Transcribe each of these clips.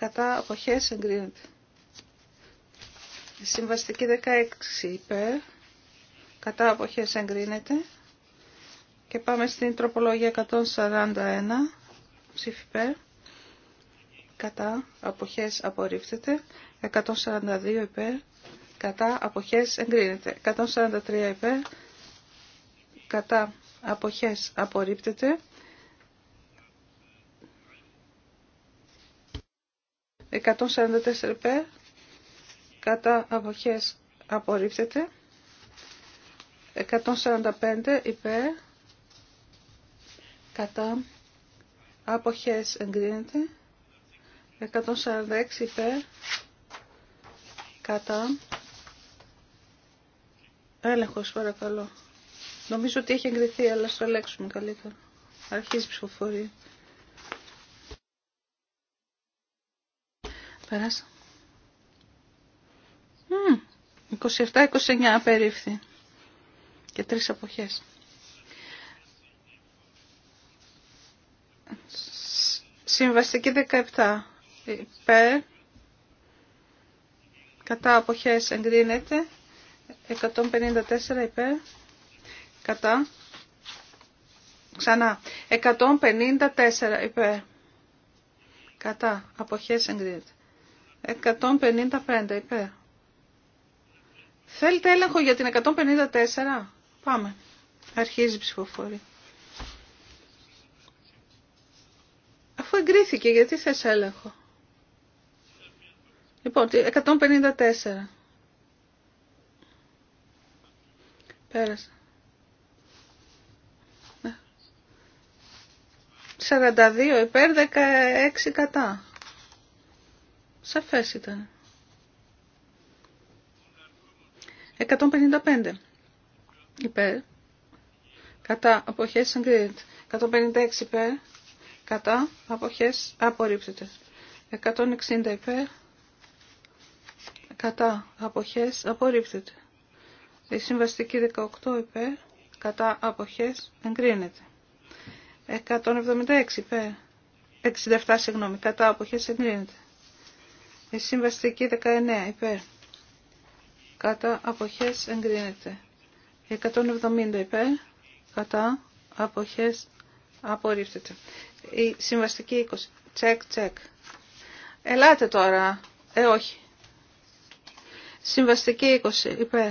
κατά αποχές εγκρίνεται. Συμβαστική 16 υπέρ, κατά αποχές εγκρίνεται. Και πάμε στην τροπολογία 141, ψήφι υπέρ, κατά αποχές απορρίφτεται. 142 υπέρ, κατά αποχές εγκρίνεται. 143 υπέρ, κατά αποχές απορρίπτεται. 144 υπέρ κατά αποχές απορρίπτεται 145 υπέρ κατά αποχές εγκρίνεται 146 υπέρ κατά έλεγχος παρακαλώ νομίζω ότι έχει εγκριθεί αλλά στο ελέγξουμε καλύτερα αρχίζει η ψηφοφορία Πέρασα. 27-29 απερίφθη. Και τρεις αποχές. Συμβαστική 17. Υπέρ. Κατά αποχές εγκρίνεται. 154 υπέρ. Κατά. Ξανά. 154 υπέρ. Κατά. Αποχές εγκρίνεται. 155 υπέρ. Θέλετε έλεγχο για την 154. Πάμε. Αρχίζει η ψηφοφορία. Αφού εγκρίθηκε, γιατί θες έλεγχο. Λοιπόν, 154. Πέρασε 42 ναι. υπέρ 16 κατά. Σαφές ήταν. 155 υπέρ. Κατά αποχές εγκρίνεται. 156 υπέρ. Κατά αποχές απορρίπτεται. 160 υπέρ. Κατά αποχές απορρίπτεται. Η συμβαστική 18 υπέρ. Κατά αποχές εγκρίνεται. 176 υπέρ. 67 συγγνώμη. Κατά αποχές εγκρίνεται. Η συμβαστική 19 υπέρ. Κατά αποχές εγκρίνεται. 170 υπέρ. Κατά αποχές απορρίφτεται. Η συμβαστική 20. Τσεκ, τσεκ. Ελάτε τώρα. Ε, όχι. Συμβαστική 20 υπέρ.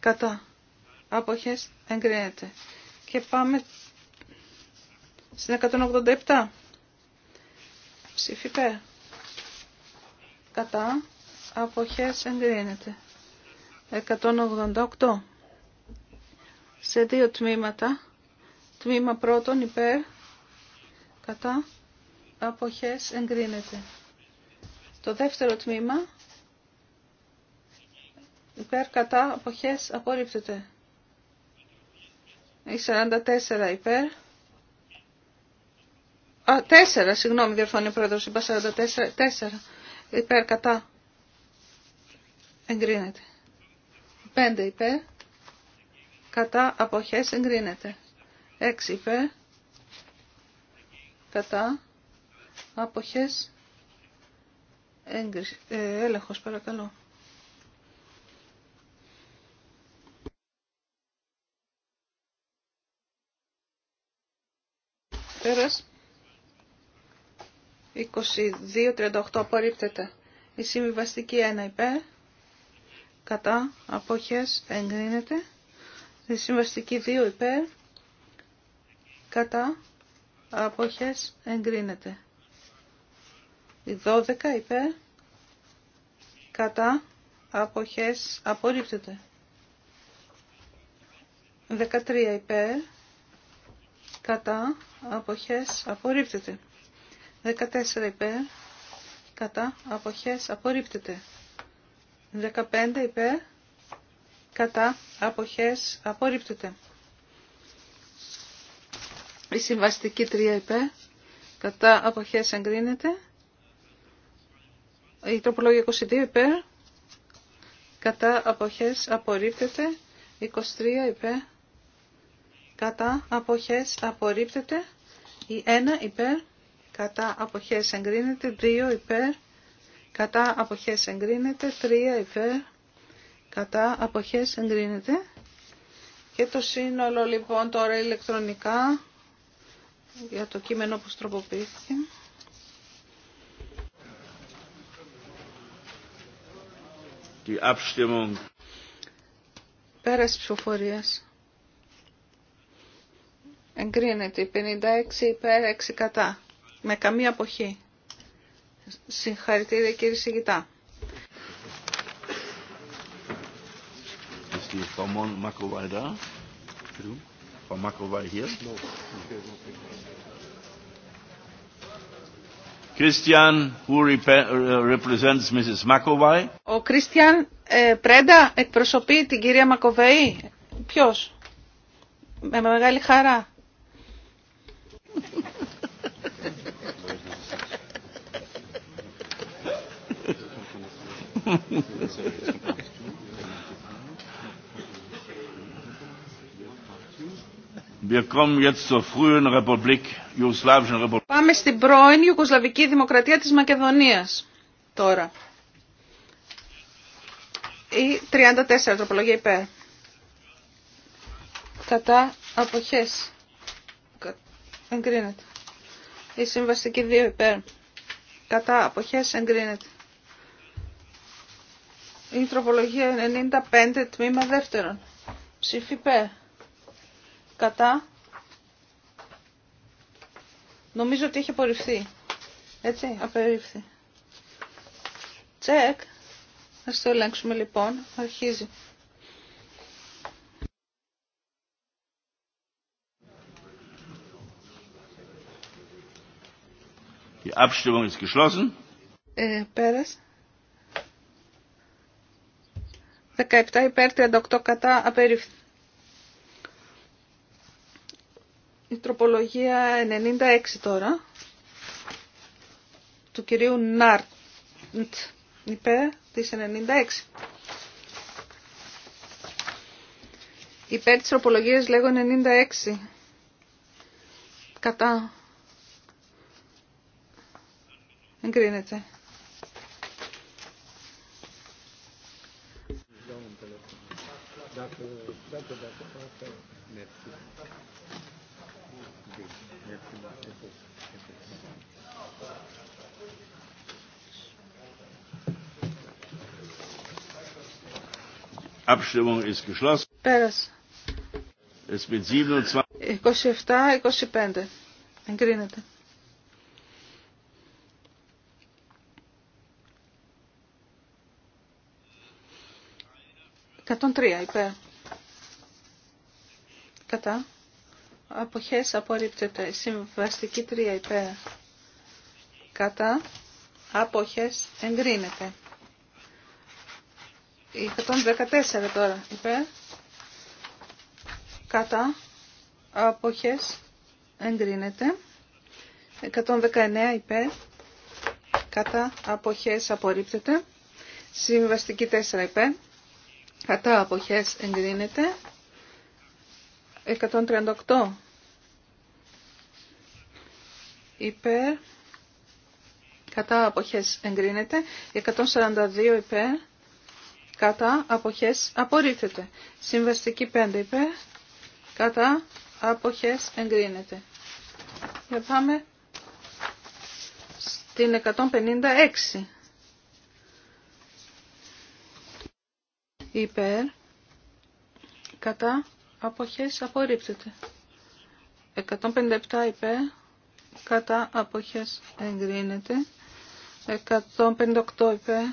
Κατά αποχές εγκρίνεται. Και πάμε στην 187. Ψήφιπε. Κατά. Αποχές εγκρίνεται. 188. Σε δύο τμήματα. Τμήμα πρώτον υπέρ. Κατά. Αποχές εγκρίνεται. Το δεύτερο τμήμα. Υπέρ κατά αποχές απορρίπτεται. Η 44 υπέρ Α, τέσσερα, συγγνώμη, διορθώνει ο πρόεδρος, είπα 44, τέσσερα, υπέρ, κατά, εγκρίνεται. Πέντε υπέρ, κατά, αποχές, εγκρίνεται. Έξι υπέρ, κατά, αποχές, Έλεγχο ε, έλεγχος παρακαλώ. 22-38 απορρίπτεται. Η συμβιβαστική 1 υπέρ. Κατά αποχές εγκρίνεται. Η συμβαστική 2 υπέρ. Κατά αποχές εγκρίνεται. Η 12 υπέρ. Κατά αποχές απορρίπτεται. 13 υπέρ. Κατά αποχές απορρίπτεται. 14 υπέρ, κατά, αποχές, απορρίπτεται. 15 υπέρ, κατά, αποχές, απορρίπτεται. Η συμβαστική 3 υπέρ, κατά, αποχές, εγκρίνεται. Η τροπολογία 22 υπέρ, κατά, αποχές, απορρίπτεται. 23 υπέρ, κατά, αποχές, απορρίπτεται. Η 1 υπέρ, κατά αποχές εγκρίνεται, 2 υπέρ, κατά αποχές εγκρίνεται, 3 υπέρ, κατά αποχές εγκρίνεται. Και το σύνολο λοιπόν τώρα ηλεκτρονικά για το κείμενο που στροποποιήθηκε. Die Abstimmung. Πέρας ψηφοφορίας. Εγκρίνεται 56 υπέρ 6 κατά με καμία αποχή. Συγχαρητήρια κύριε Σιγητά. Christian, who uh, represents Mrs. McAvoy. Ο Κρίστιαν ε, Πρέντα εκπροσωπεί την κυρία Μακοβέη. Ποιος. Με μεγάλη χαρά. Πάμε στην πρώην Ιουγκοσλαβική Δημοκρατία της Μακεδονίας τώρα. Η 34 τροπολογία υπέρ. Κατά αποχές. Εγκρίνεται. Η συμβαστική 2 υπέρ. Κατά αποχές εγκρίνεται. Η τροπολογία 95 τμήμα δεύτερον. Ψήφι πέ. Κατά. Νομίζω ότι έχει απορριφθεί. Έτσι, απερίφθη. Τσεκ. Ας το ελέγξουμε λοιπόν. Αρχίζει. Die ε, 17 υπέρ 38 κατά απερίφθη. Η τροπολογία 96 τώρα του κυρίου Νάρντ υπέρ της 96. Υπέρ της τροπολογίας λέγω 96. Κατά. Εγκρίνεται. Abstimmung ist geschlossen. Es 27-25. Εγκρίνεται. 103 είπε. Κατά. Αποχές απορρίπτεται. Συμβαστική 3 ειπε Κατά. Αποχές εγκρίνεται. 114 τώρα είπε. Κατά. Αποχές εγκρίνεται. 119 είπε. Κατά. Αποχές απορρίπτεται. Συμβαστική 4 υπέρ. Κατά αποχές εγκρίνεται. 138 υπέρ. Κατά αποχές εγκρίνεται. 142 υπέρ. Κατά αποχές απορρίπτεται. Συμβαστική 5 υπέρ. Κατά αποχές εγκρίνεται. Για πάμε στην 156. υπέρ, κατά, αποχές απορρίπτεται. 157 υπέρ, κατά, αποχές εγκρίνεται. 158 υπέρ,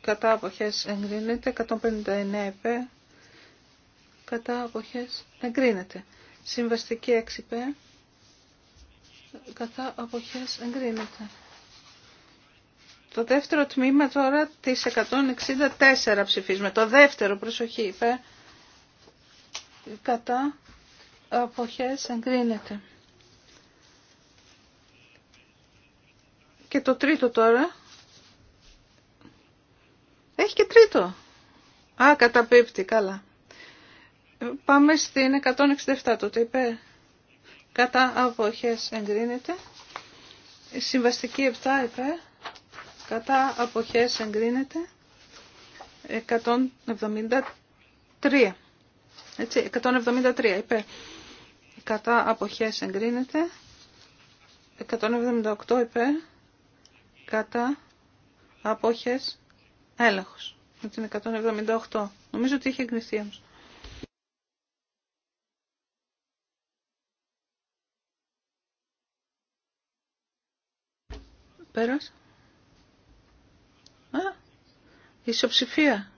κατά, αποχές εγκρίνεται. 159 υπέρ, κατά, αποχές εγκρίνεται. Συμβαστική 6 υπέρ, κατά, αποχές εγκρίνεται. Το δεύτερο τμήμα τώρα της 164 ψηφίζουμε. Το δεύτερο, προσοχή, είπε, Κατά αποχές εγκρίνεται. Και το τρίτο τώρα. Έχει και τρίτο. Α, καταπίπτει, καλά. Πάμε στην 167 το είπε, Κατά αποχές εγκρίνεται. συμβαστική 7 είπε κατά αποχές εγκρίνεται 173. Έτσι, 173 Είπε Κατά αποχές εγκρίνεται 178 Είπε Κατά αποχές έλεγχος. Με την 178. Νομίζω ότι είχε εγκριθεί όμως. Πέρασε. Ισοψηφία.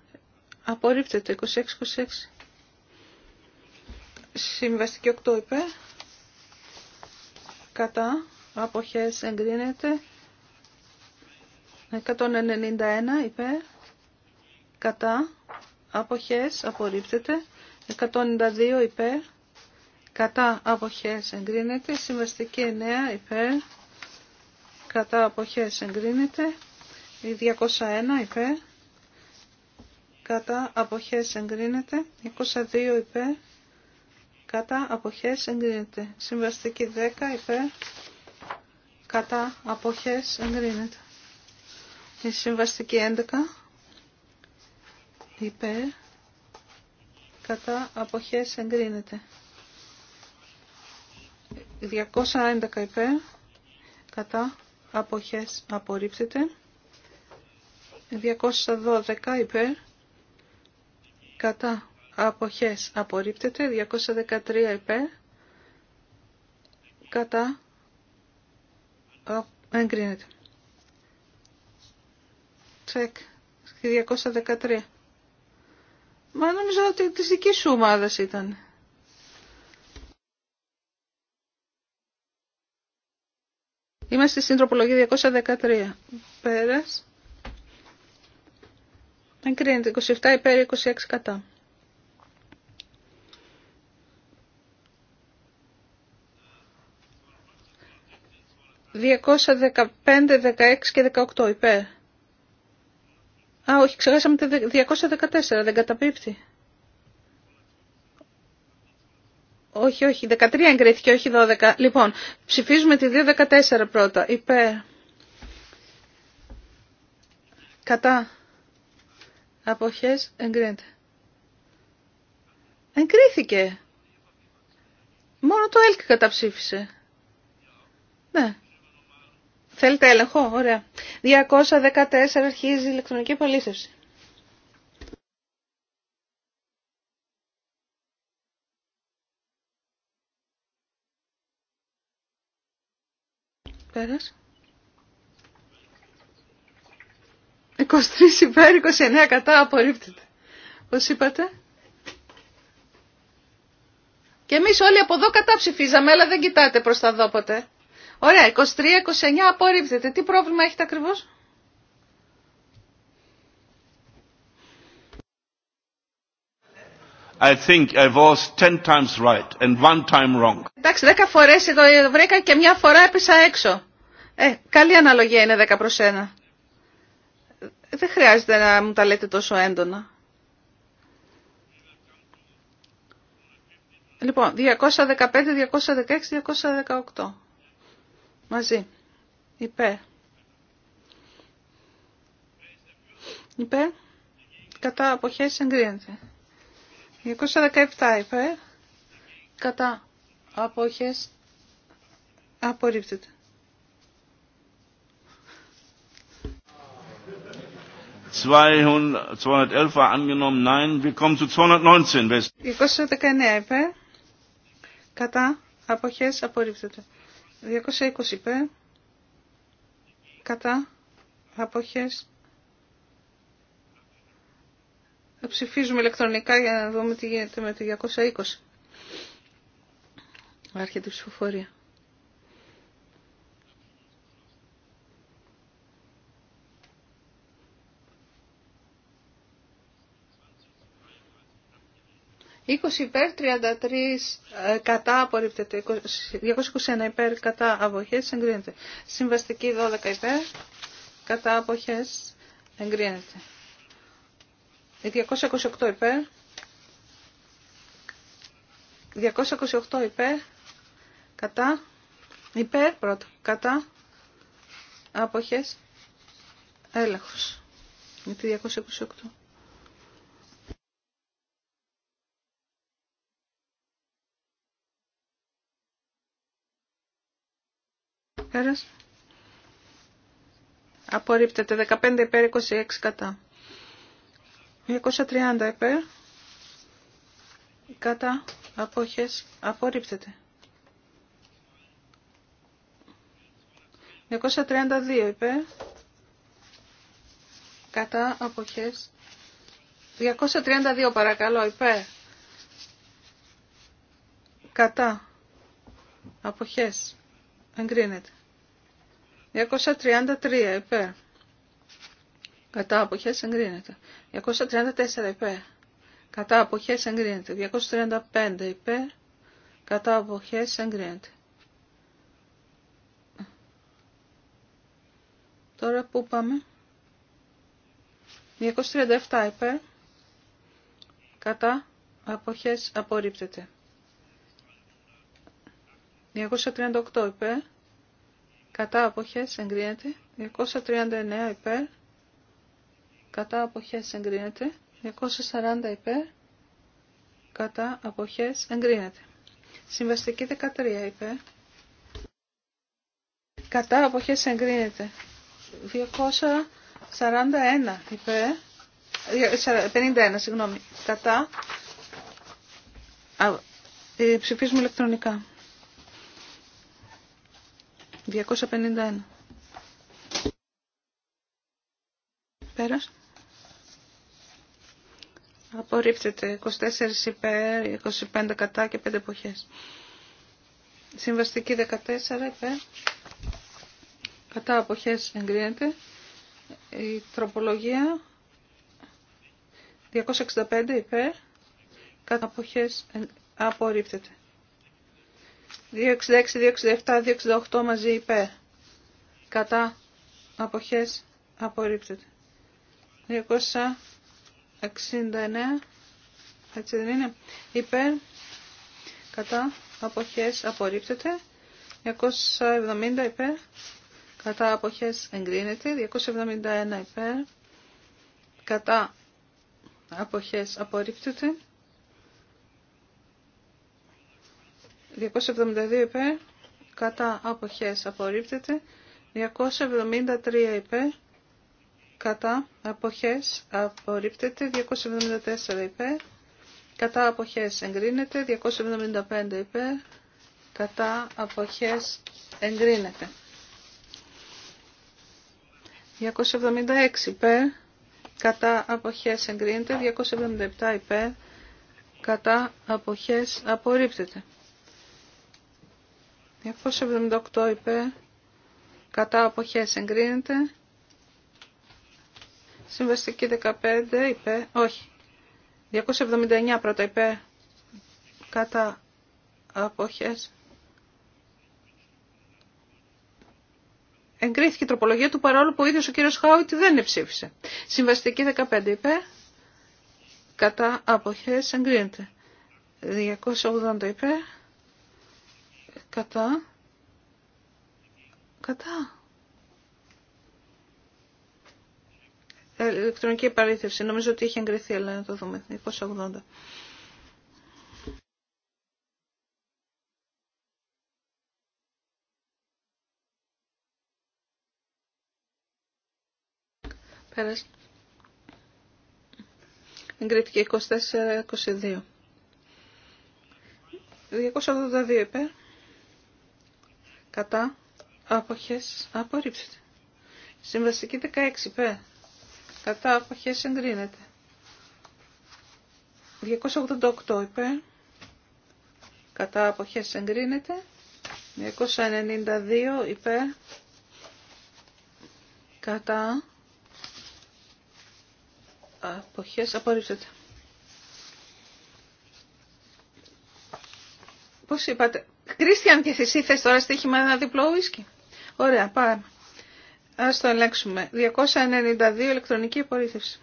Απορρίπτεται. 26-26. Συμβαστική 8 υπέρ. Κατά. Αποχές εγκρίνεται. 191 υπέρ. Κατά. Αποχές απορρίπτεται. 192 υπέρ. Κατά αποχές εγκρίνεται. Συμβαστική 9 υπέρ. Κατά αποχές εγκρίνεται. 201 υπέρ κατά αποχές εγκρίνεται, 22 υπέρ, κατά αποχές εγκρίνεται, συμβαστική 10 υπέρ, κατά αποχές εγκρίνεται. Η συμβαστική 11 υπέρ, κατά αποχές εγκρίνεται. 211 υπέρ, κατά αποχές απορρίπτεται. 212 υπέρ, κατά αποχές απορρίπτεται 213 υπέρ κατά εγκρίνεται τσεκ 213 μα νομίζω ότι της δικής σου ομάδας ήταν Είμαστε στην τροπολογία 213. Πέρας. Εγκρίνεται 27 υπέρ 26 κατά. ...215, 16 και 18 υπέρ. Α, όχι, ξεχάσαμε τη 214, δεν καταπίπτει. Όχι, όχι, 13 εγκρίθηκε, όχι 12. Λοιπόν, ψηφίζουμε τη 214 πρώτα. Υπέρ. Κατά. Αποχές εγκρίνεται. Εγκρίθηκε. Μόνο το ΕΛΚ καταψήφισε. Ναι. Θέλετε έλεγχο. Ωραία. 214 αρχίζει η ηλεκτρονική απολύθευση. Πέρασε. 23 υπέρ, 29 κατά, απορρίπτεται. Πώς είπατε. Και εμείς όλοι από εδώ κατά ψηφίζαμε, αλλά δεν κοιτάτε προς τα δω ωραια Ωραία, 23-29 απορρίπτεται. Τι πρόβλημα έχετε ακριβώς. I think I was 10 times right and one time wrong. Εντάξει, 10 φορές εδώ βρήκα και μια φορά έπεσα έξω. Ε, καλή αναλογία είναι 10 προς 1. Δεν χρειάζεται να μου τα λέτε τόσο έντονα. Λοιπόν, 215, 216, 218. Μαζί. Υπέρ. Υπέρ. Κατά αποχές εγκρίνεται. 217 Ειπέ. Κατά αποχές απορρίπτεται. 211 war angenommen, nein. Wir kommen zu 219. 219 ειπε Κατά. Αποχές απορρίπτεται. 220 ειπε Κατά. Αποχές. Ψηφίζουμε ηλεκτρονικά για να δούμε τι γίνεται με το 220. Άρχεται η ψηφοφορία. 20 υπέρ, 33 ε, κατά απορρίπτεται, 221 υπέρ κατά αποχές εγκρίνεται. Συμβαστική 12 υπέρ κατά αποχές εγκρίνεται. 228 υπέρ, 228 υπέρ, κατά, υπέρ πρώτα, κατά, αποχές, έλεγχος. 228. Πέρας. Απορρίπτεται 15 υπέρ 26 κατά. 230 υπέρ. Κατά. Απόχες. Απορρίπτεται. 232 υπέρ. Κατά. Απόχες. 232 παρακαλώ υπέρ. Κατά. Αποχές. Εγκρίνεται. 233 υπέρ. Κατά αποχές εγκρίνεται. 234 υπέρ. Κατά αποχές εγκρίνεται. 235 υπέρ. Κατά αποχές εγκρίνεται. Τώρα πού πάμε. 237 υπέρ. Κατά αποχές απορρίπτεται. 238 υπέρ κατά αποχές εγκρίνεται, 239 υπέρ, κατά αποχές εγκρίνεται, 240 υπέρ, κατά αποχές εγκρίνεται. Συμβαστική 13 υπέρ, κατά αποχές εγκρίνεται, 241 υπέρ, 51 συγγνώμη, κατά, ε, ψηφίζουμε ηλεκτρονικά. 251. Πέρας. 24 υπέρ, 25 κατά και 5 εποχές. Συμβαστική 14 υπέρ. Κατά αποχές εγκρίνεται. Η τροπολογία 265 υπέρ. Κατά αποχές απορρίπτεται. 266, 267, 268 μαζί υπέρ. Κατά αποχές απορρίπτεται. 269, έτσι δεν είναι, υπέρ. Κατά αποχές απορρίπτεται. 270 υπέρ. Κατά αποχές εγκρίνεται. 271 υπέρ. Κατά αποχές απορρίπτεται. 272 υπέρ, κατά αποχές απορρίπτεται. 273 υπέρ, κατά αποχές απορρίπτεται. 274 υπέρ, κατά αποχές εγκρίνεται. 275 υπέρ, κατά αποχές εγκρίνεται. 276 υπέρ, κατά αποχές εγκρίνεται. 277 υπέρ, κατά αποχές απορρίπτεται. 278 είπε κατά αποχές εγκρίνεται. Συμβαστική 15 είπε όχι. 279 πρώτα είπε κατά αποχές. Εγκρίθηκε η τροπολογία του παρόλο που ο ίδιος ο κύριος Χάουιτ δεν ψήφισε. Συμβαστική 15 είπε κατά αποχές εγκρίνεται. 280 είπε. Κατά. Κατά. Ηλεκτρονική επαλήθευση. Νομίζω ότι είχε εγκριθεί, αλλά να το δούμε. 280. Πέρασε. Εγκρίθηκε 24-22. 282 υπέρ κατά άποχες απορρίψετε. Συμβαστική 16 16π. Κατά άποχες εγκρίνεται. 288 υπέρ. Κατά αποχές εγκρίνεται. 292 υπέρ. Κατά αποχές απορρίψετε. Πώς είπατε, Κρίστιαν και εσύ θες τώρα στοίχημα ένα διπλό ουίσκι. Ωραία, πάμε. Ας το ελέγξουμε. 292 ηλεκτρονική υπορρίθευση.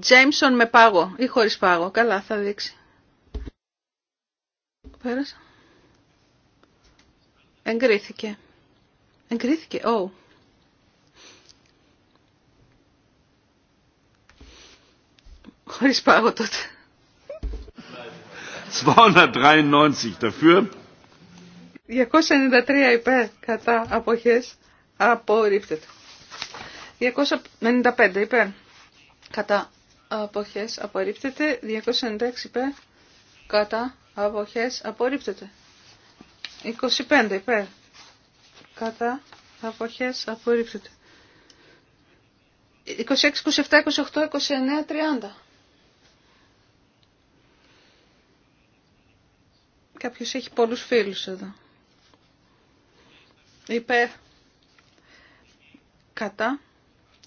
Τζέιμσον με πάγο ή χωρίς πάγο. Καλά, θα δείξει. Πέρασα. Εγκρίθηκε. Εγκρίθηκε. Ω. Oh. Χωρίς πάγο τότε. 293 dafür. 293 υπέρ κατά αποχές απορρίπτεται. 295 υπέρ κατά αποχές απορρίπτεται. 296 υπέρ κατά αποχές απορρίπτεται. 25 υπέρ κατά αποχές απορρίπτεται. 26, 27, 28, 29, 30. Κάποιος έχει πολλούς φίλους εδώ. Υπέρ. Κατά.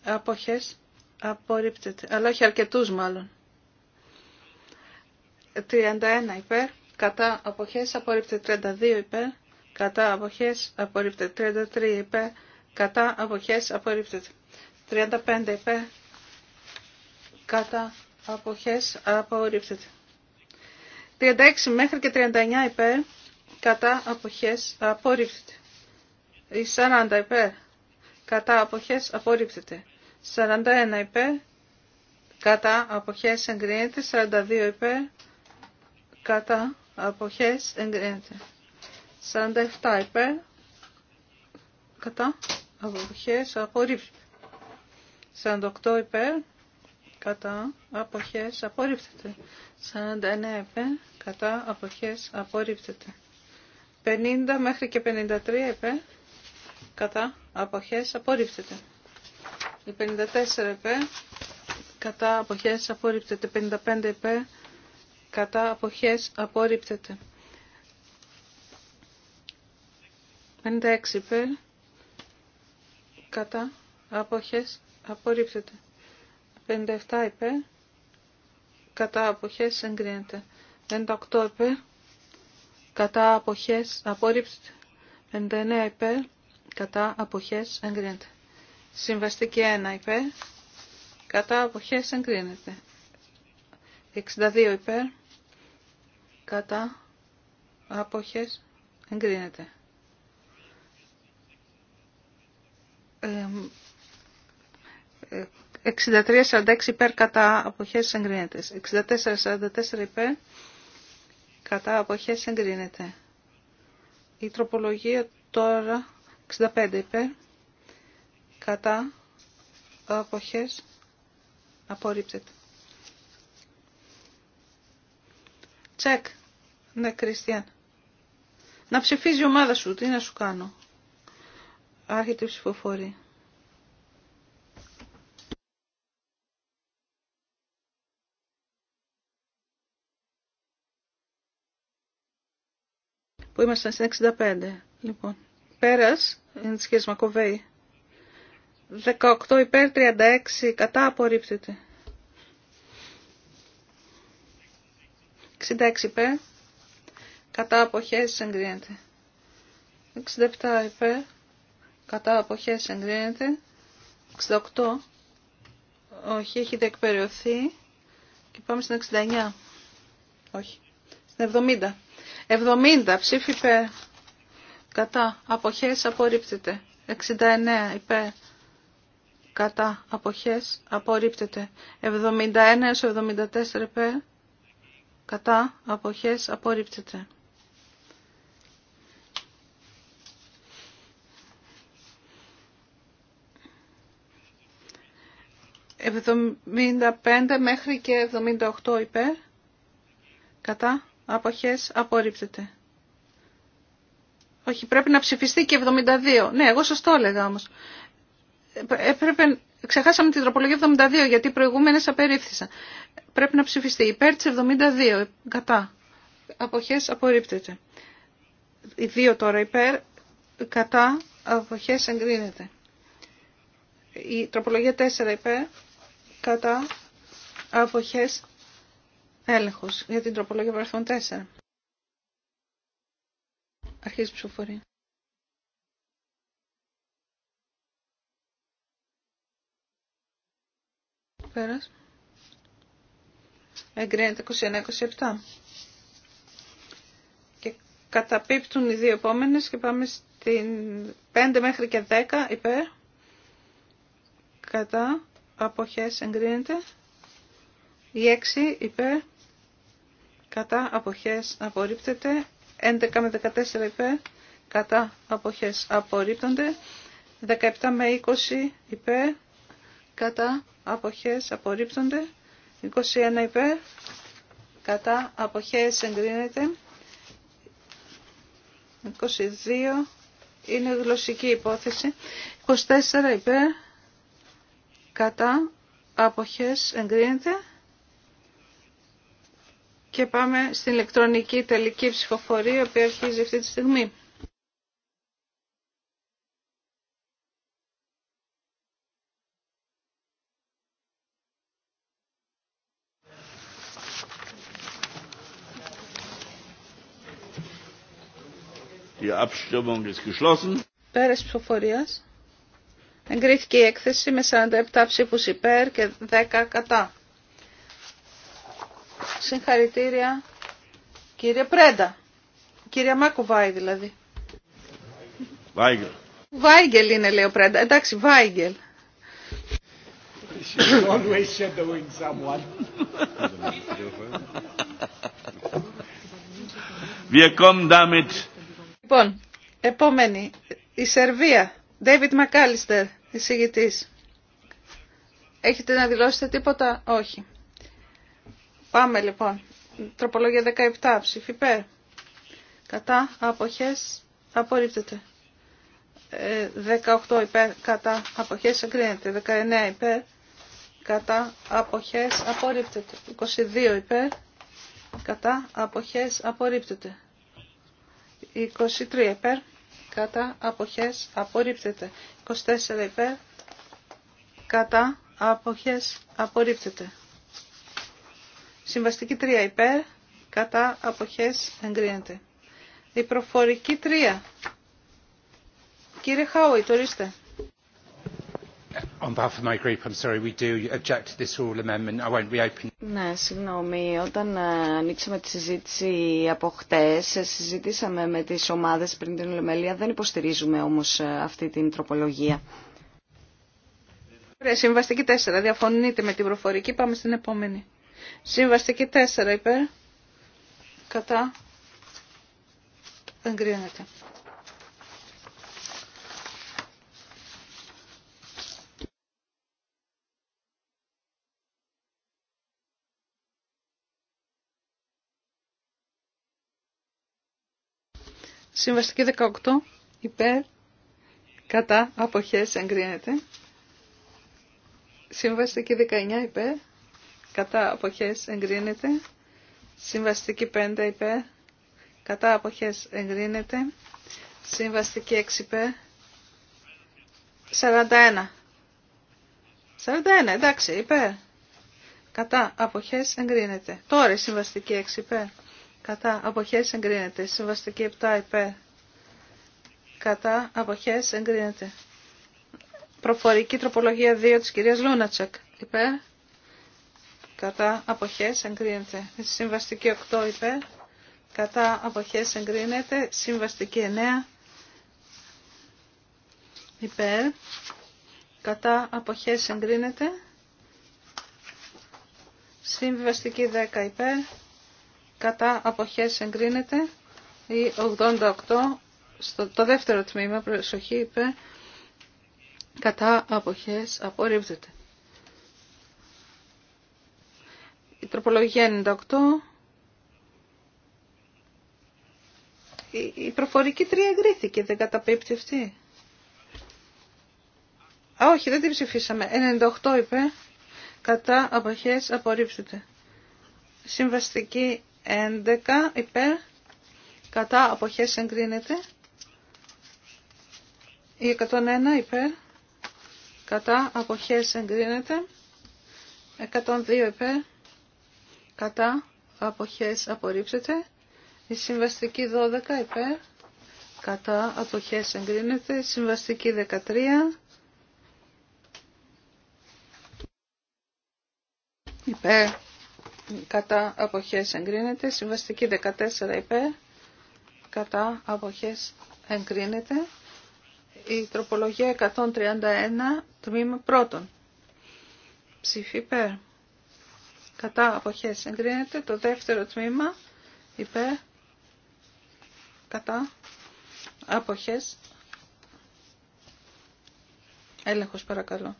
Αποχές. Απορρίπτεται. Αλλά όχι αρκετούς μάλλον. 31 υπέρ. Κατά. Αποχές. Απορρίπτεται. 32 υπέρ κατά αποχές απορρίπτεται. 33 υπέρ κατά αποχές απορρίπτεται. 35 υπέρ κατά αποχές απορρίπτεται. 36 μέχρι και 39 υπέρ κατά αποχές απορρίπτεται. 40 υπέρ κατά αποχές απορρίπτεται. 41 υπέρ κατά αποχές εγκρίνεται. 42 υπέρ κατά αποχές εγκρίνεται. 47 υπέρ. Κατά. Αποχές. Απορρίψει. 48 υπέρ. Κατά. Αποχές. Απορρίψεται. 49 υπέρ. Κατά. Αποχές. Απορρίψεται. 50 μέχρι και 53 υπέρ. Κατά. Αποχές. Απορρίψεται. 54 υπέρ. Κατά. Αποχές. Απορρίψεται. 55 υπέρ. Κατά. Αποχές. Απορρίψεται. 56 υπέρ κατά αποχές απορρίπτεται. 57 υπέρ κατά αποχές εγκρίνεται. 58 υπέρ κατά αποχές απορρίπτεται. 59 υπέρ κατά αποχές εγκρίνεται. Συμβαστική 1 υπέρ κατά αποχές εγκρίνεται. 62 υπέρ κατά αποχές εγκρίνεται. 63-46 ε, υπέρ κατά αποχές εγκρίνεται. 64-44 υπέρ κατά αποχές εγκρίνεται. Η τροπολογία τώρα 65 υπέρ κατά αποχές απορρίπτεται. Τσεκ. Ναι, Κριστιαν. Να ψηφίζει η ομάδα σου. Τι να σου κάνω. Άρχεται η ψηφοφορία. Που είμαστε στην 65. Λοιπόν, πέρας, είναι τη σχέση Μακοβέη. 18 υπέρ 36 κατά απορρίπτεται. 66 υπέρ κατά αποχές εγκρίνεται. 67 υπέρ κατά αποχές εγκρίνεται 68 όχι έχει διεκπεριωθεί και πάμε στην 69 όχι στην 70 70 ψήφι υπέρ κατά αποχές απορρίπτεται 69 υπέρ κατά αποχές απορρίπτεται 71 έως 74 υπέρ κατά αποχές απορρίπτεται 75 μέχρι και 78 υπέρ. Κατά. Αποχές. Απορρίπτεται. Όχι, πρέπει να ψηφιστεί και 72. Ναι, εγώ σας το έλεγα όμως. Ε, ξεχάσαμε την τροπολογία 72 γιατί οι προηγούμενες απερίφθησαν. Πρέπει να ψηφιστεί υπέρ της 72. Κατά. Αποχές απορρίπτεται. Οι δύο τώρα υπέρ. Κατά. Αποχές εγκρίνεται. Η τροπολογία 4 υπέρ κατά αποχές έλεγχος για την τροπολογία βαρθών 4. Αρχίζει η ψηφοφορία. Πέρας. Εγκρίνεται 21-27. Και καταπίπτουν οι δύο επόμενες και πάμε στην 5 μέχρι και 10 υπέρ. Κατά αποχές εγκρίνεται. Η 6 υπέρ κατά αποχές απορρίπτεται. 11 με 14 υπέρ κατά αποχές απορρίπτονται. 17 με 20 υπέρ κατά αποχές απορρίπτονται. 21 υπέρ κατά αποχές εγκρίνεται. 22 είναι γλωσσική υπόθεση. 24 υπέρ κατά αποχές εγκρίνεται και πάμε στην ηλεκτρονική τελική ψηφοφορία η οποία αρχίζει αυτή τη στιγμή. Die Abstimmung ist Εγκρίθηκε η έκθεση με 47 ψήφους υπέρ και 10 κατά. Συγχαρητήρια κύριε Πρέντα. Κύριε Μάκουβάη δηλαδή. Βάιγγελ. Βάιγγελ είναι λέει ο Πρέντα. Εντάξει, Βάιγγελ. λοιπόν, επόμενη, η Σερβία. David Μακάλιστερ εισηγητής. Έχετε να δηλώσετε τίποτα? Όχι. Πάμε λοιπόν. Τροπολόγια 17. Ψήφι υπέρ. Κατά. Αποχές. Απορρίπτεται. 18 ε, υπέρ. Κατά. Αποχές. Εγκρίνεται. 19 υπέρ. Κατά. Αποχές. Απορρίπτεται. 22 υπέρ. Κατά. Αποχές. Απορρίπτεται. 23 υπέρ κατά αποχές απορρίπτεται. 24 υπέρ κατά αποχές απορρίπτεται. Συμβαστική 3 υπέρ κατά αποχές εγκρίνεται. Η προφορική 3. Κύριε Χάουιτ, ναι, συγγνώμη. Όταν ε, ανοίξαμε τη συζήτηση από χτε, ε, συζητήσαμε με τι ομάδε πριν την Ολομέλεια. Δεν υποστηρίζουμε όμω ε, αυτή την τροπολογία. Ωραία, συμβαστική 4. Διαφωνείτε με την προφορική. Πάμε στην επόμενη. Συμβαστική 4 υπέρ. Κατά. Εγκρίνεται. Συμβαστική 18 υπέρ κατά αποχές εγκρίνεται. Συμβαστική 19 υπέρ κατά αποχές εγκρίνεται. Συμβαστική 5 υπέρ κατά αποχές εγκρίνεται. Συμβαστική 6 υπέρ 41. 41, εντάξει, υπέρ. Κατά αποχές εγκρίνεται. Τώρα η συμβαστική 6 υπέρ κατά αποχές εγκρίνεται. Συμβαστική 7 υπέρ κατά αποχές εγκρίνεται. Προφορική τροπολογία 2 της κυρίας Λούνατσεκ υπέρ κατά αποχές εγκρίνεται. Συμβαστική 8 υπέρ κατά αποχές εγκρίνεται. Συμβαστική 9 υπέρ κατά αποχές εγκρίνεται. Συμβαστική 10 υπέρ κατά αποχές εγκρίνεται ή 88 στο το δεύτερο τμήμα προσοχή είπε κατά αποχές απορρίπτεται. Η τροπολογία 98 η προφορική 3 εγκρίθηκε, δεν καταπίπτει αυτή. Α, όχι, δεν την ψηφίσαμε. 98 είπε, κατά αποχές απορρίψετε. Συμβαστική 11 υπέρ κατά αποχές εγκρίνεται. Η 101 υπέρ κατά αποχές εγκρίνεται. 102 υπέρ κατά αποχές απορρίψεται. Η συμβαστική 12 υπέρ κατά αποχές εγκρίνεται. Η συμβαστική 13 υπέρ κατά αποχές εγκρίνεται. Συμβαστική 14 υπέρ, κατά αποχές εγκρίνεται. Η τροπολογία 131, τμήμα πρώτον. Ψήφι υπέρ. Κατά αποχές εγκρίνεται. Το δεύτερο τμήμα υπέρ, κατά αποχές. Έλεγχος παρακαλώ.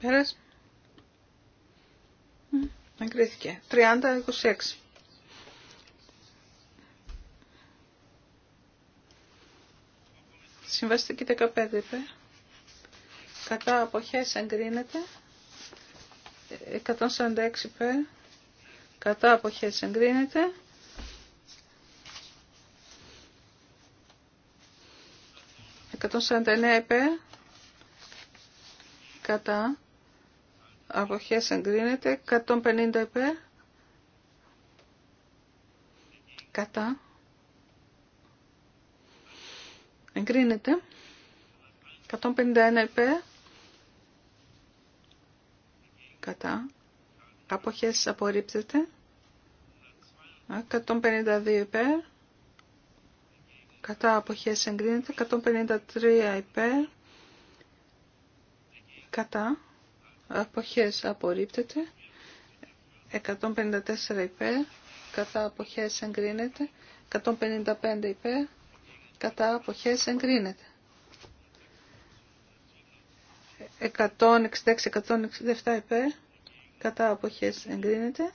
Πέρας. Εγκρίθηκε. 30-26. Συμβαστική 15 είπε. Κατά αποχές εγκρίνεται. 146 είπε. Κατά αποχές εγκρίνεται. 149 υπέρ. Κατά αποχές εγκρίνεται 150 υπέρ κατά εγκρίνεται 151 υπέρ κατά αποχές απορρίπτεται 152 υπέρ κατά αποχές εγκρίνεται 153 υπέρ κατά αποχές απορρίπτεται 154 υπέρ κατά αποχές εγκρίνεται 155 υπέρ κατά αποχές εγκρίνεται 166-167 υπέρ κατά αποχές εγκρίνεται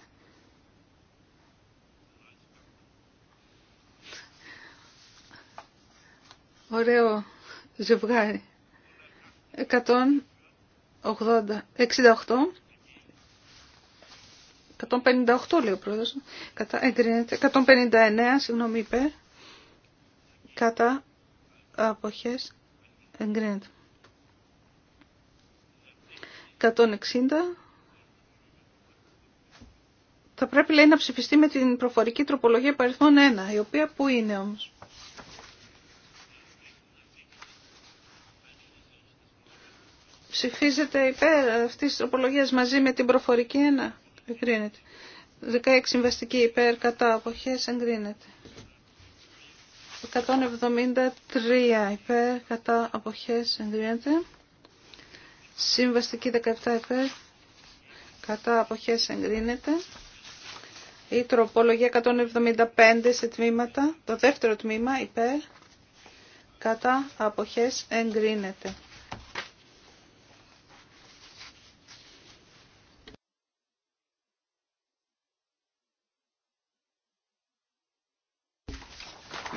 ωραίο ζευγάρι 68. 158 λέει ο πρόεδρος. Κατά, εγκρίνεται. 159, συγγνώμη, υπέρ. Κατά αποχές εγκρίνεται. 160. Θα πρέπει λέει να ψηφιστεί με την προφορική τροπολογία παριθμών 1, η οποία που είναι όμως. Ψηφίζεται υπέρ αυτής της τροπολογία μαζί με την προφορική 1. Εγκρίνεται. 16 συμβαστική υπέρ κατά αποχέ εγκρίνεται. 173 υπέρ κατά αποχέ εγκρίνεται. Συμβαστική 17 υπέρ κατά αποχέ εγκρίνεται. Η τροπολογία 175 σε τμήματα. Το δεύτερο τμήμα υπέρ κατά αποχές εγκρίνεται.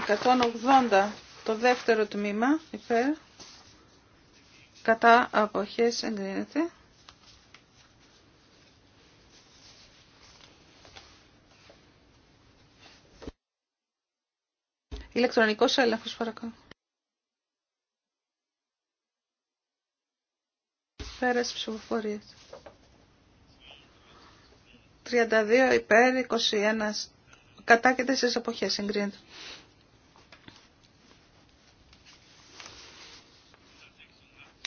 180 το δεύτερο τμήμα υπέρ κατά αποχές εγκρίνεται. Ηλεκτρονικός έλεγχος παρακαλώ. Πέρας ψηφοφορίας. 32 υπέρ, 21 κατά και αποχές εγκρίνεται.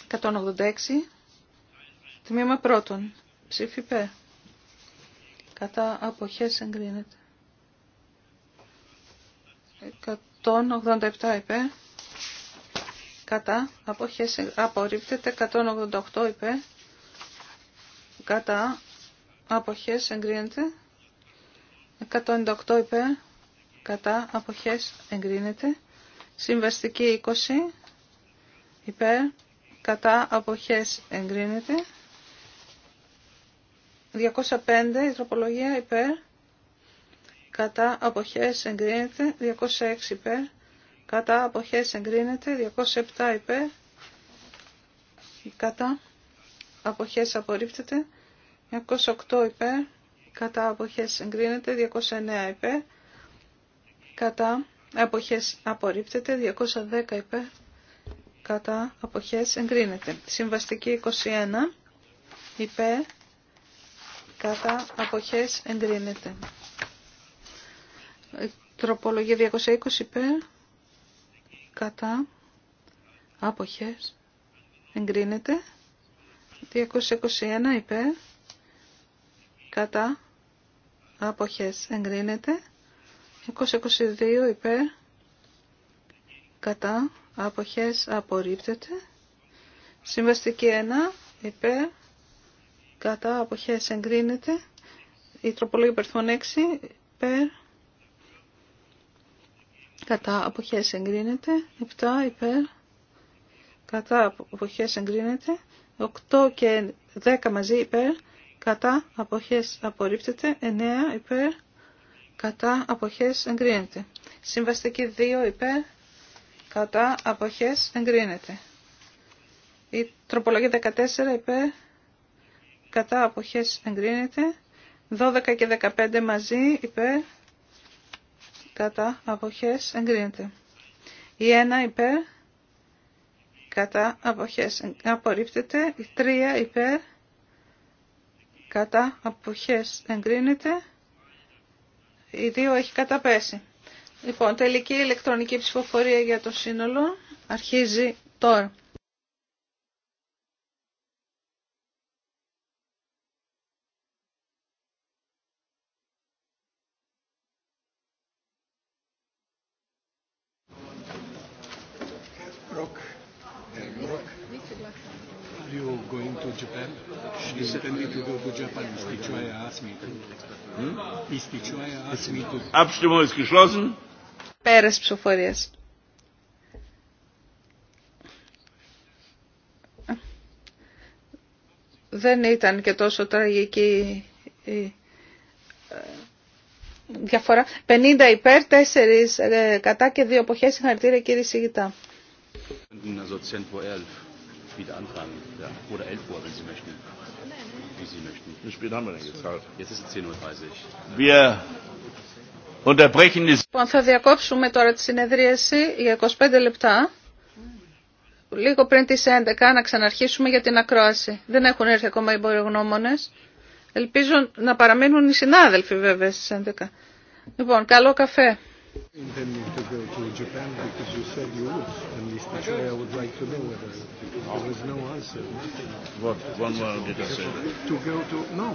186. Τμήμα πρώτον. Ψήφι π. Κατά αποχές εγκρίνεται. 187 Επέ. Κατά αποχές απορρίπτεται. 188 Επέ. Κατά αποχές εγκρίνεται. 188. Επέ. Κατά αποχές εγκρίνεται. Συμβαστική 20 υπέρ κατά αποχές εγκρίνεται. 205 η τροπολογία υπέρ, κατά αποχές εγκρίνεται. 206 υπέρ, κατά αποχές εγκρίνεται. 207 υπέρ, κατά αποχές απορρίπτεται. 208 υπέρ, κατά αποχές εγκρίνεται. 209 υπέρ, κατά αποχές απορρίπτεται. 210 υπέρ κατά αποχές εγκρίνεται. Συμβαστική 21 υπέ κατά αποχές εγκρίνεται. Τροπολογία 220 υπέρ κατά αποχές εγκρίνεται. 221 ε, υπέρ κατά αποχές εγκρίνεται. 222 υπέρ κατά αποχές απορρίπτεται. Συμβαστική 1 υπέρ κατά αποχές εγκρίνεται. Η τροπολογία υπερθών 6 υπέρ κατά αποχές εγκρίνεται. 7 υπέρ κατά αποχές εγκρίνεται. 8 και 10 μαζί υπέρ κατά αποχές απορρίπτεται. 9 υπέρ κατά αποχές εγκρίνεται. Συμβαστική 2 υπέρ κατά αποχές εγκρίνεται. Η τροπολογία 14 είπε κατά αποχές εγκρίνεται. 12 και 15 μαζί είπε κατά αποχές εγκρίνεται. Η 1 υπέρ κατά αποχές απορρίπτεται. Η 3 υπέρ κατά αποχές εγκρίνεται. Η 2 έχει καταπέσει. Λοιπόν, τελική ηλεκτρονική ψηφοφορία για το σύνολο αρχίζει τώρα. Abstimmung ist geschlossen. Πέρας ψηφοφορίας. Δεν ήταν και τόσο τραγική η ε, διαφορά. 50 υπέρ, 4 ε, κατά και 2 εποχές. Συγχαρητήρια κύριε Σιγητά. Λοιπόν, θα διακόψουμε τώρα τη συνεδρίαση για 25 λεπτά. Λίγο πριν τις 11 να ξαναρχίσουμε για την ακρόαση. Δεν έχουν έρθει ακόμα οι μπορειογνώμονες. Ελπίζω να παραμείνουν οι συνάδελφοι βέβαια στις 11. Λοιπόν, καλό καφέ intending to go to Japan because you said you would. And Mr. Choi, I would like to know whether. there was no answer. What? One more, did I say To go to. No,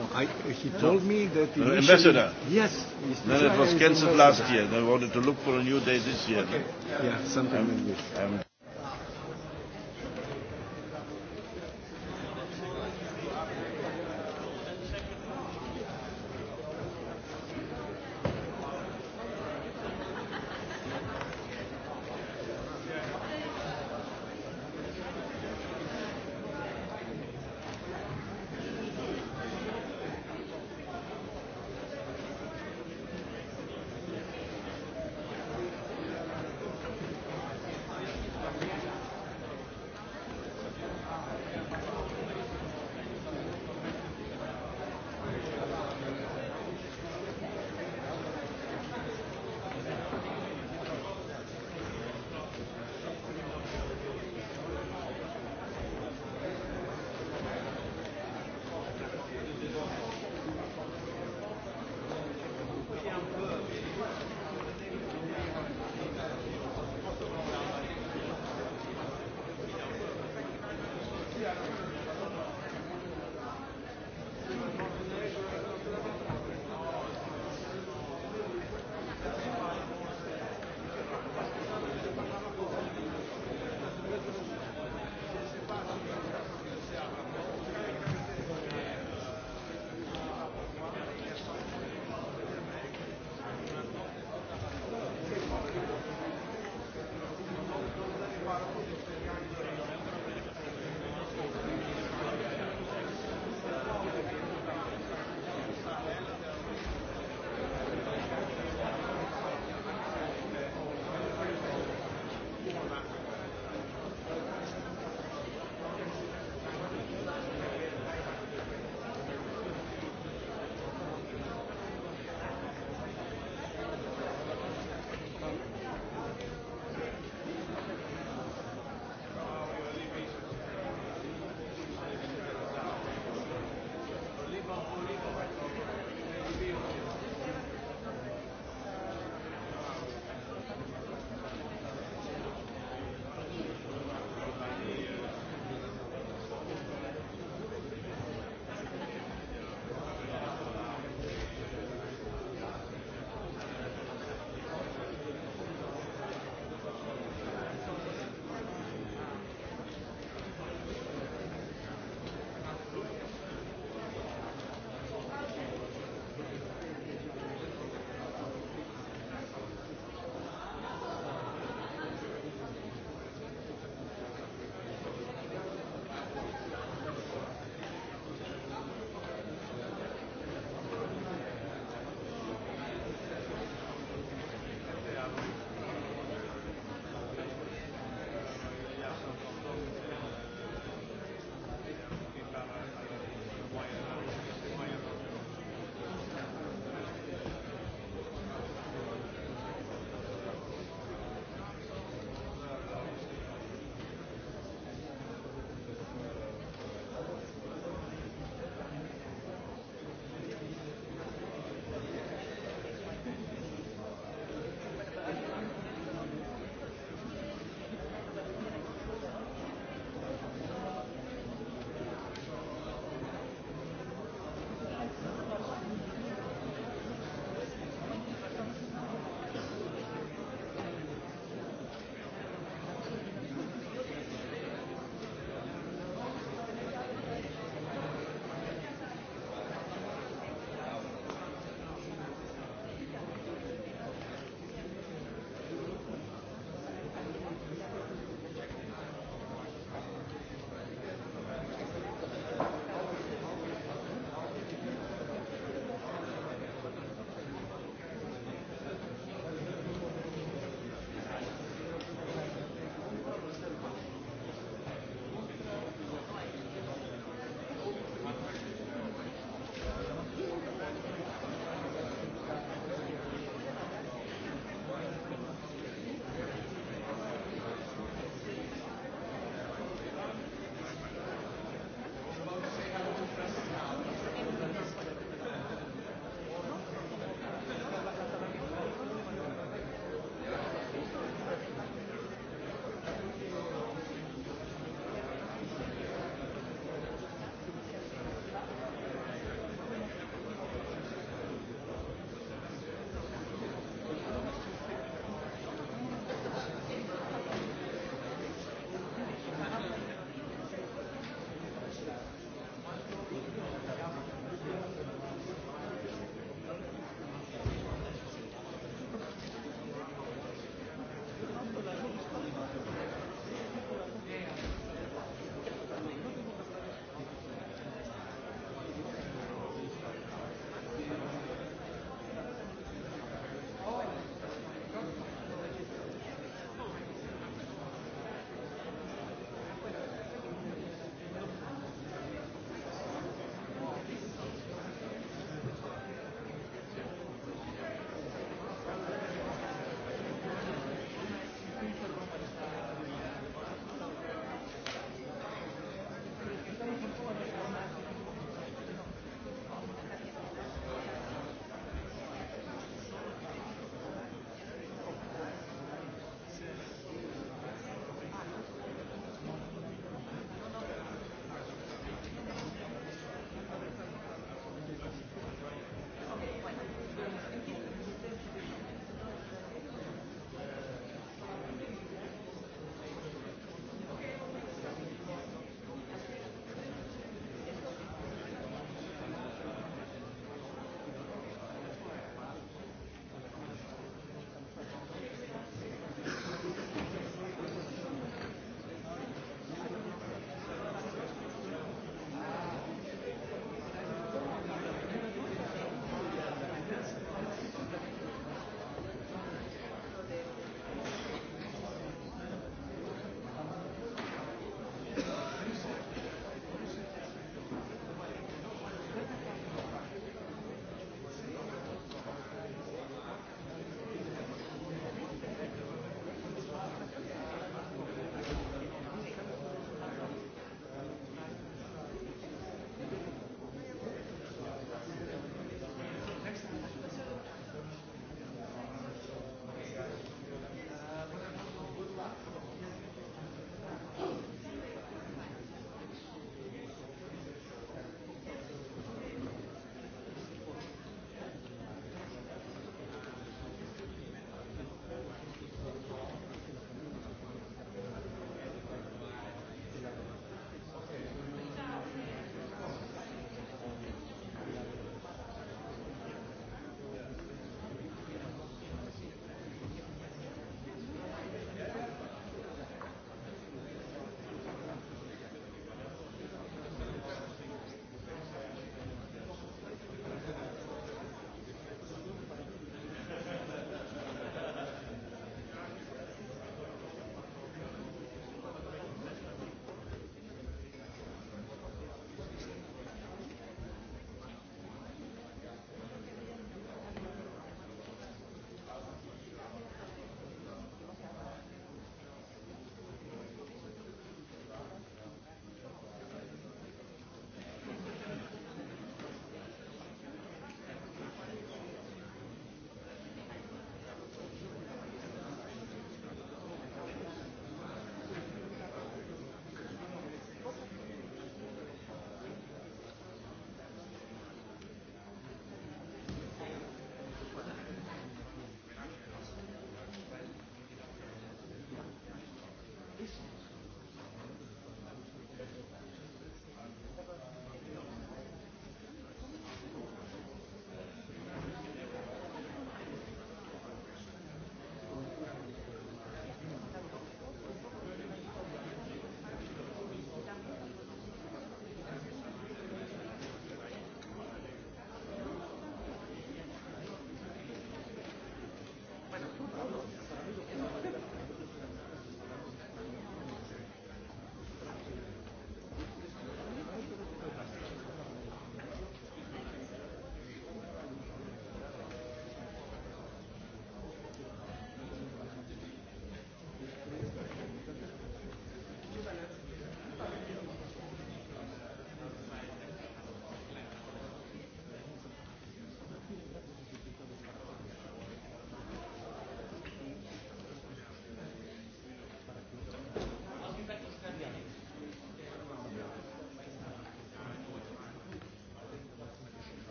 he told me that. Ambassador? Yes, Mr. Then it was cancelled last year. They wanted to look for a new day this year. Yeah, sometime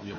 Υπότιτλοι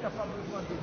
capable de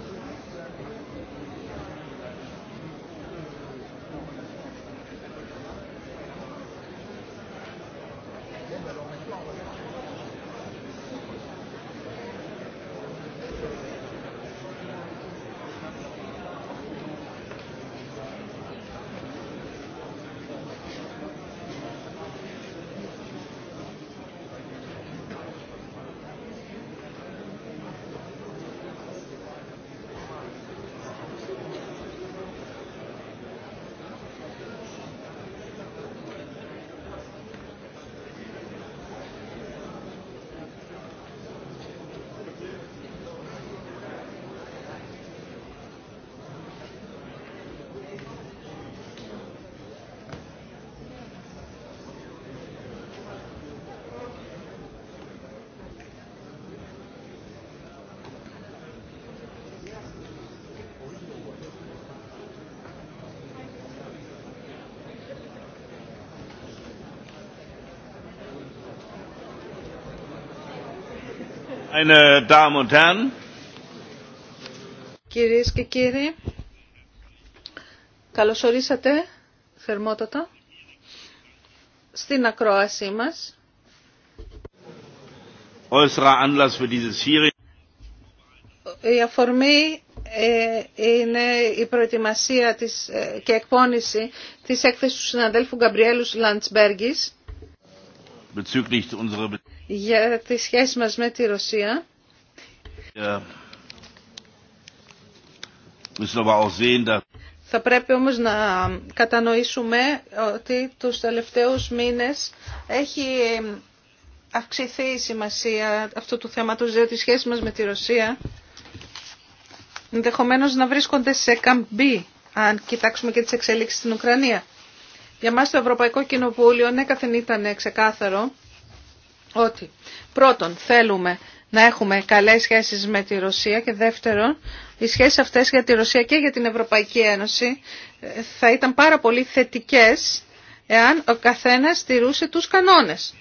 Κυρίες και κύριοι, καλωσορίσατε θερμότατα στην ακρόασή μας. Η αφορμή ε, είναι η προετοιμασία της, ε, και εκπόνηση της έκθεσης του συναδέλφου Γκαμπριέλου Λαντσμπέργης για τη σχέση μας με τη Ρωσία. Θα πρέπει όμως να κατανοήσουμε ότι τους τελευταίους μήνες έχει αυξηθεί η σημασία αυτού του θέματος, διότι οι σχέση μας με τη Ρωσία ενδεχομένως να βρίσκονται σε καμπή, αν κοιτάξουμε και τις εξέλιξεις στην Ουκρανία. Για μας το Ευρωπαϊκό Κοινοβούλιο ναι καθεν ήταν ξεκάθαρο ότι πρώτον θέλουμε να έχουμε καλές σχέσεις με τη Ρωσία και δεύτερον οι σχέσεις αυτές για τη Ρωσία και για την Ευρωπαϊκή Ένωση ε, θα ήταν πάρα πολύ θετικές εάν ο καθένας στηρούσε τους κανόνες.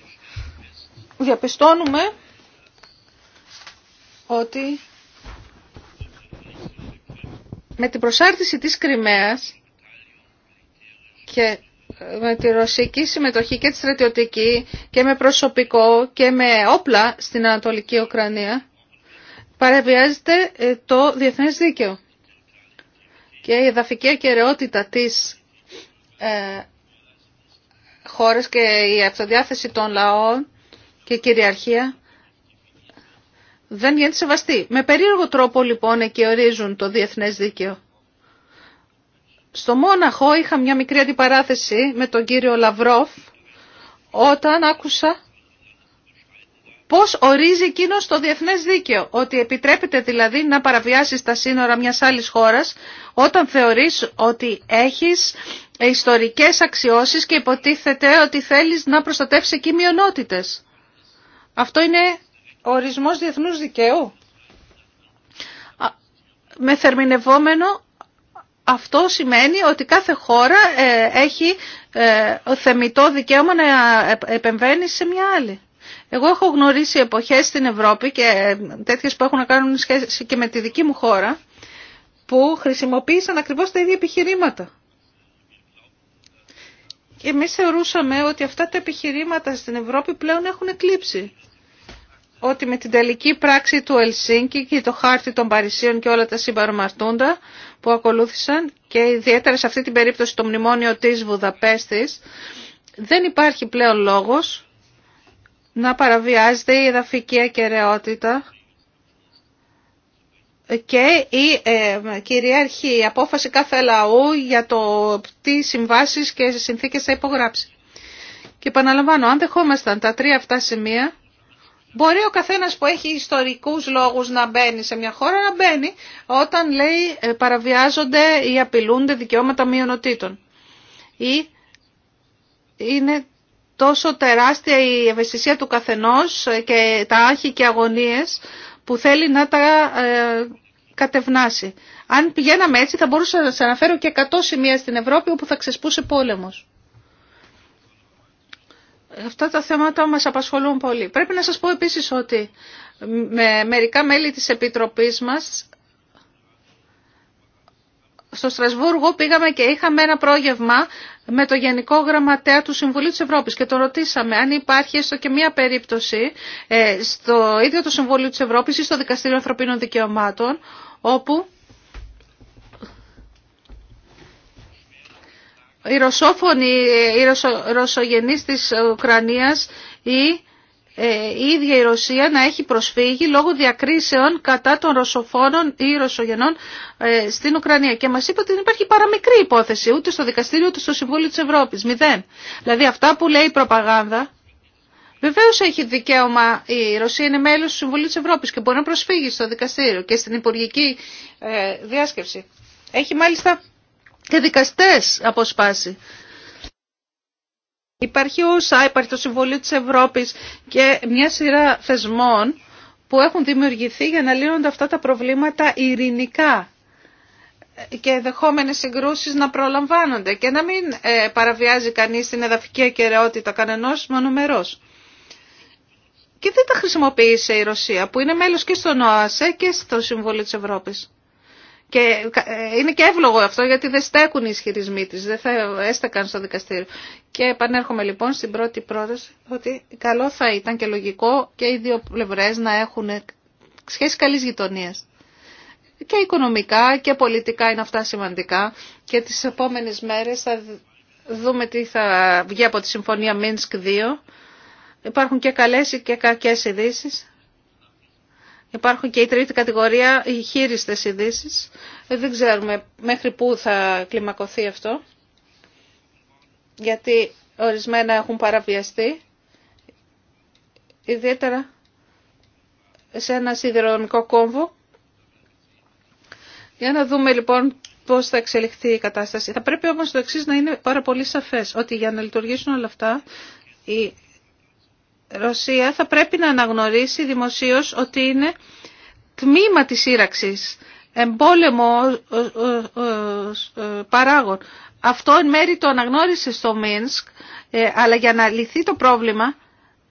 Διαπιστώνουμε ότι με την προσάρτηση της Κρυμαίας και με τη ρωσική συμμετοχή και τη στρατιωτική και με προσωπικό και με όπλα στην Ανατολική Ουκρανία παραβιάζεται ε, το διεθνές δίκαιο. Και η εδαφική ακαιρεότητα της ε, χώρας και η αυτοδιάθεση των λαών και η κυριαρχία δεν γίνεται σεβαστή. Με περίεργο τρόπο λοιπόν εκεί ορίζουν το διεθνές δίκαιο. Στο Μόναχο είχα μια μικρή αντιπαράθεση με τον κύριο Λαυρόφ όταν άκουσα πώς ορίζει εκείνο το διεθνές δίκαιο, ότι επιτρέπεται δηλαδή να παραβιάσεις τα σύνορα μιας άλλης χώρας όταν θεωρείς ότι έχεις ιστορικές αξιώσεις και υποτίθεται ότι θέλεις να προστατεύσεις εκεί μειονότητες. Αυτό είναι ορισμός διεθνούς δικαίου. Με θερμινευόμενο αυτό σημαίνει ότι κάθε χώρα ε, έχει ε, θεμητό δικαίωμα να ε, επεμβαίνει σε μια άλλη. Εγώ έχω γνωρίσει εποχές στην Ευρώπη και τέτοιες που έχουν να κάνουν σχέση και με τη δική μου χώρα που χρησιμοποίησαν ακριβώς τα ίδια επιχειρήματα. Και εμείς θεωρούσαμε ότι αυτά τα επιχειρήματα στην Ευρώπη πλέον έχουν εκλείψει ότι με την τελική πράξη του Ελσίνκη και το χάρτη των Παρισίων και όλα τα συμπαρομαρτούντα που ακολούθησαν και ιδιαίτερα σε αυτή την περίπτωση το μνημόνιο της Βουδαπέστης δεν υπάρχει πλέον λόγος να παραβιάζεται η εδαφική ακεραιότητα και η ε, κυρίαρχη απόφαση κάθε λαού για το τι συμβάσεις και συνθήκες θα υπογράψει. Και επαναλαμβάνω, αν δεχόμασταν τα τρία αυτά σημεία, Μπορεί ο καθένας που έχει ιστορικούς λόγους να μπαίνει σε μια χώρα να μπαίνει όταν λέει ε, παραβιάζονται ή απειλούνται δικαιώματα μειονοτήτων. Ή είναι τόσο τεράστια η ευαισθησία του καθενός ε, και τα άχη και αγωνίες που θέλει να τα ε, κατευνάσει. Αν πηγαίναμε έτσι θα μπορούσα να σας αναφέρω και 100 σημεία στην Ευρώπη όπου θα ξεσπούσε πόλεμος. Αυτά τα θέματα μας απασχολούν πολύ. Πρέπει να σας πω επίσης ότι με μερικά μέλη της Επιτροπής μας στο Στρασβούργο πήγαμε και είχαμε ένα πρόγευμα με το Γενικό Γραμματέα του Συμβουλίου της Ευρώπης και το ρωτήσαμε αν υπάρχει έστω και μία περίπτωση ε, στο ίδιο το Συμβούλιο της Ευρώπης ή στο Δικαστήριο Ανθρωπίνων Δικαιωμάτων όπου οι ρωσόφωνοι, οι ε, ρωσο, ρωσογενείς της Ουκρανίας ή ε, η ίδια η Ρωσία να έχει προσφύγει λόγω διακρίσεων κατά των ρωσοφόνων ή ρωσογενών ε, στην Ουκρανία. Και μας είπε ότι δεν υπάρχει παραμικρή υπόθεση ούτε στο δικαστήριο ούτε στο Συμβούλιο της Ευρώπης. Μηδέν. Δηλαδή αυτά που λέει η προπαγάνδα Βεβαίω έχει δικαίωμα, η Ρωσία είναι μέλο του Συμβουλίου τη Ευρώπη και μπορεί να προσφύγει στο δικαστήριο και στην υπουργική διάσκεψη. Έχει μάλιστα και δικαστές αποσπάσει. Υπάρχει ο ΣΑ, υπάρχει το Συμβολίο της Ευρώπης και μια σειρά θεσμών που έχουν δημιουργηθεί για να λύνονται αυτά τα προβλήματα ειρηνικά και δεχόμενε συγκρούσεις να προλαμβάνονται και να μην ε, παραβιάζει κανείς την εδαφική ακεραιότητα κανενός μονομερός. Και δεν τα χρησιμοποίησε η Ρωσία που είναι μέλος και στον ΟΑΣΕ και στο Συμβούλιο της Ευρώπης. Και ε, είναι και εύλογο αυτό γιατί δεν στέκουν οι ισχυρισμοί τη, δεν θα έστακαν στο δικαστήριο. Και επανέρχομαι λοιπόν στην πρώτη πρόταση ότι καλό θα ήταν και λογικό και οι δύο πλευρέ να έχουν σχέση καλή γειτονίας. Και οικονομικά και πολιτικά είναι αυτά σημαντικά και τις επόμενες μέρες θα δούμε τι θα βγει από τη Συμφωνία Μίνσκ 2. Υπάρχουν και καλές και κακές ειδήσει. Υπάρχουν και η τρίτη κατηγορία, οι χείριστες ειδήσει. Ε, δεν ξέρουμε μέχρι πού θα κλιμακωθεί αυτό, γιατί ορισμένα έχουν παραβιαστεί, ιδιαίτερα σε ένα σιδηροδρομικό κόμβο. Για να δούμε λοιπόν πώς θα εξελιχθεί η κατάσταση. Θα πρέπει όμως το εξή να είναι πάρα πολύ σαφές, ότι για να λειτουργήσουν όλα αυτά η Ρωσία θα πρέπει να αναγνωρίσει δημοσίως ότι είναι τμήμα της σύραξης, εμπόλεμο ε, ε, ε, παράγων. Αυτό εν μέρη το αναγνώρισε στο Μίνσκ, αλλά για να λυθεί το πρόβλημα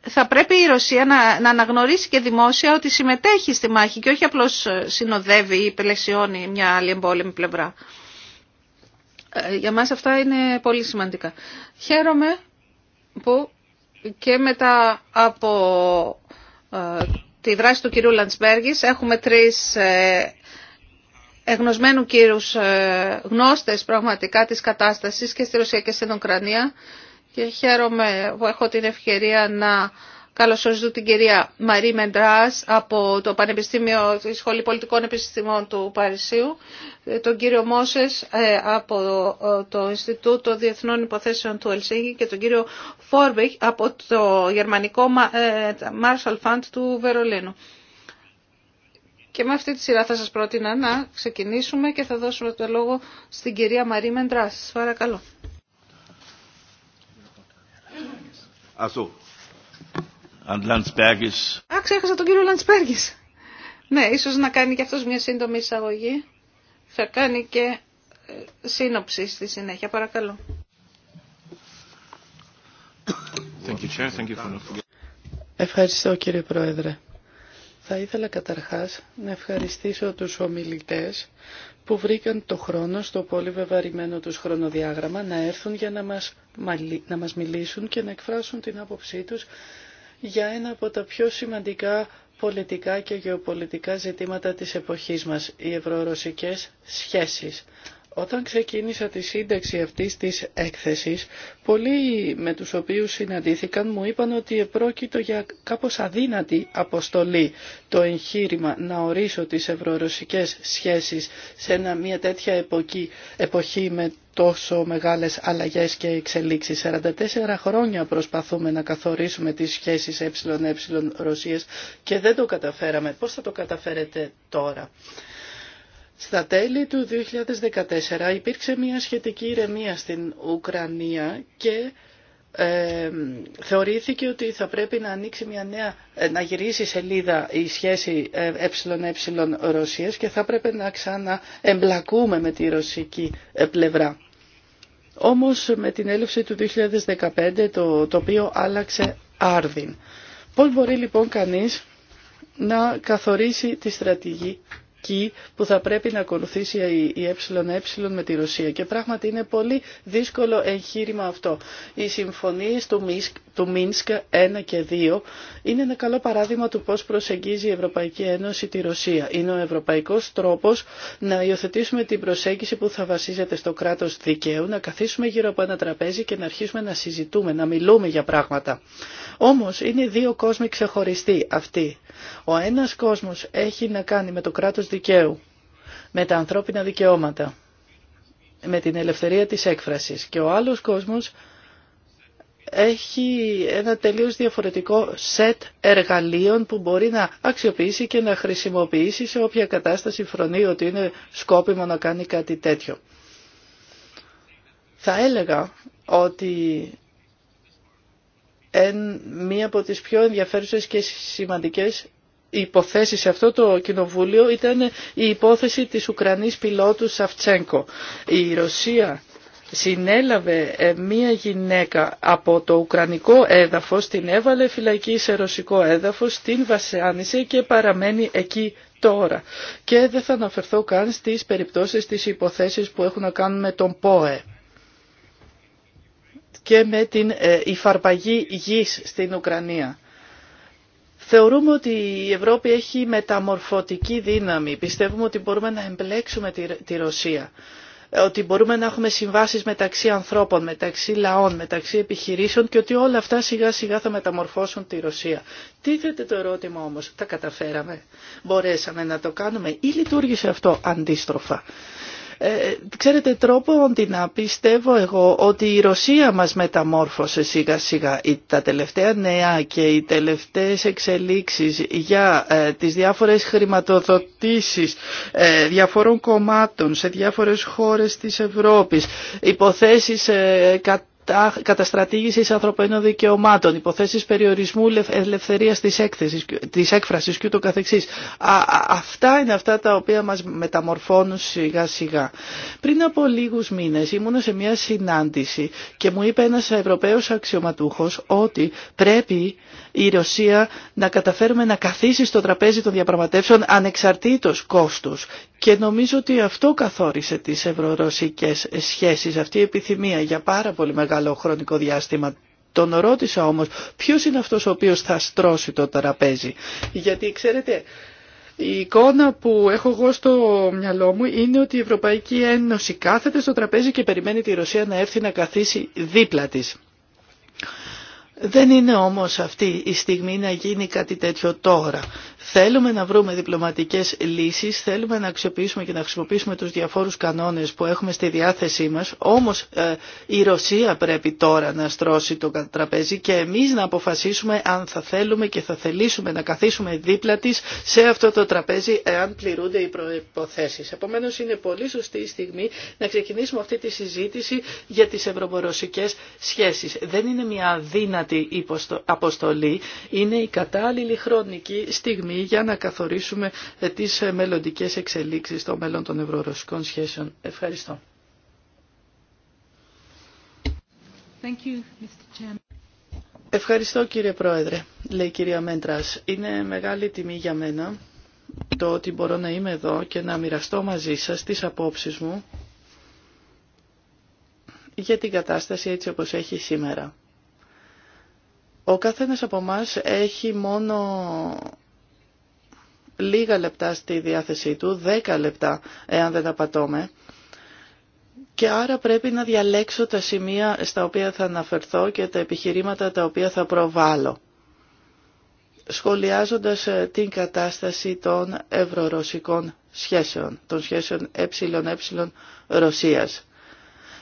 θα πρέπει η Ρωσία να, αναγνωρίσει και δημόσια ότι συμμετέχει στη μάχη και όχι απλώς συνοδεύει ή πελεσιώνει μια άλλη εμπόλεμη πλευρά. Για μας αυτά είναι πολύ σημαντικά. Χαίρομαι που και μετά από ε, τη δράση του κυρίου Λαντσμπέργης έχουμε τρεις ε, εγνωσμένου κύρους ε, γνώστες πραγματικά της κατάστασης και στη Ρωσία και στην Ουκρανία και χαίρομαι που έχω την ευκαιρία να Καλωσορίζω την κυρία Μαρή Μεντράς από το Πανεπιστήμιο τη Σχολή Πολιτικών Επιστημών του Παρισίου, ε, τον κύριο Μόσες ε, από ε, το Ινστιτούτο Διεθνών Υποθέσεων του Ελσίγη και τον κύριο Φόρμπιχ από το γερμανικό Marshall Fund του Βερολίνου. Και με αυτή τη σειρά θα σας πρότεινα να ξεκινήσουμε και θα δώσουμε το λόγο στην κυρία Μαρή Μεντράς. Σας παρακαλώ. Α, ξέχασα τον κύριο Λαντσπέργης. Ναι, ίσως να κάνει και αυτός μια σύντομη εισαγωγή. Θα κάνει και ε, σύνοψη στη συνέχεια. Παρακαλώ. Ευχαριστώ κύριε Πρόεδρε. Θα ήθελα καταρχάς να ευχαριστήσω τους ομιλητές που βρήκαν το χρόνο στο πολύ βεβαρημένο τους χρονοδιάγραμμα να έρθουν για να μας, να μας μιλήσουν και να εκφράσουν την άποψή τους για ένα από τα πιο σημαντικά πολιτικά και γεωπολιτικά ζητήματα της εποχής μας, οι ευρωρωσικές σχέσεις. Όταν ξεκίνησα τη σύνταξη αυτής της έκθεσης, πολλοί με τους οποίους συναντήθηκαν μου είπαν ότι επρόκειτο για κάπως αδύνατη αποστολή το εγχείρημα να ορίσω τις ευρωρωσικές σχέσεις σε μια τέτοια εποχή, εποχή με τόσο μεγάλες αλλαγές και εξελίξεις. 44 χρόνια προσπαθούμε να καθορίσουμε τις σχέσεις ε Ρωσίας και δεν το καταφέραμε. Πώς θα το καταφέρετε τώρα. Στα τέλη του 2014 υπήρξε μια σχετική ηρεμία στην Ουκρανία και ε, θεωρήθηκε ότι θα πρέπει να ανοίξει μια νέα, ε, να γυρίσει σελίδα η σχέση ε, ΕΕ Ρωσίας και θα πρέπει να ξαναεμπλακούμε με τη ρωσική πλευρά. Όμως με την έλευση του 2015 το τοπίο άλλαξε άρδιν. Πώς μπορεί λοιπόν κανείς να καθορίσει τη στρατηγική που θα πρέπει να ακολουθήσει η ΕΕ με τη Ρωσία. Και πράγματι είναι πολύ δύσκολο εγχείρημα αυτό. Οι συμφωνίε του Μίνσκ 1 και 2 είναι ένα καλό παράδειγμα του πώ προσεγγίζει η Ευρωπαϊκή Ένωση τη Ρωσία. Είναι ο ευρωπαϊκό τρόπο να υιοθετήσουμε την προσέγγιση που θα βασίζεται στο κράτο δικαίου, να καθίσουμε γύρω από ένα τραπέζι και να αρχίσουμε να συζητούμε, να μιλούμε για πράγματα. Όμω είναι δύο κόσμοι ξεχωριστοί αυτοί ο ένας κόσμος έχει να κάνει με το κράτος δικαίου, με τα ανθρώπινα δικαιώματα, με την ελευθερία της έκφρασης και ο άλλος κόσμος έχει ένα τελείως διαφορετικό σετ εργαλείων που μπορεί να αξιοποιήσει και να χρησιμοποιήσει σε όποια κατάσταση φρονεί ότι είναι σκόπιμο να κάνει κάτι τέτοιο. Θα έλεγα ότι μία από τις πιο ενδιαφέρουσες και σημαντικές υποθέσεις σε αυτό το κοινοβούλιο ήταν η υπόθεση της Ουκρανής πιλότου Σαφτσένκο. Η Ρωσία συνέλαβε ε, μία γυναίκα από το ουκρανικό έδαφος, την έβαλε φυλακή σε ρωσικό έδαφος, την βασάνισε και παραμένει εκεί τώρα. Και δεν θα αναφερθώ καν στις περιπτώσεις, στις υποθέσεις που έχουν να κάνουν με τον ΠΟΕ και με την ε, υφαρπαγή γης στην Ουκρανία. Θεωρούμε ότι η Ευρώπη έχει μεταμορφωτική δύναμη. Πιστεύουμε ότι μπορούμε να εμπλέξουμε τη Ρωσία ε, ότι μπορούμε να έχουμε συμβάσεις μεταξύ ανθρώπων, μεταξύ λαών, μεταξύ επιχειρήσεων και ότι όλα αυτά σιγά σιγά θα μεταμορφώσουν τη Ρωσία. Τίθεται το ερώτημα όμως, τα καταφέραμε, μπορέσαμε να το κάνουμε ή λειτουργήσε αυτό αντίστροφα. Ε, ξέρετε τρόπο να πιστεύω εγώ ότι η Ρωσία μας μεταμόρφωσε σιγά σιγά τα τελευταία νέα και οι τελευταίες εξελίξεις για ε, τις διάφορες χρηματοδοτήσεις ε, διαφορών κομμάτων σε διάφορες χώρες της Ευρώπης, υποθέσεις κατά τα καταστρατήγηση ανθρωπίνων δικαιωμάτων, υποθέσεις περιορισμού ελευθερίας της, έκθεσης, της έκφρασης και ούτω καθεξής. αυτά είναι αυτά τα οποία μας μεταμορφώνουν σιγά σιγά. Πριν από λίγους μήνες ήμουν σε μια συνάντηση και μου είπε ένας Ευρωπαίος αξιωματούχος ότι πρέπει η Ρωσία να καταφέρουμε να καθίσει στο τραπέζι των διαπραγματεύσεων ανεξαρτήτως κόστους. Και νομίζω ότι αυτό καθόρισε τις ευρωρωσικές σχέσεις, αυτή η επιθυμία για πάρα πολύ μεγάλο χρονικό διάστημα. Τον ρώτησα όμως ποιος είναι αυτός ο οποίος θα στρώσει το τραπέζι. Γιατί ξέρετε, η εικόνα που έχω εγώ στο μυαλό μου είναι ότι η Ευρωπαϊκή Ένωση κάθεται στο τραπέζι και περιμένει τη Ρωσία να έρθει να καθίσει δίπλα της. Δεν είναι όμως αυτή η στιγμή να γίνει κάτι τέτοιο τώρα. Θέλουμε να βρούμε διπλωματικές λύσεις, θέλουμε να αξιοποιήσουμε και να χρησιμοποιήσουμε τους διαφόρους κανόνες που έχουμε στη διάθεσή μας, όμως ε, η Ρωσία πρέπει τώρα να στρώσει το τραπέζι και εμείς να αποφασίσουμε αν θα θέλουμε και θα θελήσουμε να καθίσουμε δίπλα της σε αυτό το τραπέζι εάν πληρούνται οι προϋποθέσεις. Επομένως είναι πολύ σωστή η στιγμή να ξεκινήσουμε αυτή τη συζήτηση για τις ευρωβορωσικές σχέσεις. Δεν είναι μια αδύνατη αποστολή, είναι η κατάλληλη χρονική στιγμή για να καθορίσουμε ε, τις ε, μελλοντικές εξελίξεις στο μέλλον των ευρωρωσικών σχέσεων. Ευχαριστώ. Ευχαριστώ κύριε Πρόεδρε, λέει η κυρία Μέντρας. Είναι μεγάλη τιμή για μένα το ότι μπορώ να είμαι εδώ και να μοιραστώ μαζί σας τις απόψεις μου για την κατάσταση έτσι όπως έχει σήμερα. Ο καθένας από μας έχει μόνο λίγα λεπτά στη διάθεσή του, 10 λεπτά εάν δεν τα πατώμε Και άρα πρέπει να διαλέξω τα σημεία στα οποία θα αναφερθώ και τα επιχειρήματα τα οποία θα προβάλλω. Σχολιάζοντας ε, την κατάσταση των ευρωρωσικών σχέσεων, των σχέσεων ΕΕ Ρωσίας.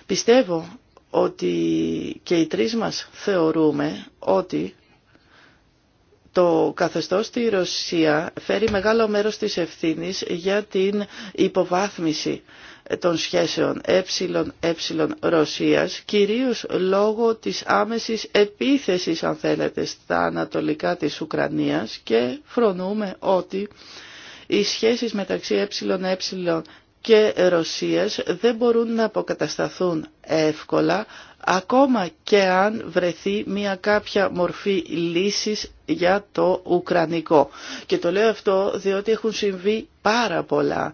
Πιστεύω ότι και οι τρεις μας θεωρούμε ότι το καθεστώς στη Ρωσία φέρει μεγάλο μέρος της ευθύνης για την υποβάθμιση των σχέσεων ΕΕ Ρωσίας, κυρίως λόγω της άμεσης επίθεσης, αν θέλετε, στα ανατολικά της Ουκρανίας και φρονούμε ότι οι σχέσεις μεταξύ ΕΕ και Ρωσίας δεν μπορούν να αποκατασταθούν εύκολα ακόμα και αν βρεθεί μια κάποια μορφή λύσης για το Ουκρανικό. Και το λέω αυτό διότι έχουν συμβεί πάρα πολλά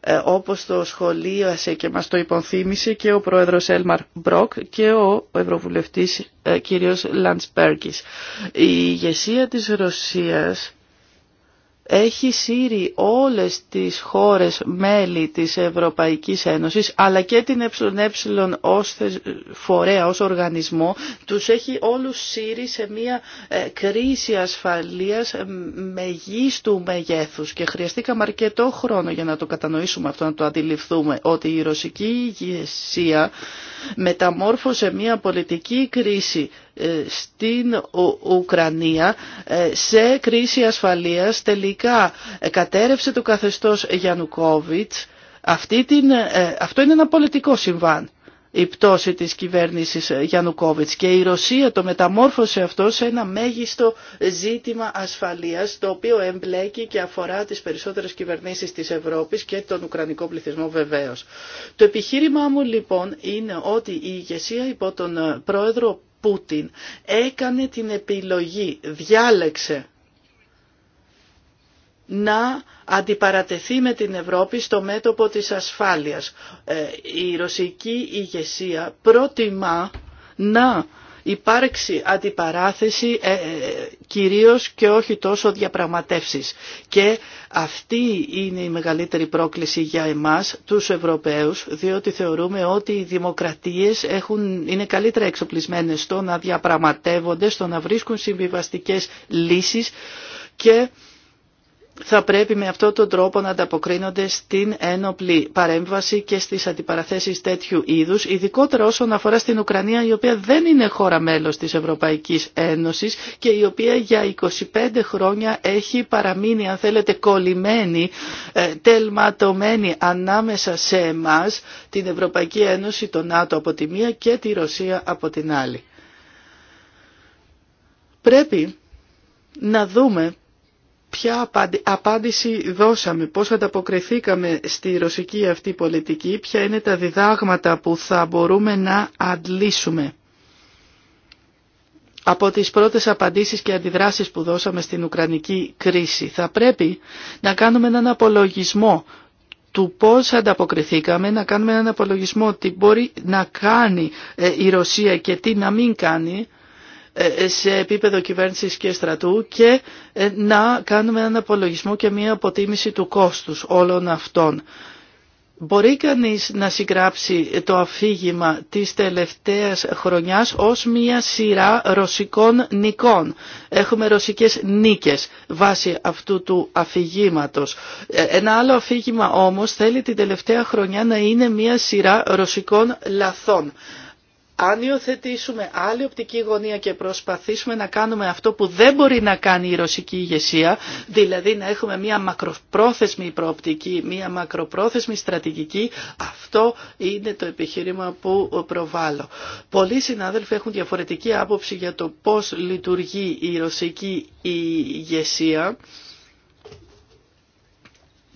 ε, όπως το σχολίασε και μας το υποθύμησε και ο πρόεδρος Έλμαρ Μπροκ και ο ευρωβουλευτής ε, κύριος Λαντσπέργκης. Η ηγεσία της Ρωσίας έχει σύρει όλες τις χώρες μέλη της Ευρωπαϊκής Ένωσης αλλά και την ΕΕ ως φορέα, ως οργανισμό τους έχει όλους σύρει σε μια ε, κρίση ασφαλείας μεγίστου μεγέθους και χρειαστήκαμε αρκετό χρόνο για να το κατανοήσουμε αυτό, να το αντιληφθούμε ότι η ρωσική ηγεσία μεταμόρφωσε μια πολιτική κρίση ε, στην Ουκρανία ε, σε κρίση ασφαλείας τελικά ε, κατέρευσε το καθεστώς Γιανουκόβιτς Αυτή την, αυτό είναι ένα πολιτικό συμβάν η πτώση της κυβέρνησης Γιανουκόβιτς και η Ρωσία το μεταμόρφωσε αυτό σε ένα μέγιστο ζήτημα ασφαλείας το οποίο εμπλέκει και αφορά τις περισσότερες κυβερνήσεις της Ευρώπης και τον Ουκρανικό πληθυσμό βεβαίως. Το επιχείρημά μου λοιπόν είναι ότι η ηγεσία υπό τον πρόεδρο Πούτιν έκανε την επιλογή, διάλεξε να αντιπαρατεθεί με την Ευρώπη στο μέτωπο της ασφάλειας. Ε, η ρωσική ηγεσία προτιμά να υπάρξει αντιπαράθεση ε, ε, κυρίως και όχι τόσο διαπραγματεύσεις. Και αυτή είναι η μεγαλύτερη πρόκληση για εμάς, τους Ευρωπαίους, διότι θεωρούμε ότι οι δημοκρατίες έχουν, είναι καλύτερα εξοπλισμένες στο να διαπραγματεύονται, στο να βρίσκουν συμβιβαστικές λύσεις και θα πρέπει με αυτόν τον τρόπο να ανταποκρίνονται στην ένοπλη παρέμβαση και στις αντιπαραθέσεις τέτοιου είδους, ειδικότερα όσον αφορά στην Ουκρανία η οποία δεν είναι χώρα μέλος της Ευρωπαϊκής Ένωσης και η οποία για 25 χρόνια έχει παραμείνει αν θέλετε κολλημένη, ε, τελματωμένη ανάμεσα σε εμάς την Ευρωπαϊκή Ένωση, τον ΝΑΤΟ από τη μία και τη Ρωσία από την άλλη. Πρέπει να δούμε ποια απάντηση δώσαμε, πώς ανταποκριθήκαμε στη ρωσική αυτή πολιτική, ποια είναι τα διδάγματα που θα μπορούμε να αντλήσουμε. Από τις πρώτες απαντήσεις και αντιδράσεις που δώσαμε στην Ουκρανική κρίση θα πρέπει να κάνουμε έναν απολογισμό του πώς ανταποκριθήκαμε, να κάνουμε έναν απολογισμό τι μπορεί να κάνει ε, η Ρωσία και τι να μην κάνει ε, ε, σε επίπεδο κυβέρνησης και στρατού και ε, να κάνουμε έναν απολογισμό και μία αποτίμηση του κόστους όλων αυτών. Μπορεί κανείς να συγγράψει το αφήγημα της τελευταίας χρονιάς ως μία σειρά ρωσικών νικών. Έχουμε ρωσικές νίκες βάσει αυτού του αφηγήματος. Ένα άλλο αφήγημα όμως θέλει την τελευταία χρονιά να είναι μία σειρά ρωσικών λαθών αν υιοθετήσουμε άλλη οπτική γωνία και προσπαθήσουμε να κάνουμε αυτό που δεν μπορεί να κάνει η ρωσική ηγεσία, δηλαδή να έχουμε μια μακροπρόθεσμη προοπτική, μια μακροπρόθεσμη στρατηγική, αυτό είναι το επιχείρημα που προβάλλω. Πολλοί συνάδελφοι έχουν διαφορετική άποψη για το πώς λειτουργεί η ρωσική ηγεσία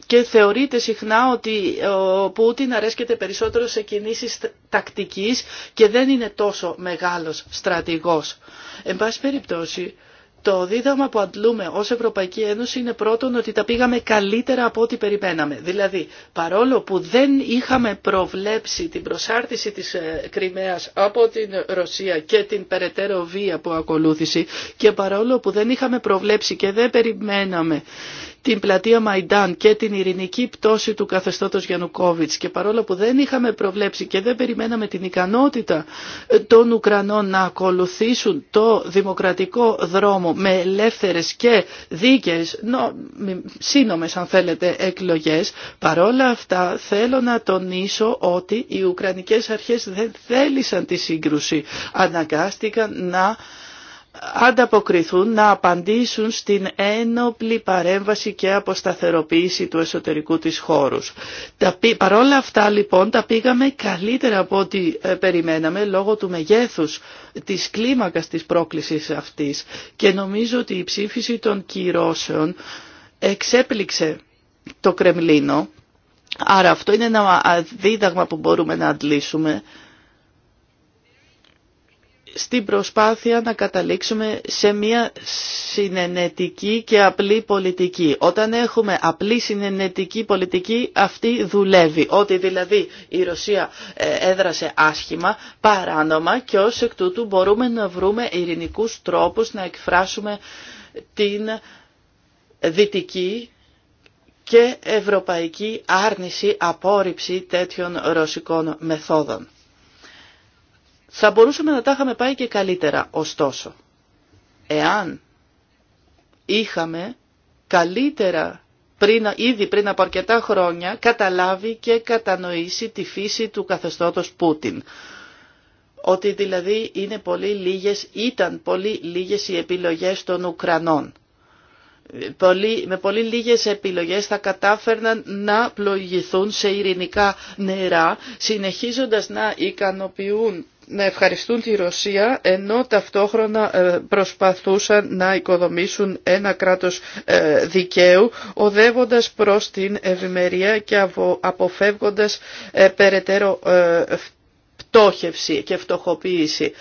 και θεωρείται συχνά ότι ε, ο Πούτιν αρέσκεται περισσότερο σε κινήσεις τακτικής και δεν είναι τόσο μεγάλος στρατηγός. Εν πάση περιπτώσει, το δίδαμα που αντλούμε ως Ευρωπαϊκή Ένωση είναι πρώτον ότι τα πήγαμε καλύτερα από ό,τι περιμέναμε. Δηλαδή, παρόλο που δεν είχαμε προβλέψει την προσάρτηση της ε, Κρυμαίας από την Ρωσία και την περαιτέρω βία που ακολούθησε και παρόλο που δεν είχαμε προβλέψει και δεν περιμέναμε την πλατεία Μαϊντάν και την ειρηνική πτώση του καθεστώτος Γιανουκόβιτς και παρόλο που δεν είχαμε προβλέψει και δεν περιμέναμε την ικανότητα ε, των Ουκρανών να ακολουθήσουν το δημοκρατικό δρόμο με ελεύθερες και δίκαιες, νο, σύνομες αν θέλετε, εκλογές, παρόλα αυτά θέλω να τονίσω ότι οι Ουκρανικές αρχές δεν θέλησαν τη σύγκρουση, αναγκάστηκαν να ανταποκριθούν να απαντήσουν στην ένοπλη παρέμβαση και αποσταθεροποίηση του εσωτερικού της χώρους. Τα, παρόλα αυτά λοιπόν τα πήγαμε καλύτερα από ό,τι ε, περιμέναμε λόγω του μεγέθους της κλίμακας της πρόκλησης αυτής και νομίζω ότι η ψήφιση των κυρώσεων εξέπληξε το Κρεμλίνο Άρα αυτό είναι ένα δίδαγμα που μπορούμε να αντλήσουμε στην προσπάθεια να καταλήξουμε σε μια συνενετική και απλή πολιτική. Όταν έχουμε απλή συνενετική πολιτική, αυτή δουλεύει. Ότι δηλαδή η Ρωσία ε, έδρασε άσχημα, παράνομα και ως εκ τούτου μπορούμε να βρούμε ειρηνικούς τρόπους να εκφράσουμε την δυτική και ευρωπαϊκή άρνηση, απόρριψη τέτοιων ρωσικών μεθόδων. Θα μπορούσαμε να τα είχαμε πάει και καλύτερα, ωστόσο. Εάν είχαμε καλύτερα πριν, ήδη πριν από αρκετά χρόνια καταλάβει και κατανοήσει τη φύση του καθεστώτος Πούτιν. Ότι δηλαδή είναι πολύ λίγες, ήταν πολύ λίγες οι επιλογές των Ουκρανών. με πολύ λίγες επιλογές θα κατάφερναν να πλοηγηθούν σε ειρηνικά νερά, συνεχίζοντας να ικανοποιούν να ευχαριστούν τη Ρωσία ενώ ταυτόχρονα ε, προσπαθούσαν να οικοδομήσουν ένα κράτος ε, δικαίου οδεύοντας προς την ευημερία και αποφεύγοντας ε, περαιτέρω πτώχευση και φτωχοποίηση.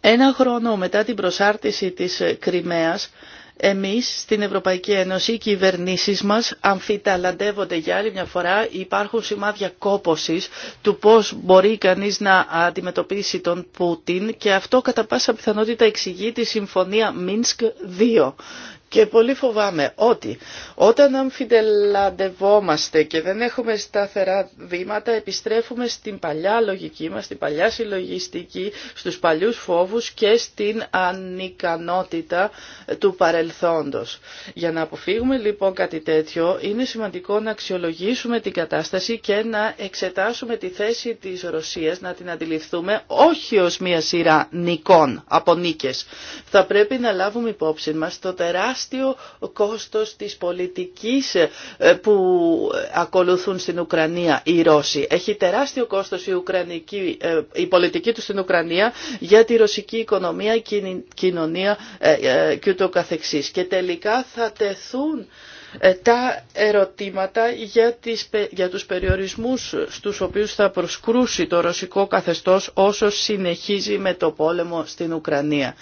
Ένα χρόνο μετά την προσάρτηση της Κρυμαίας εμείς στην Ευρωπαϊκή Ένωση, οι κυβερνήσεις μας αμφιταλαντεύονται για άλλη μια φορά, υπάρχουν σημάδια κόπωσης του πώς μπορεί κανείς να αντιμετωπίσει τον Πούτιν και αυτό κατά πάσα πιθανότητα εξηγεί τη Συμφωνία Μίνσκ 2 και πολύ φοβάμαι ότι όταν αμφιτελαντευόμαστε και δεν έχουμε σταθερά βήματα, επιστρέφουμε στην παλιά λογική μας, στην παλιά συλλογιστική, στους παλιούς φόβους και στην ανικανότητα του παρελθόντος. Για να αποφύγουμε λοιπόν κάτι τέτοιο, είναι σημαντικό να αξιολογήσουμε την κατάσταση και να εξετάσουμε τη θέση της Ρωσίας, να την αντιληφθούμε όχι ως μία σειρά νικών από νίκες. Θα πρέπει να λάβουμε υπόψη μας το τεράστιο τεράστιο κόστος της πολιτικής ε, που ακολουθούν στην Ουκρανία οι Ρώσοι. Έχει τεράστιο κόστος η, Ουκρανική, ε, η πολιτική του στην Ουκρανία για τη ρωσική οικονομία, κοινωνία ε, και ούτω καθεξής. Και τελικά θα τεθούν ε, τα ερωτήματα για, τις, για τους περιορισμούς στους οποίους θα προσκρούσει το ρωσικό καθεστώς όσο συνεχίζει με το πόλεμο στην Ουκρανία.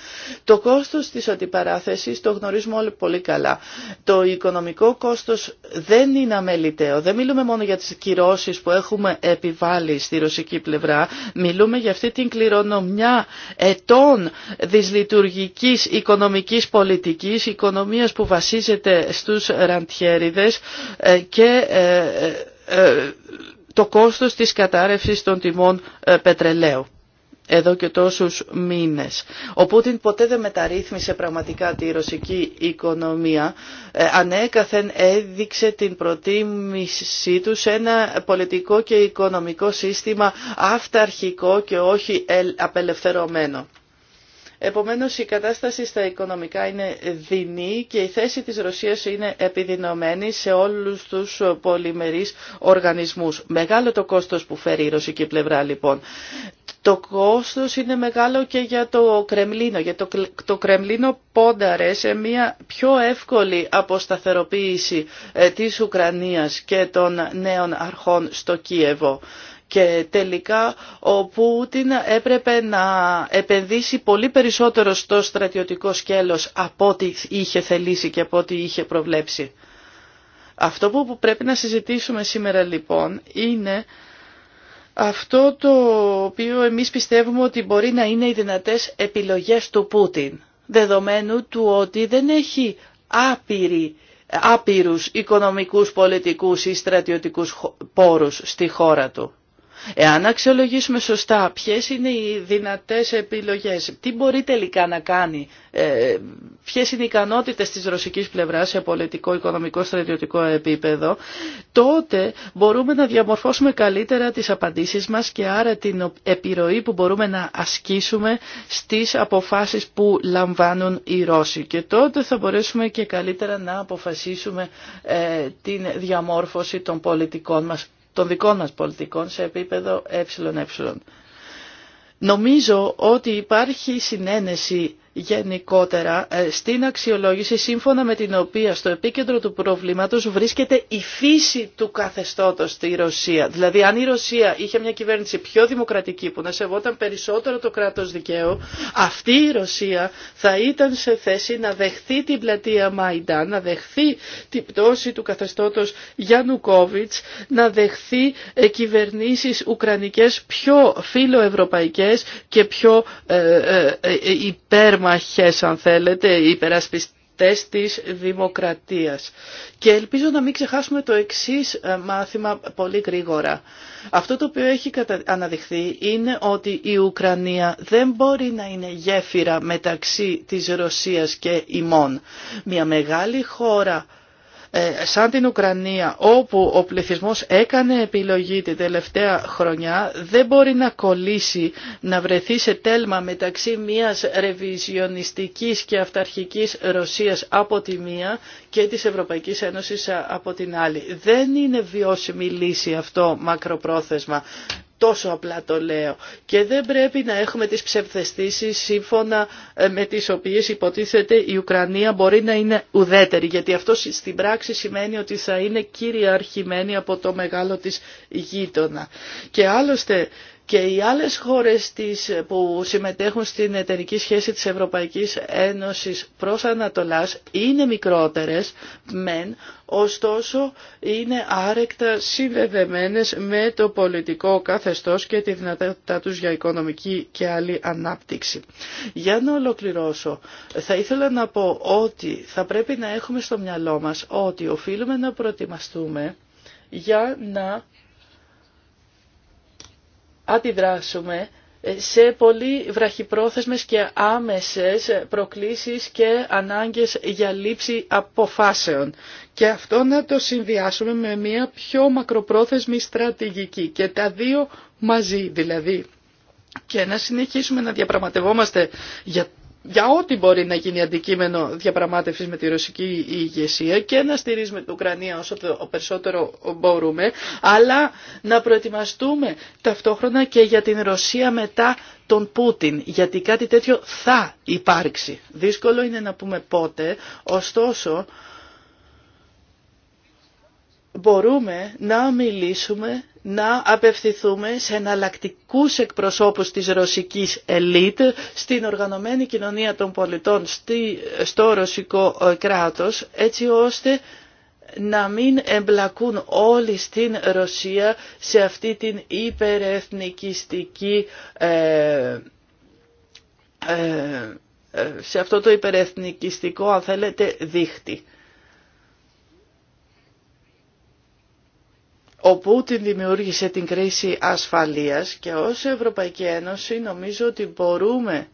Το κόστος της αντιπαράθεσης το γνωρίζουμε όλοι πολύ καλά. Το οικονομικό κόστος δεν είναι αμεληταίο. Δεν μιλούμε μόνο για τις κυρώσεις που έχουμε επιβάλει στη ρωσική πλευρά. Μιλούμε για αυτή την κληρονομιά ετών δυσλειτουργικής οικονομικής πολιτικής, οικονομίας που βασίζεται στους ε, και ε, ε, το κόστος της κατάρρευσης των τιμών πετρελαίου εδώ και τόσους μήνες. Ο Πούτιν ποτέ δεν μεταρρύθμισε πραγματικά τη ρωσική οικονομία. ανέκαθεν έδειξε την προτίμησή του σε ένα πολιτικό και οικονομικό σύστημα αυταρχικό και όχι απελευθερωμένο. Επομένως η κατάσταση στα οικονομικά είναι δεινή και η θέση της Ρωσίας είναι επιδεινωμένη σε όλους τους πολυμερείς οργανισμούς. Μεγάλο το κόστος που φέρει η ρωσική πλευρά λοιπόν. Το κόστος είναι μεγάλο και για το Κρεμλίνο, γιατί το, το Κρεμλίνο πόνταρε σε μια πιο εύκολη αποσταθεροποίηση ε, της Ουκρανίας και των νέων αρχών στο Κίεβο και τελικά ο Πούτιν έπρεπε να επενδύσει πολύ περισσότερο στο στρατιωτικό σκέλος από ό,τι είχε θελήσει και από ό,τι είχε προβλέψει. Αυτό που πρέπει να συζητήσουμε σήμερα λοιπόν είναι αυτό το οποίο εμείς πιστεύουμε ότι μπορεί να είναι οι δυνατές επιλογές του Πούτιν, δεδομένου του ότι δεν έχει άπειρη άπειρους οικονομικούς, πολιτικούς ή στρατιωτικούς πόρους στη χώρα του. Εάν αξιολογήσουμε σωστά ποιες είναι οι δυνατές επιλογές, τι μπορεί τελικά να κάνει, ε, ποιες είναι οι ικανότητες της ρωσικής πλευράς σε πολιτικό, οικονομικό, στρατιωτικό επίπεδο, τότε μπορούμε να διαμορφώσουμε καλύτερα τις απαντήσεις μας και άρα την επιρροή που μπορούμε να ασκήσουμε στις αποφάσεις που λαμβάνουν οι Ρώσοι. Και τότε θα μπορέσουμε και καλύτερα να αποφασίσουμε ε, την διαμόρφωση των πολιτικών μας των δικών μας πολιτικών σε επίπεδο ΕΕ. Νομίζω ότι υπάρχει συνένεση γενικότερα ε, στην αξιολόγηση σύμφωνα με την οποία στο επίκεντρο του προβλήματος βρίσκεται η φύση του καθεστώτος στη Ρωσία. Δηλαδή αν η Ρωσία είχε μια κυβέρνηση πιο δημοκρατική που να σεβόταν περισσότερο το κράτος δικαίου, αυτή η Ρωσία θα ήταν σε θέση να δεχθεί την πλατεία Μάιντα, να δεχθεί την πτώση του καθεστώτος Γιαννουκόβιτς, να δεχθεί ε, κυβερνήσεις ουκρανικές πιο φιλοευρωπαϊκές και πιο ε, υπέρ μαχές αν θέλετε, οι υπερασπιστές της δημοκρατίας. Και ελπίζω να μην ξεχάσουμε το εξής ε, μάθημα πολύ γρήγορα. Αυτό το οποίο έχει αναδειχθεί είναι ότι η Ουκρανία δεν μπορεί να είναι γέφυρα μεταξύ της Ρωσίας και ημών. Μια μεγάλη χώρα ε, σαν την Ουκρανία όπου ο πληθυσμός έκανε επιλογή την τελευταία χρονιά δεν μπορεί να κολλήσει να βρεθεί σε τέλμα μεταξύ μιας ρεβιζιονιστικής και αυταρχικής Ρωσίας από τη μία και της Ευρωπαϊκής Ένωσης από την άλλη. Δεν είναι βιώσιμη λύση αυτό μακροπρόθεσμα. Τόσο απλά το λέω. Και δεν πρέπει να έχουμε τις ψευθεστήσεις σύμφωνα ε, με τις οποίες υποτίθεται η Ουκρανία μπορεί να είναι ουδέτερη. Γιατί αυτό στην πράξη σημαίνει ότι θα είναι κυριαρχημένη από το μεγάλο της γείτονα. Και άλλωστε και οι άλλες χώρες της, που συμμετέχουν στην εταιρική σχέση της Ευρωπαϊκής Ένωσης προς Ανατολάς είναι μικρότερες, μεν, ωστόσο είναι άρεκτα συνδεδεμένες με το πολιτικό καθεστώς και τη δυνατότητα τους για οικονομική και άλλη ανάπτυξη. Για να ολοκληρώσω, θα ήθελα να πω ότι θα πρέπει να έχουμε στο μυαλό μας ότι οφείλουμε να προετοιμαστούμε για να αντιδράσουμε σε πολύ βραχυπρόθεσμες και άμεσες προκλήσεις και ανάγκες για λήψη αποφάσεων. Και αυτό να το συνδυάσουμε με μια πιο μακροπρόθεσμη στρατηγική και τα δύο μαζί δηλαδή. Και να συνεχίσουμε να διαπραγματευόμαστε για για ό,τι μπορεί να γίνει αντικείμενο διαπραγμάτευσης με τη ρωσική ηγεσία και να στηρίζουμε την Ουκρανία όσο το περισσότερο μπορούμε, αλλά να προετοιμαστούμε ταυτόχρονα και για την Ρωσία μετά τον Πούτιν, γιατί κάτι τέτοιο θα υπάρξει. Δύσκολο είναι να πούμε πότε, ωστόσο μπορούμε να μιλήσουμε να απευθυνθούμε σε εναλλακτικού εκπροσώπους της ρωσικής ελίτ στην οργανωμένη κοινωνία των πολιτών στο ρωσικό ε, κράτος έτσι ώστε να μην εμπλακούν όλοι στην Ρωσία σε αυτή την υπερεθνικιστική ε, ε, σε αυτό το υπερεθνικιστικό αν θέλετε δίχτυ. ο Πούτιν δημιούργησε την κρίση ασφαλείας και ως Ευρωπαϊκή Ένωση νομίζω ότι μπορούμε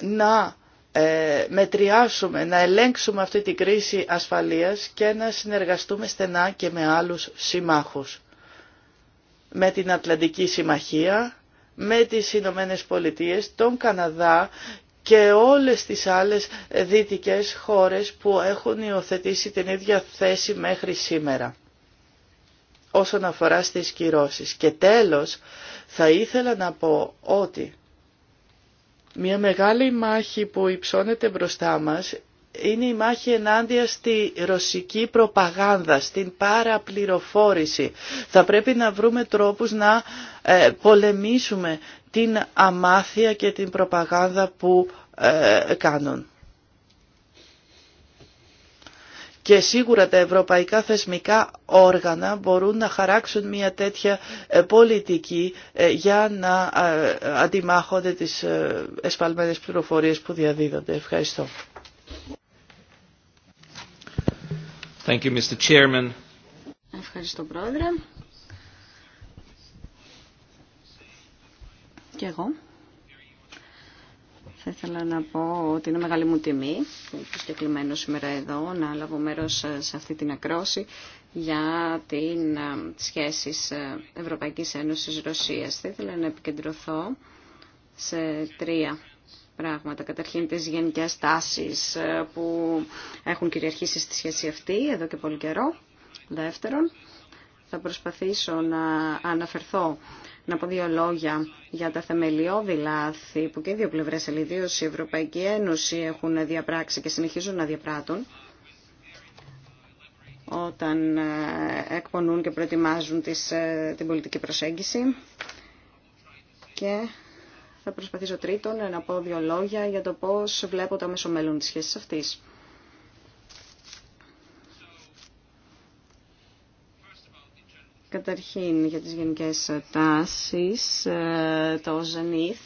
να ε, μετριάσουμε, να ελέγξουμε αυτή την κρίση ασφαλείας και να συνεργαστούμε στενά και με άλλους συμμάχους. Με την Ατλαντική Συμμαχία, με τις Ηνωμένε Πολιτείες, τον Καναδά και όλες τις άλλες δυτικές χώρες που έχουν υιοθετήσει την ίδια θέση μέχρι σήμερα όσον αφορά στις κυρώσεις. Και τέλος, θα ήθελα να πω ότι μια μεγάλη μάχη που υψώνεται μπροστά μας είναι η μάχη ενάντια στη ρωσική προπαγάνδα, στην παραπληροφόρηση. Θα πρέπει να βρούμε τρόπους να ε, πολεμήσουμε την αμάθεια και την προπαγάνδα που ε, κάνουν. Και σίγουρα τα ευρωπαϊκά θεσμικά όργανα μπορούν να χαράξουν μια τέτοια ε, πολιτική ε, για να ε, αντιμάχονται τις εσφαλμένες πληροφορίες που διαδίδονται. Ευχαριστώ. Ευχαριστώ, Πρόεδρε. Και εγώ θα ήθελα να πω ότι είναι μεγάλη μου τιμή που είμαι συγκεκριμένο σήμερα εδώ να λάβω μέρος σε αυτή την ακρόση για την ε, σχέσεις ε, Ευρωπαϊκής Ένωσης Ρωσίας. Θα ήθελα να επικεντρωθώ σε τρία πράγματα. Καταρχήν τις γενικές τάσεις ε, που έχουν κυριαρχήσει στη σχέση αυτή εδώ και πολύ καιρό. Δεύτερον, θα προσπαθήσω να αναφερθώ να πω δύο λόγια για τα θεμελιώδη λάθη που και οι δύο πλευρές, αλλά ιδίω η Ευρωπαϊκή Ένωση έχουν διαπράξει και συνεχίζουν να διαπράττουν όταν ε, εκπονούν και προετοιμάζουν τις, ε, την πολιτική προσέγγιση. Και θα προσπαθήσω τρίτον να πω δύο λόγια για το πώς βλέπω το μέσο μέλλον της σχέσης αυτής. Καταρχήν για τις γενικές τάσεις, ε, το ΖΕΝΙΘ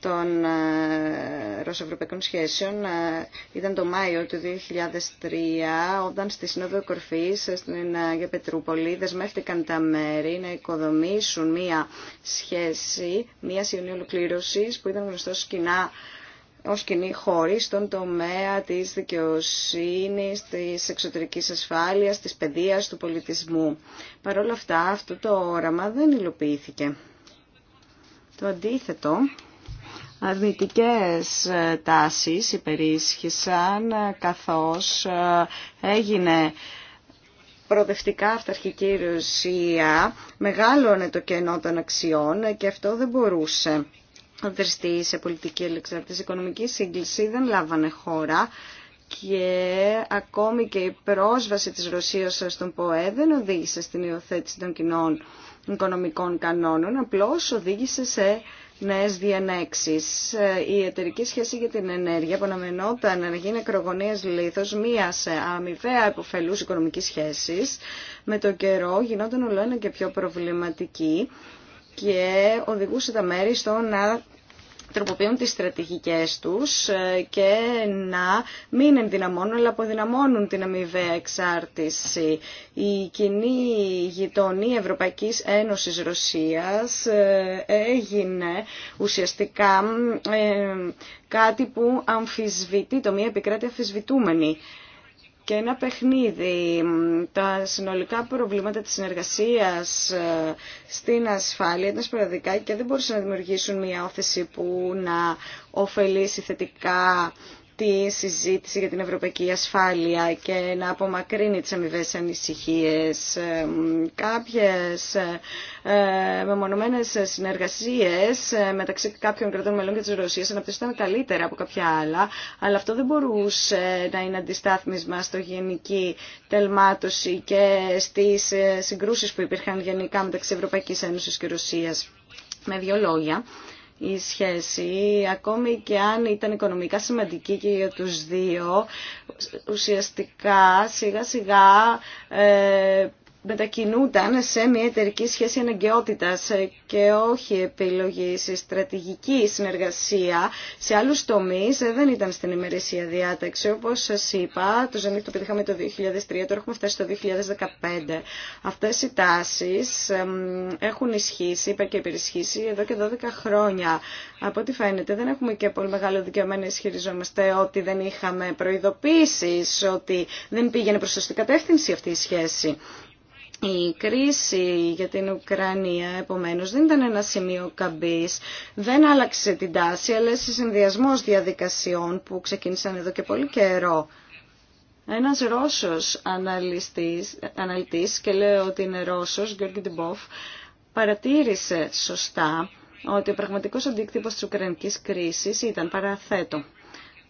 των ε, ρωσοευρωπαϊκών σχέσεων ε, ήταν το Μάιο του 2003 όταν στη Σύνοδο Κορφής στην Αγία Πετρούπολη δεσμεύτηκαν τα μέρη να οικοδομήσουν μία σχέση, μία σιωνή ολοκλήρωσης που ήταν γνωστό κοινά ως κοινή χώρη στον τομέα της δικαιοσύνης, της εξωτερικής ασφάλειας, της παιδείας, του πολιτισμού. Παρ' όλα αυτά αυτό το όραμα δεν υλοποιήθηκε. Το αντίθετο, αρνητικές ε, τάσεις υπερίσχυσαν ε, καθώς ε, έγινε προοδευτικά αυταρχική Ρωσία, μεγάλωνε το κενό των αξιών και αυτό δεν μπορούσε δραστή σε πολιτική ελεξάρτηση, οικονομική σύγκληση δεν λάβανε χώρα και ακόμη και η πρόσβαση της Ρωσίας στον ΠΟΕ δεν οδήγησε στην υιοθέτηση των κοινών οικονομικών κανόνων, απλώς οδήγησε σε νέες διανέξεις. Η εταιρική σχέση για την ενέργεια που αναμενόταν να γίνει ακρογωνίας λίθος μίας αμοιβαία υποφελούς οικονομικής σχέσης με το καιρό γινόταν ολοένα και πιο προβληματική και οδηγούσε τα μέρη στο να τροποποιούν τις στρατηγικές τους ε, και να μην ενδυναμώνουν αλλά αποδυναμώνουν την αμοιβαία εξάρτηση. Η κοινή γειτονή Ευρωπαϊκής Ένωσης Ρωσίας ε, έγινε ουσιαστικά ε, κάτι που αμφισβητεί, το μία επικράτη αμφισβητούμενη και ένα παιχνίδι. Τα συνολικά προβλήματα της συνεργασίας ε, στην ασφάλεια ήταν σπαραδικά και δεν μπορούσαν να δημιουργήσουν μια όθεση που να ωφελήσει θετικά τη συζήτηση για την ευρωπαϊκή ασφάλεια και να απομακρύνει τις αμοιβέ ανησυχίες. Κάποιες ε, μεμονωμένες συνεργασίες ε, μεταξύ κάποιων κρατών μελών και της Ρωσίας αναπτύσσονταν καλύτερα από κάποια άλλα, αλλά αυτό δεν μπορούσε να είναι αντιστάθμισμα στο γενική τελμάτωση και στις ε, συγκρούσεις που υπήρχαν γενικά μεταξύ Ευρωπαϊκής Ένωσης και Ρωσίας. Με δύο λόγια, η σχέση, ακόμη και αν ήταν οικονομικά σημαντική και για τους δύο, ουσιαστικά σιγά σιγά ε, μετακινούνταν σε μια εταιρική σχέση αναγκαιότητας και όχι επιλογή σε στρατηγική συνεργασία σε άλλους τομείς δεν ήταν στην ημερήσια διάταξη. Όπως σας είπα, το ζενήκτο το πετύχαμε το 2003, τώρα έχουμε φτάσει το 2015. Αυτές οι τάσεις έχουν ισχύσει, είπα και υπερισχύσει, εδώ και 12 χρόνια. Από ό,τι φαίνεται δεν έχουμε και πολύ μεγάλο δικαιωμένο να ισχυριζόμαστε ότι δεν είχαμε προειδοποίησεις, ότι δεν πήγαινε προς σωστή κατεύθυνση αυτή η σχέση. Η κρίση για την Ουκρανία, επομένως, δεν ήταν ένα σημείο καμπής, δεν άλλαξε την τάση, αλλά σε συνδυασμό διαδικασιών που ξεκίνησαν εδώ και πολύ καιρό. Ένας Ρώσος αναλυτής, αναλυτής και λέω ότι είναι Ρώσος, Γιώργη Τιμπόφ, παρατήρησε σωστά ότι ο πραγματικός αντίκτυπος της Ουκρανικής κρίσης ήταν παραθέτω.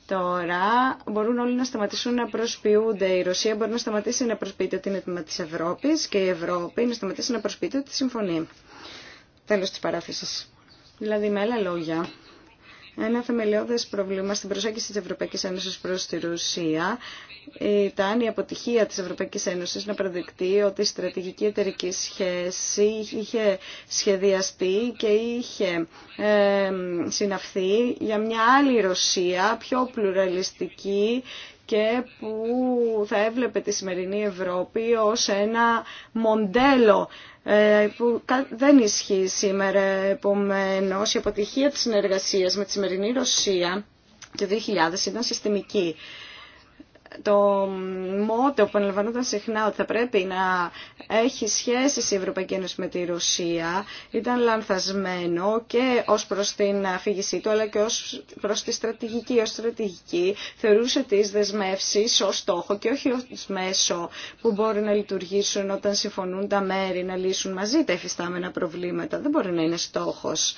Τώρα μπορούν όλοι να σταματήσουν να προσποιούνται. Η Ρωσία μπορεί να σταματήσει να προσποιείται ότι είναι τμήμα τη Ευρώπης και η Ευρώπη να σταματήσει να προσποιείται ότι συμφωνεί. Τέλο τη παράθεση. Δηλαδή με άλλα λόγια, ένα θεμελιώδε πρόβλημα στην προσέγγιση της Ευρωπαϊκής Ένωσης προς τη Ρωσία ήταν η αποτυχία της Ευρωπαϊκής Ένωσης να παραδεκτεί ότι η στρατηγική εταιρική σχέση είχε σχεδιαστεί και είχε ε, συναυθεί για μια άλλη Ρωσία πιο πλουραλιστική και που θα έβλεπε τη σημερινή Ευρώπη ως ένα μοντέλο ε, που δεν ισχύει σήμερα. επομένω, η αποτυχία της συνεργασίας με τη σημερινή Ρωσία το 2000 ήταν συστημική το μότο που αναλαμβανόταν συχνά ότι θα πρέπει να έχει σχέσεις η Ευρωπαϊκή Ένωση με τη Ρωσία ήταν λανθασμένο και ως προς την αφήγησή του αλλά και ως προς τη στρατηγική. Ως στρατηγική θεωρούσε τις δεσμεύσεις ως στόχο και όχι ως μέσο που μπορεί να λειτουργήσουν όταν συμφωνούν τα μέρη να λύσουν μαζί τα εφιστάμενα προβλήματα. Δεν μπορεί να είναι στόχος.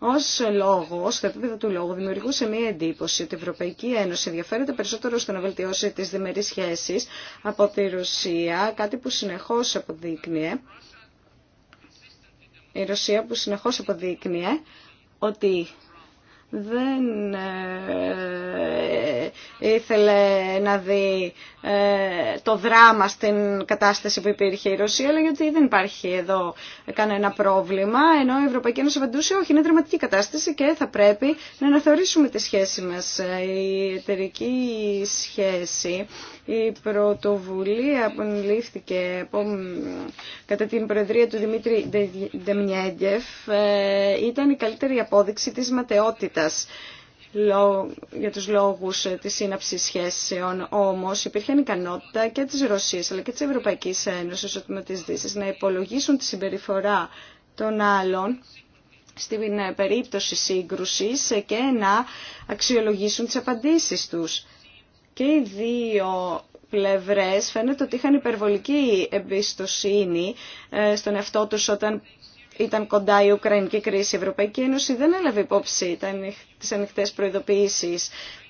Ω λόγο, στο επίπεδο του λόγου, δημιουργούσε μία εντύπωση ότι η Ευρωπαϊκή Ένωση ενδιαφέρεται περισσότερο στο να βελτιώσει τις διμερεί σχέσει από τη Ρωσία, κάτι που συνεχώ αποδείκνυε. Η Ρωσία που συνεχώς αποδείκνυε ότι δεν ε, ε, ήθελε να δει ε, το δράμα στην κατάσταση που υπήρχε η Ρωσία, αλλά γιατί δεν υπάρχει εδώ κανένα πρόβλημα, ενώ η Ευρωπαϊκή Ένωση απαντούσε όχι, είναι δραματική κατάσταση και θα πρέπει να αναθεωρήσουμε τη σχέση μας. Ε, η εταιρική σχέση, η πρωτοβουλία που λήφθηκε κατά την Προεδρία του Δημήτρη Ντεμιέγκεφ ε, ήταν η καλύτερη απόδειξη της ματαιότητας για τους λόγους ε, της σύναψης σχέσεων. Όμως υπήρχε ικανότητα και της Ρωσίας αλλά και της Ευρωπαϊκής Ένωσης ότι με τις Δύσεις να υπολογίσουν τη συμπεριφορά των άλλων στην ε, περίπτωση σύγκρουσης ε, και να αξιολογήσουν τις απαντήσεις τους. Και οι δύο πλευρές φαίνεται ότι είχαν υπερβολική εμπιστοσύνη στον εαυτό τους όταν ήταν κοντά η Ουκρανική κρίση, η Ευρωπαϊκή Ένωση δεν έλαβε υπόψη τι ανοιχτέ προειδοποιήσει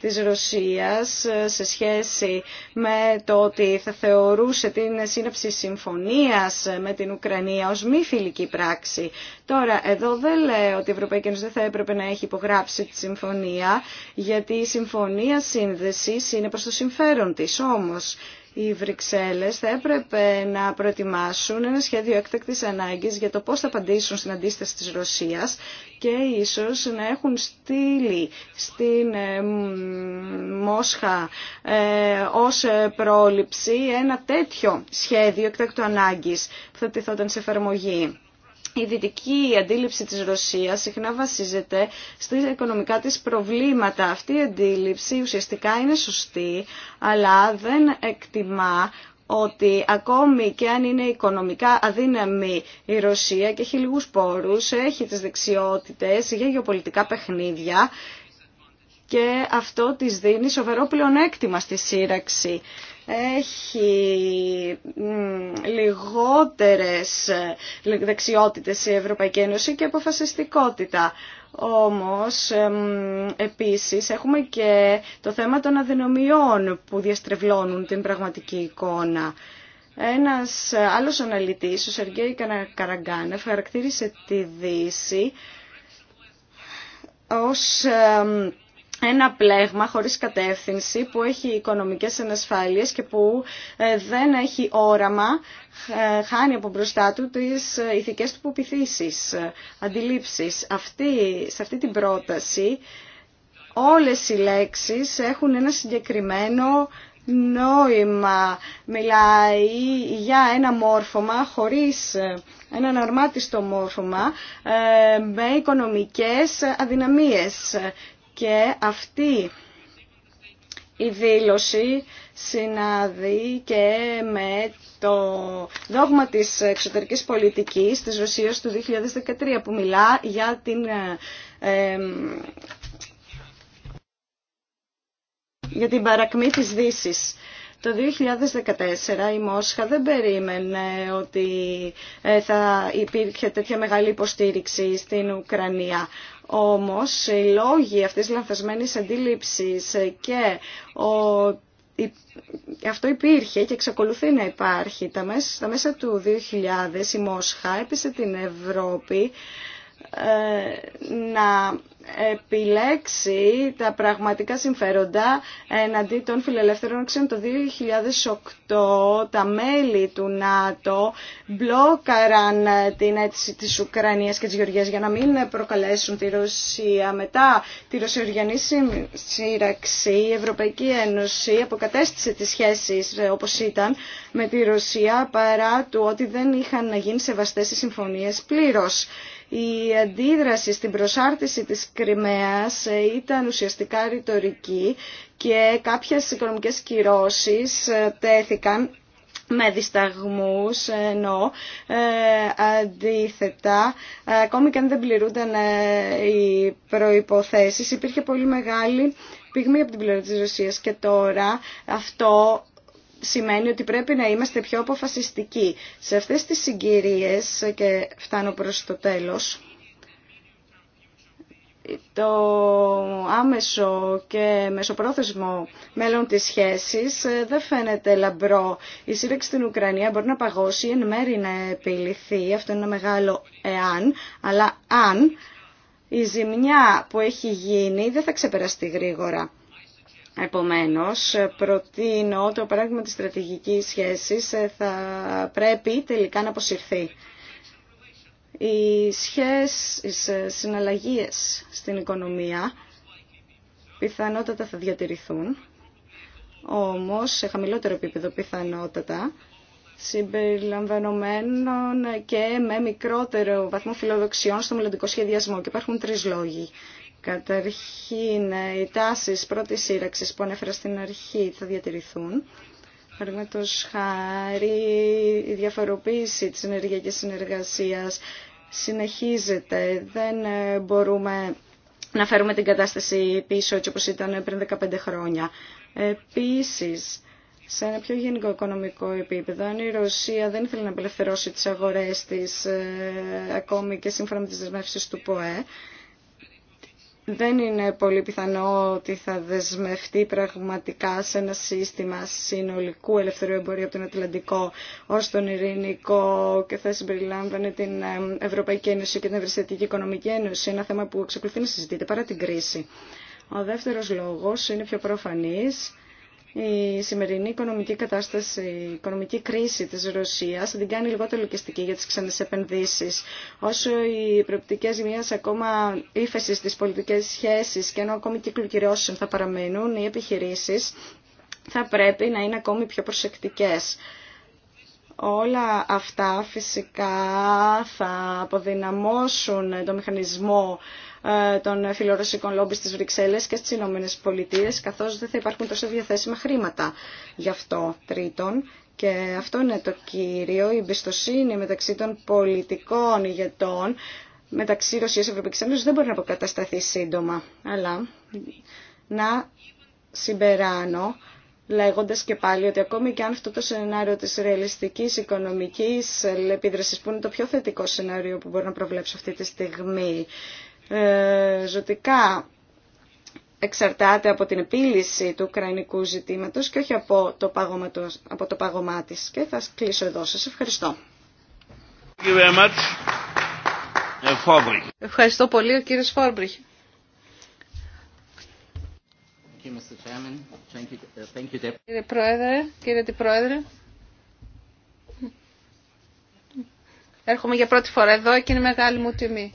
της Ρωσίας ε, σε σχέση με το ότι θα θεωρούσε την σύναψη συμφωνίας ε, με την Ουκρανία ω μη φιλική πράξη. Τώρα, εδώ δεν λέω ότι η Ευρωπαϊκή Ένωση δεν θα έπρεπε να έχει υπογράψει τη συμφωνία, γιατί η συμφωνία σύνδεση είναι προ το συμφέρον τη όμω οι Βρυξέλλες θα έπρεπε να προετοιμάσουν ένα σχέδιο έκτακτης ανάγκης για το πώς θα απαντήσουν στην αντίσταση της Ρωσίας και ίσως να έχουν στείλει στην ε, Μόσχα ε, ως πρόληψη ένα τέτοιο σχέδιο έκτακτου ανάγκης που θα τεθόταν σε εφαρμογή η δυτική αντίληψη της Ρωσίας συχνά βασίζεται στα οικονομικά της προβλήματα. Αυτή η αντίληψη ουσιαστικά είναι σωστή, αλλά δεν εκτιμά ότι ακόμη και αν είναι οικονομικά αδύναμη η Ρωσία και έχει λίγους πόρους, έχει τις δεξιότητες για γεωπολιτικά παιχνίδια και αυτό της δίνει σοβαρό πλεονέκτημα στη σύραξη έχει λιγότερες δεξιότητες η Ευρωπαϊκή Ένωση και αποφασιστικότητα. Όμως, επίσης, έχουμε και το θέμα των αδυναμιών που διαστρεβλώνουν την πραγματική εικόνα. Ένας άλλος αναλυτής, ο Σεργέη Καραγκάνεφ, χαρακτήρισε τη Δύση ως ένα πλέγμα χωρίς κατεύθυνση που έχει οικονομικές ανασφάλειες και που ε, δεν έχει όραμα, ε, χάνει από μπροστά του τις ε, ηθικές του πουπιθήσεις αντιλήψεις. Αυτή, σε αυτή την πρόταση όλες οι λέξεις έχουν ένα συγκεκριμένο νόημα. Μιλάει για ένα μόρφωμα χωρίς έναν αρμάτιστο μόρφωμα με οικονομικές αδυναμίες και αυτή η δήλωση συνάδει και με το δόγμα της εξωτερικής πολιτικής της Ρωσίας του 2013 που μιλά για την, για την παρακμή της δύση. Το 2014 η Μόσχα δεν περίμενε ότι ε, θα υπήρχε τέτοια μεγάλη υποστήριξη στην Ουκρανία. Όμως οι λόγοι αυτής της λανθασμένης αντίληψης και αυτό υπήρχε και εξακολουθεί να υπάρχει. Τα μέσα, στα μέσα του 2000 η Μόσχα έπεισε την Ευρώπη ε, να επιλέξει τα πραγματικά συμφέροντα εναντί των φιλελεύθερων ξένων Το 2008 τα μέλη του ΝΑΤΟ μπλόκαραν την αίτηση της Ουκρανίας και της Γεωργίας για να μην προκαλέσουν τη Ρωσία. Μετά τη ρωσιοργιανή σύραξη η Ευρωπαϊκή Ένωση αποκατέστησε τις σχέσεις ε, όπως ήταν με τη Ρωσία παρά του ότι δεν είχαν να γίνει σεβαστές οι συμφωνίες πλήρως. Η αντίδραση στην προσάρτηση της Κρυμαίας ήταν ουσιαστικά ρητορική και κάποιες οικονομικές κυρώσεις ε, τέθηκαν με δισταγμούς, ενώ ε, αντίθετα, ακόμη και αν δεν πληρούνταν ε, οι προϋποθέσεις, υπήρχε πολύ μεγάλη πυγμή από την πλευρά της Ρωσίας και τώρα αυτό σημαίνει ότι πρέπει να είμαστε πιο αποφασιστικοί. Σε αυτές τις συγκυρίες, και φτάνω προς το τέλος, το άμεσο και μεσοπρόθεσμο μέλλον της σχέσης ε, δεν φαίνεται λαμπρό. Η σύρεξη στην Ουκρανία μπορεί να παγώσει, εν μέρη να επιληθεί, αυτό είναι ένα μεγάλο εάν, αλλά αν η ζημιά που έχει γίνει δεν θα ξεπεραστεί γρήγορα. Επομένως, προτείνω το παράδειγμα της στρατηγικής σχέσης ε, θα πρέπει τελικά να αποσυρθεί. Οι σχέσεις ε, συναλλαγίες στην οικονομία πιθανότατα θα διατηρηθούν, όμως σε χαμηλότερο επίπεδο πιθανότατα, συμπεριλαμβανομένων και με μικρότερο βαθμό φιλοδοξιών στο μελλοντικό σχεδιασμό. Και υπάρχουν τρεις λόγοι Καταρχήν, ε, οι τάσει πρώτη σύραξη που ανέφερα στην αρχή θα διατηρηθούν. το χάρη, η διαφοροποίηση της ενεργειακής συνεργασίας συνεχίζεται. Δεν ε, μπορούμε να φέρουμε την κατάσταση πίσω έτσι όπως ήταν πριν 15 χρόνια. Επίσης, σε ένα πιο γενικό οικονομικό επίπεδο, αν η Ρωσία δεν ήθελε να απελευθερώσει τις αγορές της, ε, ακόμη και σύμφωνα με τις δεσμεύσεις του ΠΟΕ, δεν είναι πολύ πιθανό ότι θα δεσμευτεί πραγματικά σε ένα σύστημα συνολικού ελευθερού εμπορίου από τον Ατλαντικό ως τον Ειρηνικό και θα συμπεριλάμβανε την ε, Ευρωπαϊκή Ένωση και την Ευρωστατική Οικονομική Ένωση, ένα θέμα που εξακολουθεί να συζητείται παρά την κρίση. Ο δεύτερος λόγος είναι πιο προφανής η σημερινή οικονομική κατάσταση, η οικονομική κρίση της Ρωσίας την κάνει λιγότερο λογιστική για τις ξένες επενδύσεις. Όσο οι προοπτικές μιας ακόμα ύφεση της πολιτικές σχέσεις και ενώ ακόμη κυκλοκυρώσεων θα παραμείνουν, οι επιχειρήσεις θα πρέπει να είναι ακόμη πιο προσεκτικές. Όλα αυτά φυσικά θα αποδυναμώσουν το μηχανισμό ε, των φιλορωσικών λόμπι στις Βρυξέλλες και στις Ηνωμένες Πολιτείες, καθώς δεν θα υπάρχουν τόσο διαθέσιμα χρήματα. Γι' αυτό, τρίτον, και αυτό είναι το κύριο, η εμπιστοσύνη μεταξύ των πολιτικών ηγετών, μεταξύ Ρωσίας και Ευρωπαϊκής Ένωσης δεν μπορεί να αποκατασταθεί σύντομα. Αλλά να συμπεράνω λέγοντας και πάλι ότι ακόμη και αν αυτό το σενάριο της ρεαλιστικής οικονομικής επίδρασης που είναι το πιο θετικό σενάριο που μπορώ να προβλέψω αυτή τη στιγμή ε, ζωτικά εξαρτάται από την επίλυση του ουκρανικού ζητήματος και όχι από το πάγωμα, από το πάγωμά της. Και θα κλείσω εδώ. Σας ευχαριστώ. Ε, ευχαριστώ πολύ ο κύριος Φόρμπριχ. Uh, κύριε Πρόεδρε, κύριε Τιπρόεδρε, Πρόεδρε. Έρχομαι για πρώτη φορά εδώ και είναι μεγάλη μου τιμή.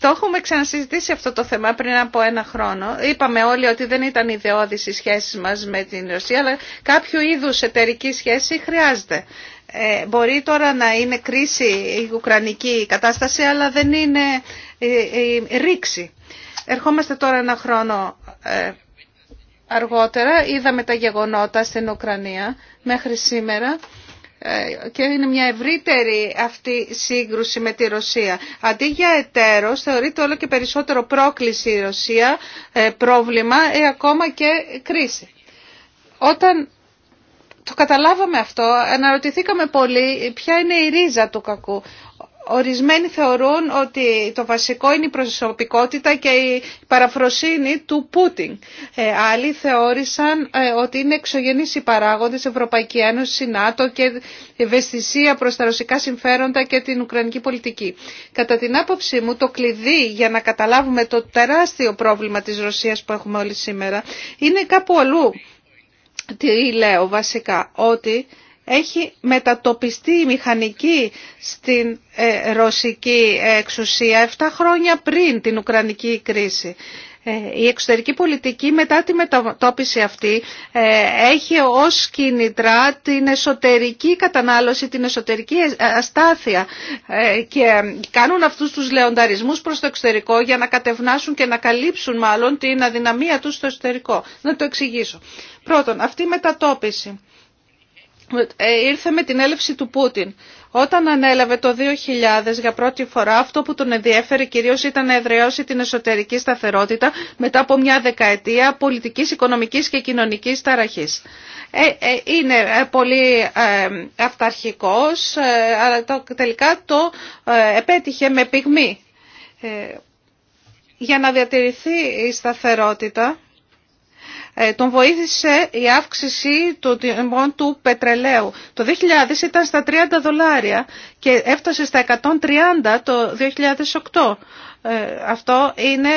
Το έχουμε ξανασυζητήσει αυτό το θέμα πριν από ένα χρόνο. Είπαμε όλοι ότι δεν ήταν ιδεώδης η σχέση μας με την Ρωσία, αλλά κάποιο είδους εταιρική σχέση χρειάζεται. Ε, μπορεί τώρα να είναι κρίση η ουκρανική κατάσταση, αλλά δεν είναι ρήξη. Ερχόμαστε τώρα ένα χρόνο ε, αργότερα, είδαμε τα γεγονότα στην Ουκρανία μέχρι σήμερα ε, και είναι μια ευρύτερη αυτή σύγκρουση με τη Ρωσία. Αντί για εταίρος θεωρείται όλο και περισσότερο πρόκληση η Ρωσία, ε, πρόβλημα ή ε, ακόμα και κρίση. Όταν το καταλάβαμε αυτό, αναρωτηθήκαμε πολύ ποια είναι η ρίζα του κακού. Ορισμένοι θεωρούν ότι το βασικό είναι η προσωπικότητα και η παραφροσύνη του Πούτιν. Ε, άλλοι θεώρησαν ε, ότι είναι εξωγενείς οι παράγοντες Ευρωπαϊκή Ένωση, ΝΑΤΟ και ευαισθησία προς τα ρωσικά συμφέροντα και την Ουκρανική πολιτική. Κατά την άποψή μου το κλειδί για να καταλάβουμε το τεράστιο πρόβλημα της Ρωσίας που έχουμε όλοι σήμερα είναι κάπου αλλού. Τι λέω βασικά, ότι έχει μετατοπιστεί η μηχανική στην ε, ρωσική εξουσία 7 χρόνια πριν την Ουκρανική κρίση. Ε, η εξωτερική πολιτική μετά τη μετατόπιση αυτή ε, έχει ως κίνητρα την εσωτερική κατανάλωση, την εσωτερική αστάθεια και κάνουν αυτούς τους λεονταρισμούς προς το εξωτερικό για να κατευνάσουν και να καλύψουν μάλλον την αδυναμία τους στο εσωτερικό. Να το εξηγήσω. Πρώτον, αυτή η μετατόπιση ε, ήρθε με την έλευση του Πούτιν. Όταν ανέλαβε το 2000 για πρώτη φορά αυτό που τον ενδιέφερε κυρίως ήταν να εδραιώσει την εσωτερική σταθερότητα μετά από μια δεκαετία πολιτικής, οικονομικής και κοινωνικής ταραχής. Ε, ε, είναι πολύ ε, αυταρχικός, αλλά το, τελικά το επέτυχε με πυγμή. Για να διατηρηθεί η σταθερότητα ε, τον βοήθησε η αύξηση του τιμών του πετρελαίου. Το 2000 ήταν στα 30 δολάρια και έφτασε στα 130 το 2008. Ε, αυτό είναι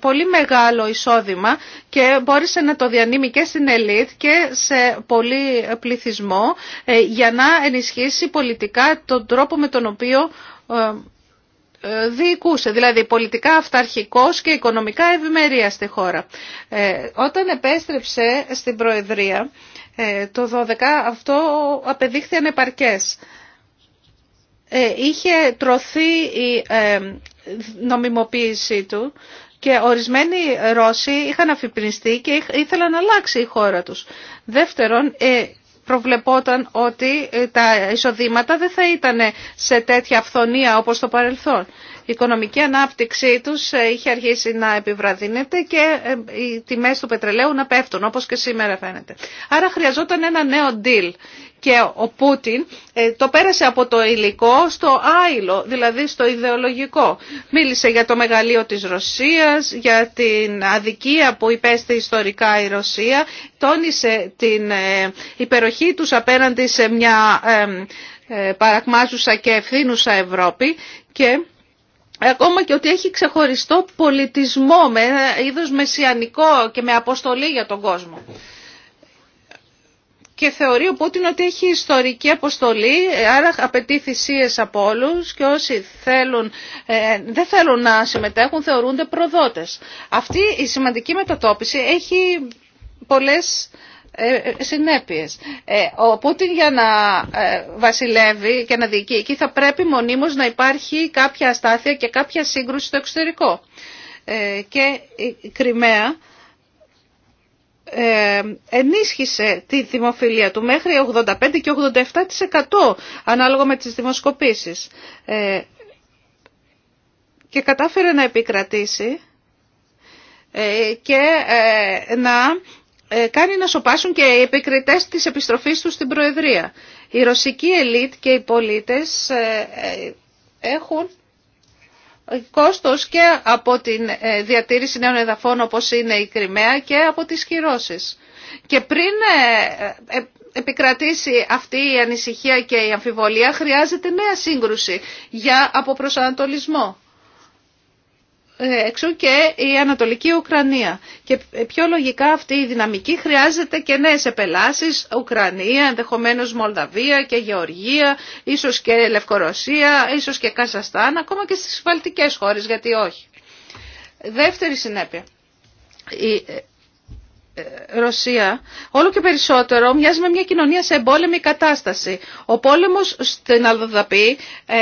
πολύ μεγάλο εισόδημα και μπόρεσε να το διανύμει και στην ελίτ και σε πολύ πληθυσμό ε, για να ενισχύσει πολιτικά τον τρόπο με τον οποίο ε, διοικούσε, δηλαδή πολιτικά αυταρχικός και οικονομικά ευημερία στη χώρα. Ε, όταν επέστρεψε στην Προεδρία ε, το 12 αυτό απεδείχθη ανεπαρκές. είχε τρωθεί η νομιμοποίησή του και ορισμένοι Ρώσοι είχαν αφυπνιστεί και ήθελαν να αλλάξει η χώρα τους. Δεύτερον, προβλεπόταν ότι ε, τα εισοδήματα δεν θα ήταν σε τέτοια αυθονία όπως το παρελθόν. Η οικονομική ανάπτυξή τους ε, είχε αρχίσει να επιβραδύνεται και ε, οι τιμές του πετρελαίου να πέφτουν όπως και σήμερα φαίνεται. Άρα χρειαζόταν ένα νέο deal και ο Πούτιν ε, το πέρασε από το υλικό στο άϊλο, δηλαδή στο ιδεολογικό. Μίλησε για το μεγαλείο της Ρωσίας, για την αδικία που υπέστη ιστορικά η Ρωσία, τόνισε την ε, υπεροχή τους απέναντι σε μια ε, παρακμάζουσα και ευθύνουσα Ευρώπη και ακόμα και ότι έχει ξεχωριστό πολιτισμό με είδος μεσιανικό και με αποστολή για τον κόσμο και θεωρεί ο Πούτιν ότι έχει ιστορική αποστολή, άρα απαιτεί θυσίε από όλου και όσοι θέλουν, ε, δεν θέλουν να συμμετέχουν θεωρούνται προδότες. Αυτή η σημαντική μετατόπιση έχει πολλές συνέπειε. συνέπειες. Ε, ο Πούτιν για να ε, βασιλεύει και να διοικεί εκεί θα πρέπει μονίμως να υπάρχει κάποια αστάθεια και κάποια σύγκρουση στο εξωτερικό. και η ε, ενίσχυσε τη δημοφιλία του μέχρι 85% και 87% ανάλογα με τις δημοσκοπήσεις ε, και κατάφερε να επικρατήσει ε, και να κάνει να σοπάσουν και οι επικριτές της επιστροφής του στην Προεδρία. Η ρωσική ελίτ και οι πολίτες έχουν κόστος και από τη ε, διατήρηση νέων εδαφών όπως είναι η Κρυμαία και από τις κυρώσεις. Και πριν ε, ε, επικρατήσει αυτή η ανησυχία και η αμφιβολία χρειάζεται νέα σύγκρουση για αποπροσανατολισμό. Εξού και η Ανατολική Ουκρανία. Και πιο λογικά αυτή η δυναμική χρειάζεται και νέες επελάσεις, Ουκρανία, ενδεχομένως Μολδαβία και Γεωργία, ίσως και Λευκορωσία, ίσως και Καζαστάν, ακόμα και στις βαλτικές χώρες, γιατί όχι. Δεύτερη συνέπεια. Ε, ε, Ρωσία όλο και περισσότερο μοιάζει με μια κοινωνία σε εμπόλεμη κατάσταση. Ο πόλεμος στην Αλδοδαπή ε,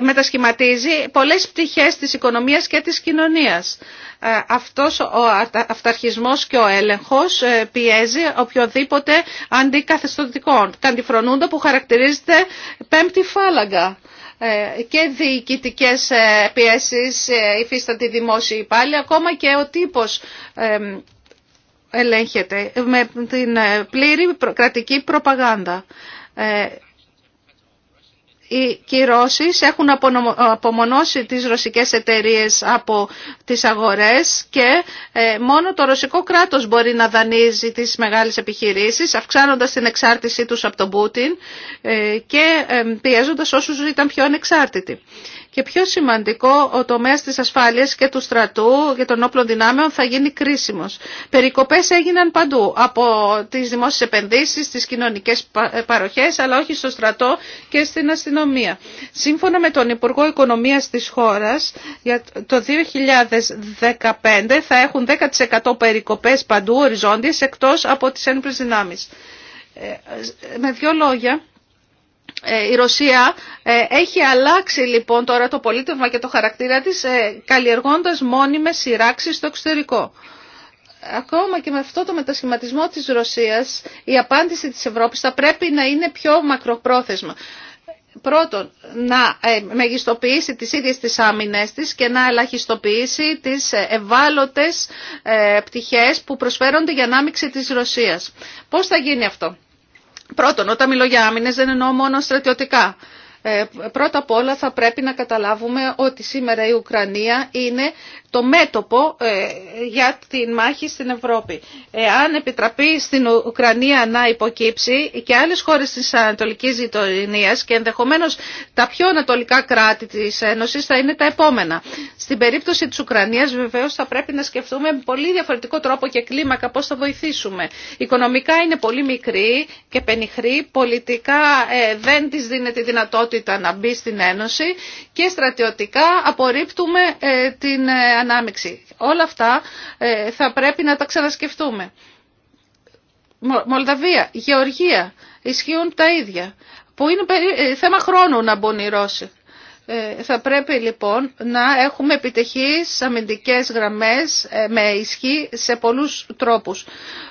μετασχηματίζει πολλές πτυχές της οικονομίας και της κοινωνίας. Ε, αυτός ο αυταρχισμός και ο έλεγχος πιέζει οποιοδήποτε αντικαθεστωτικό. Καντιφρονούντα που χαρακτηρίζεται πέμπτη φάλαγγα και διοικητικέ πιέσεις υφίστανται τη δημόσιοι υπάλληλοι, ακόμα και ο τύπος ελέγχεται με την ε, πλήρη κρατική προπαγάνδα. Ε, οι κυρώσεις έχουν απομονώσει τις ρωσικές εταιρείες από τις αγορές και ε, μόνο το ρωσικό κράτος μπορεί να δανείζει τις μεγάλες επιχειρήσεις αυξάνοντας την εξάρτησή τους από τον Πούτιν και πιέζοντας όσους ήταν πιο ανεξάρτητοι. Και πιο σημαντικό, ο τομέας της ασφάλειας και του στρατού και των όπλων δυνάμεων θα γίνει κρίσιμος. Περικοπές έγιναν παντού, από τις δημόσιες επενδύσεις, τις κοινωνικές παροχές, αλλά όχι στο στρατό και στην αστυνομία. Σύμφωνα με τον Υπουργό Οικονομίας της χώρας, για το 2015 θα έχουν 10% περικοπές παντού οριζόντιες, εκτός από τις ένοπλες δυνάμεις. Ε, ε, με δύο λόγια, ε, η Ρωσία ε, έχει αλλάξει λοιπόν τώρα το πολίτευμα και το χαρακτήρα της ε, καλλιεργώντας μόνιμες σειράξεις στο εξωτερικό. Ακόμα και με αυτό το μετασχηματισμό της Ρωσίας η απάντηση της Ευρώπης θα πρέπει να είναι πιο μακροπρόθεσμα. Πρώτον, να μεγιστοποιήσει τις ίδιες τις άμυνες της και να ελαχιστοποιήσει τις ευάλωτες πτυχές που προσφέρονται για ανάμειξη της Ρωσίας. Πώς θα γίνει αυτό. Πρώτον, όταν μιλώ για άμυνες δεν εννοώ μόνο στρατιωτικά. Ε, πρώτα απ' όλα θα πρέπει να καταλάβουμε ότι σήμερα η Ουκρανία είναι το μέτωπο ε, για την μάχη στην Ευρώπη. Ε, αν επιτραπεί στην Ουκρανία να υποκύψει και άλλες χώρες της Ανατολικής Γειτονίας και ενδεχομένως τα πιο ανατολικά κράτη της Ένωσης θα είναι τα επόμενα. Στην περίπτωση της Ουκρανίας βεβαίως θα πρέπει να σκεφτούμε με πολύ διαφορετικό τρόπο και κλίμακα πώς θα βοηθήσουμε. Οικονομικά είναι πολύ μικρή και πενιχρή, πολιτικά ε, δεν της δίνεται δυνατότητα να μπει στην Ένωση και στρατιωτικά απορρίπτουμε ε, την ε, ανάμειξη. Όλα αυτά ε, θα πρέπει να τα ξανασκεφτούμε. Μολδαβία, Γεωργία, ισχύουν τα ίδια, που είναι θέμα χρόνου να μπουν οι Ρώσοι. Θα πρέπει λοιπόν να έχουμε επιτυχείς αμυντικές γραμμές με ισχύ σε πολλούς τρόπους.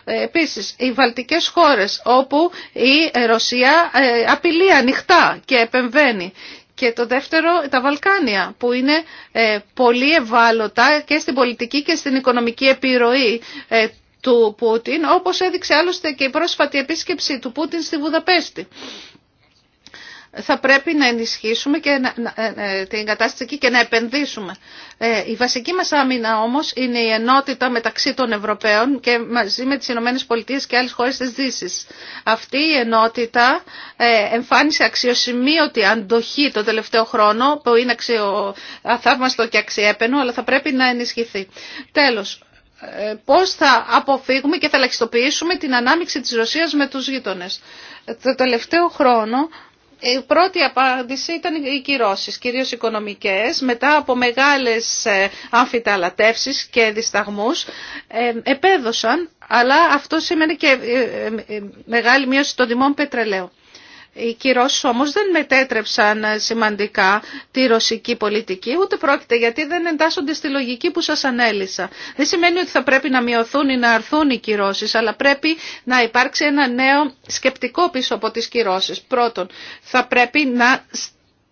Επίσης, οι βαλτικές χώρες όπου η Ρωσία απειλεί ανοιχτά και επεμβαίνει και το δεύτερο τα Βαλκάνια που είναι ε, πολύ ευάλωτα και στην πολιτική και στην οικονομική επιρροή ε, του Πούτιν όπως έδειξε άλλωστε και η πρόσφατη επίσκεψη του Πούτιν στη Βουδαπέστη θα πρέπει να ενισχύσουμε και ε, ε, την κατάσταση εκεί και να επενδύσουμε. Ε, η βασική μας άμυνα όμως είναι η ενότητα μεταξύ των Ευρωπαίων και μαζί με τις Ηνωμένες Πολιτείες και άλλες χώρες της Δύσης. Αυτή η ενότητα εμφάνισε αξιοσημείωτη αντοχή το τελευταίο χρόνο που είναι αξιο... αθαύμαστο και αξιέπαινο αλλά θα πρέπει να ενισχυθεί. Τέλος, πώς θα αποφύγουμε και θα λαχιστοποιήσουμε την ανάμειξη της Ρωσίας με τους γείτονες. Το τελευταίο χρόνο η πρώτη απάντηση ήταν οι κυρώσει, κυρίω οικονομικέ, μετά από μεγάλε αμφιταλατεύσει και δισταγμού. Ε, επέδωσαν, αλλά αυτό σημαίνει και ε, ε, μεγάλη μείωση των τιμών πετρελαίου. Οι κυρώσεις όμως δεν μετέτρεψαν σημαντικά τη ρωσική πολιτική, ούτε πρόκειται γιατί δεν εντάσσονται στη λογική που σας ανέλησα. Δεν σημαίνει ότι θα πρέπει να μειωθούν ή να αρθούν οι κυρώσεις, αλλά πρέπει να υπάρξει ένα νέο σκεπτικό πίσω από τις κυρώσεις. Πρώτον, θα πρέπει να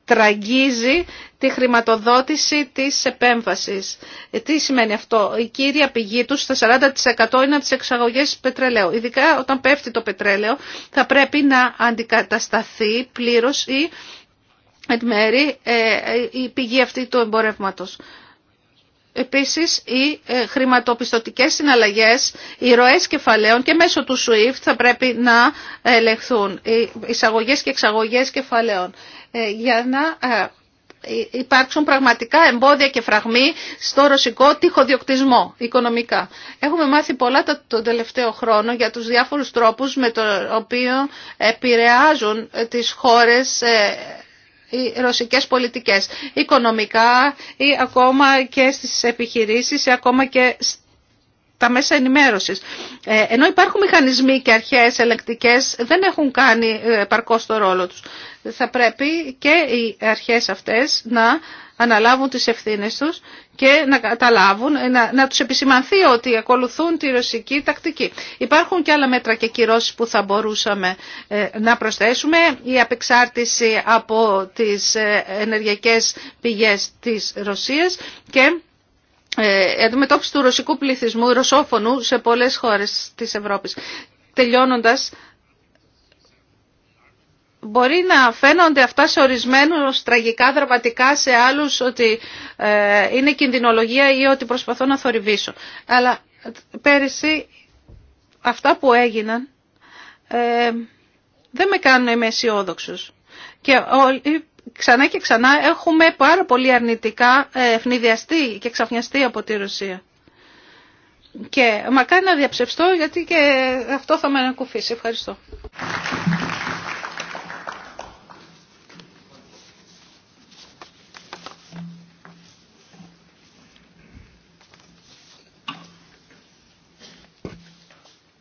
τραγγίζει τη χρηματοδότηση της επέμβασης. Ε, τι σημαίνει αυτό. Η κύρια πηγή τους στα 40% είναι από τις εξαγωγές πετρελαίου. Ειδικά όταν πέφτει το πετρέλαιο θα πρέπει να αντικατασταθεί πλήρως ή εν μέρη ε, η πηγή αυτή του εμπορεύματος. Επίσης, οι ε, χρηματοπιστωτικές συναλλαγές, οι ροές κεφαλαίων και μέσω του SWIFT θα πρέπει να ελεγχθούν, οι εισαγωγές και εξαγωγές κεφαλαίων. Ε, για να ε, υπάρξουν πραγματικά εμπόδια και φραγμοί στο ρωσικό τυχοδιοκτισμό οικονομικά. Έχουμε μάθει πολλά τον τελευταίο χρόνο για τους διάφορους τρόπους με τον οποίο επηρεάζουν ε, τις χώρες οι ρωσικές πολιτικές, οικονομικά ή ακόμα και στις επιχειρήσεις ή ακόμα και τα μέσα ενημέρωσης. Ε, ενώ υπάρχουν μηχανισμοί και αρχές ελεκτικές, δεν έχουν κάνει ε, παρκώς το ρόλο τους. Θα πρέπει και οι αρχές αυτές να αναλάβουν τις ευθύνες τους και να καταλάβουν, ε, να, να τους επισημανθεί ότι ακολουθούν τη ρωσική τακτική. Υπάρχουν και άλλα μέτρα και κυρώσεις που θα μπορούσαμε να προσθέσουμε. Η απεξάρτηση από τις ενεργειακές πηγές της Ρωσίας και ε, αντιμετώπιση του ρωσικού πληθυσμού, ρωσόφωνου, σε πολλές χώρες της Ευρώπης. Τελειώνοντας, μπορεί να φαίνονται αυτά σε ορισμένους τραγικά, δραματικά, σε άλλους ότι ε, είναι κινδυνολογία ή ότι προσπαθώ να θορυβήσω. Αλλά πέρυσι αυτά που έγιναν ε, δεν με κάνουν είμαι Και όλοι ξανά και ξανά έχουμε πάρα πολύ αρνητικά ε, ευνηδιαστεί και ξαφνιαστεί από τη Ρωσία. Και μακάρι να διαψευστώ γιατί και αυτό θα με ανακουφίσει. Ευχαριστώ.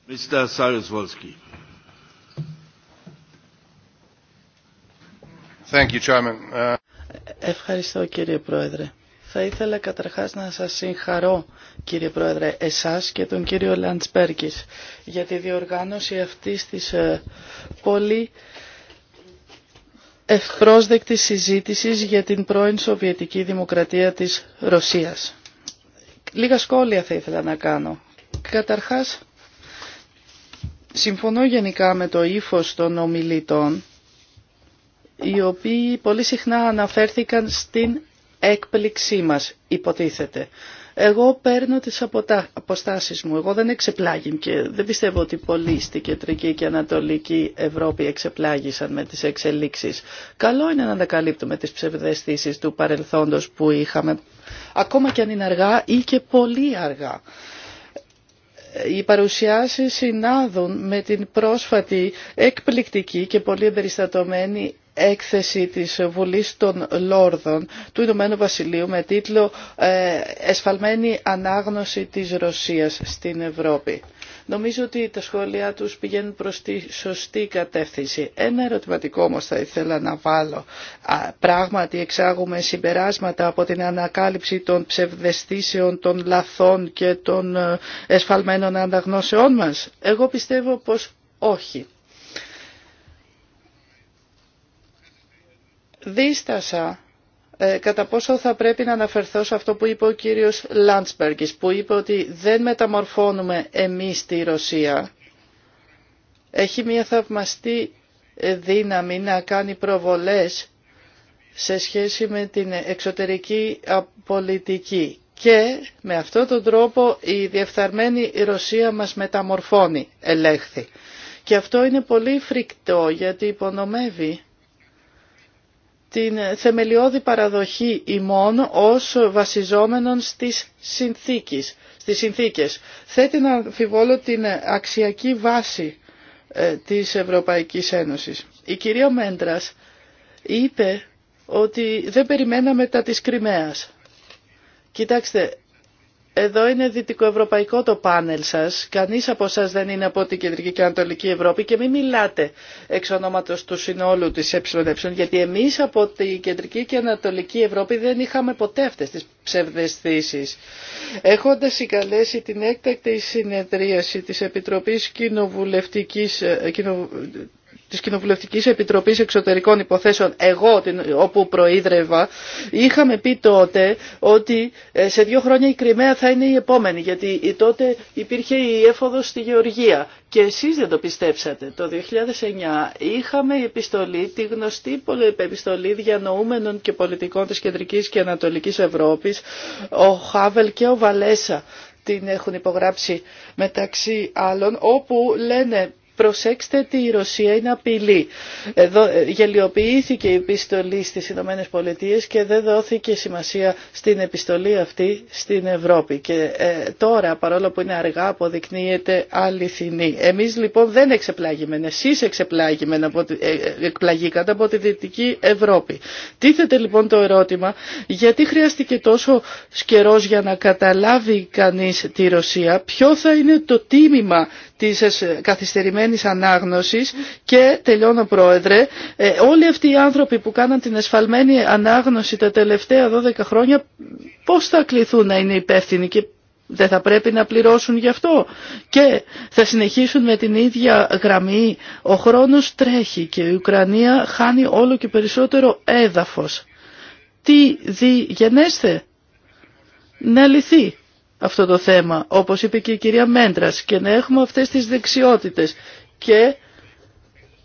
Mr. Uh, Ευχαριστώ κύριε Πρόεδρε. Θα ήθελα καταρχάς να σας συγχαρώ κύριε Πρόεδρε εσάς και τον κύριο Λαντσπέρκης για τη διοργάνωση αυτής της ε, πολύ ευπρόσδεκτης συζήτησης για την πρώην Σοβιετική Δημοκρατία της Ρωσίας. Λίγα σχόλια θα ήθελα να κάνω. Καταρχάς, συμφωνώ γενικά με το ύφος των ομιλητών οι οποίοι πολύ συχνά αναφέρθηκαν στην έκπληξή μας, υποτίθεται. Εγώ παίρνω τις αποτα... αποστάσεις μου. Εγώ δεν εξεπλάγει και δεν πιστεύω ότι πολλοί στη Κεντρική και Ανατολική Ευρώπη εξεπλάγησαν με τις εξελίξεις. Καλό είναι να ανακαλύπτουμε τις ψευδεστήσεις του παρελθόντος που είχαμε, ακόμα και αν είναι αργά ή και πολύ αργά. Οι παρουσιάσεις συνάδουν με την πρόσφατη εκπληκτική και πολύ εμπεριστατωμένη έκθεση της Βουλής των Λόρδων του Ηνωμένου Βασιλείου με τίτλο ε, «Εσφαλμένη ανάγνωση της Ρωσίας στην Ευρώπη». Νομίζω ότι τα σχόλιά τους πηγαίνουν προς τη σωστή κατεύθυνση. Ένα ερωτηματικό όμως θα ήθελα να βάλω. Πράγματι εξάγουμε συμπεράσματα από την ανακάλυψη των ψευδεστήσεων, των λαθών και των ε, εσφαλμένων αναγνώσεών μας. Εγώ πιστεύω πως όχι. δίστασα ε, κατά πόσο θα πρέπει να αναφερθώ σε αυτό που είπε ο κύριος Λάντσπεργκης, που είπε ότι δεν μεταμορφώνουμε εμείς τη Ρωσία. Έχει μια θαυμαστή ε, δύναμη να κάνει προβολές σε σχέση με την εξωτερική πολιτική και με αυτόν τον τρόπο η διεφθαρμένη Ρωσία μας μεταμορφώνει, ελέγχθη. Και αυτό είναι πολύ φρικτό γιατί υπονομεύει την θεμελιώδη παραδοχή ημών ως βασιζόμενων στις συνθήκες. Στις συνθήκες. Θέτει να αμφιβόλω την αξιακή βάση ε, της Ευρωπαϊκής Ένωσης. Η κυρία Μέντρας είπε ότι δεν περιμέναμε τα της Κρυμαίας. Κοιτάξτε, εδώ είναι δυτικοευρωπαϊκό το πάνελ σας. Κανείς από εσά δεν είναι από την Κεντρική και Ανατολική Ευρώπη και μην μιλάτε εξ ονόματος του συνόλου της ΕΕ, γιατί εμείς από την Κεντρική και Ανατολική Ευρώπη δεν είχαμε ποτέ αυτές τις ψευδεστήσεις. Έχοντας συγκαλέσει την έκτακτη συνεδρίαση της Επιτροπής Κοινοβουλευτικής, ε, της Κοινοβουλευτικής Επιτροπής Εξωτερικών Υποθέσεων, εγώ όπου προείδρευα, είχαμε πει τότε ότι ε, σε δύο χρόνια η Κρυμαία θα είναι η επόμενη, γιατί τότε υπήρχε η έφοδος στη Γεωργία. Και εσείς δεν το πιστέψατε. Το 2009 είχαμε επιστολή, τη γνωστή επιστολή διανοούμενων και πολιτικών της Κεντρικής και Ανατολικής Ευρώπης, ο Χάβελ και ο Βαλέσα την έχουν υπογράψει μεταξύ άλλων, όπου λένε Προσέξτε ότι η Ρωσία είναι απειλή. Ε, γελιοποιήθηκε η επιστολή στις Ηνωμένες Πολιτείες και δεν δόθηκε σημασία στην επιστολή αυτή στην Ευρώπη. Και ε, τώρα παρόλο που είναι αργά αποδεικνύεται αληθινή. Εμείς λοιπόν δεν εξεπλάγημεν, εσείς εξεπλάγημεν από, ε, εκπλαγήκατε από τη Δυτική Ευρώπη. Τίθεται λοιπόν το ερώτημα γιατί χρειάστηκε τόσο καιρό για να καταλάβει κανείς τη Ρωσία, ποιο θα είναι το τίμημα της καθυστερημένης ανάγνωσης και τελειώνω πρόεδρε, ε, όλοι αυτοί οι άνθρωποι που κάναν την εσφαλμένη ανάγνωση τα τελευταία 12 χρόνια πώς θα κληθούν να είναι υπεύθυνοι και δεν θα πρέπει να πληρώσουν γι' αυτό. Και θα συνεχίσουν με την ίδια γραμμή. Ο χρόνος τρέχει και η Ουκρανία χάνει όλο και περισσότερο έδαφος. Τι διγενέστε να λυθεί αυτό το θέμα, όπως είπε και η κυρία Μέντρας, και να έχουμε αυτές τις δεξιότητες και,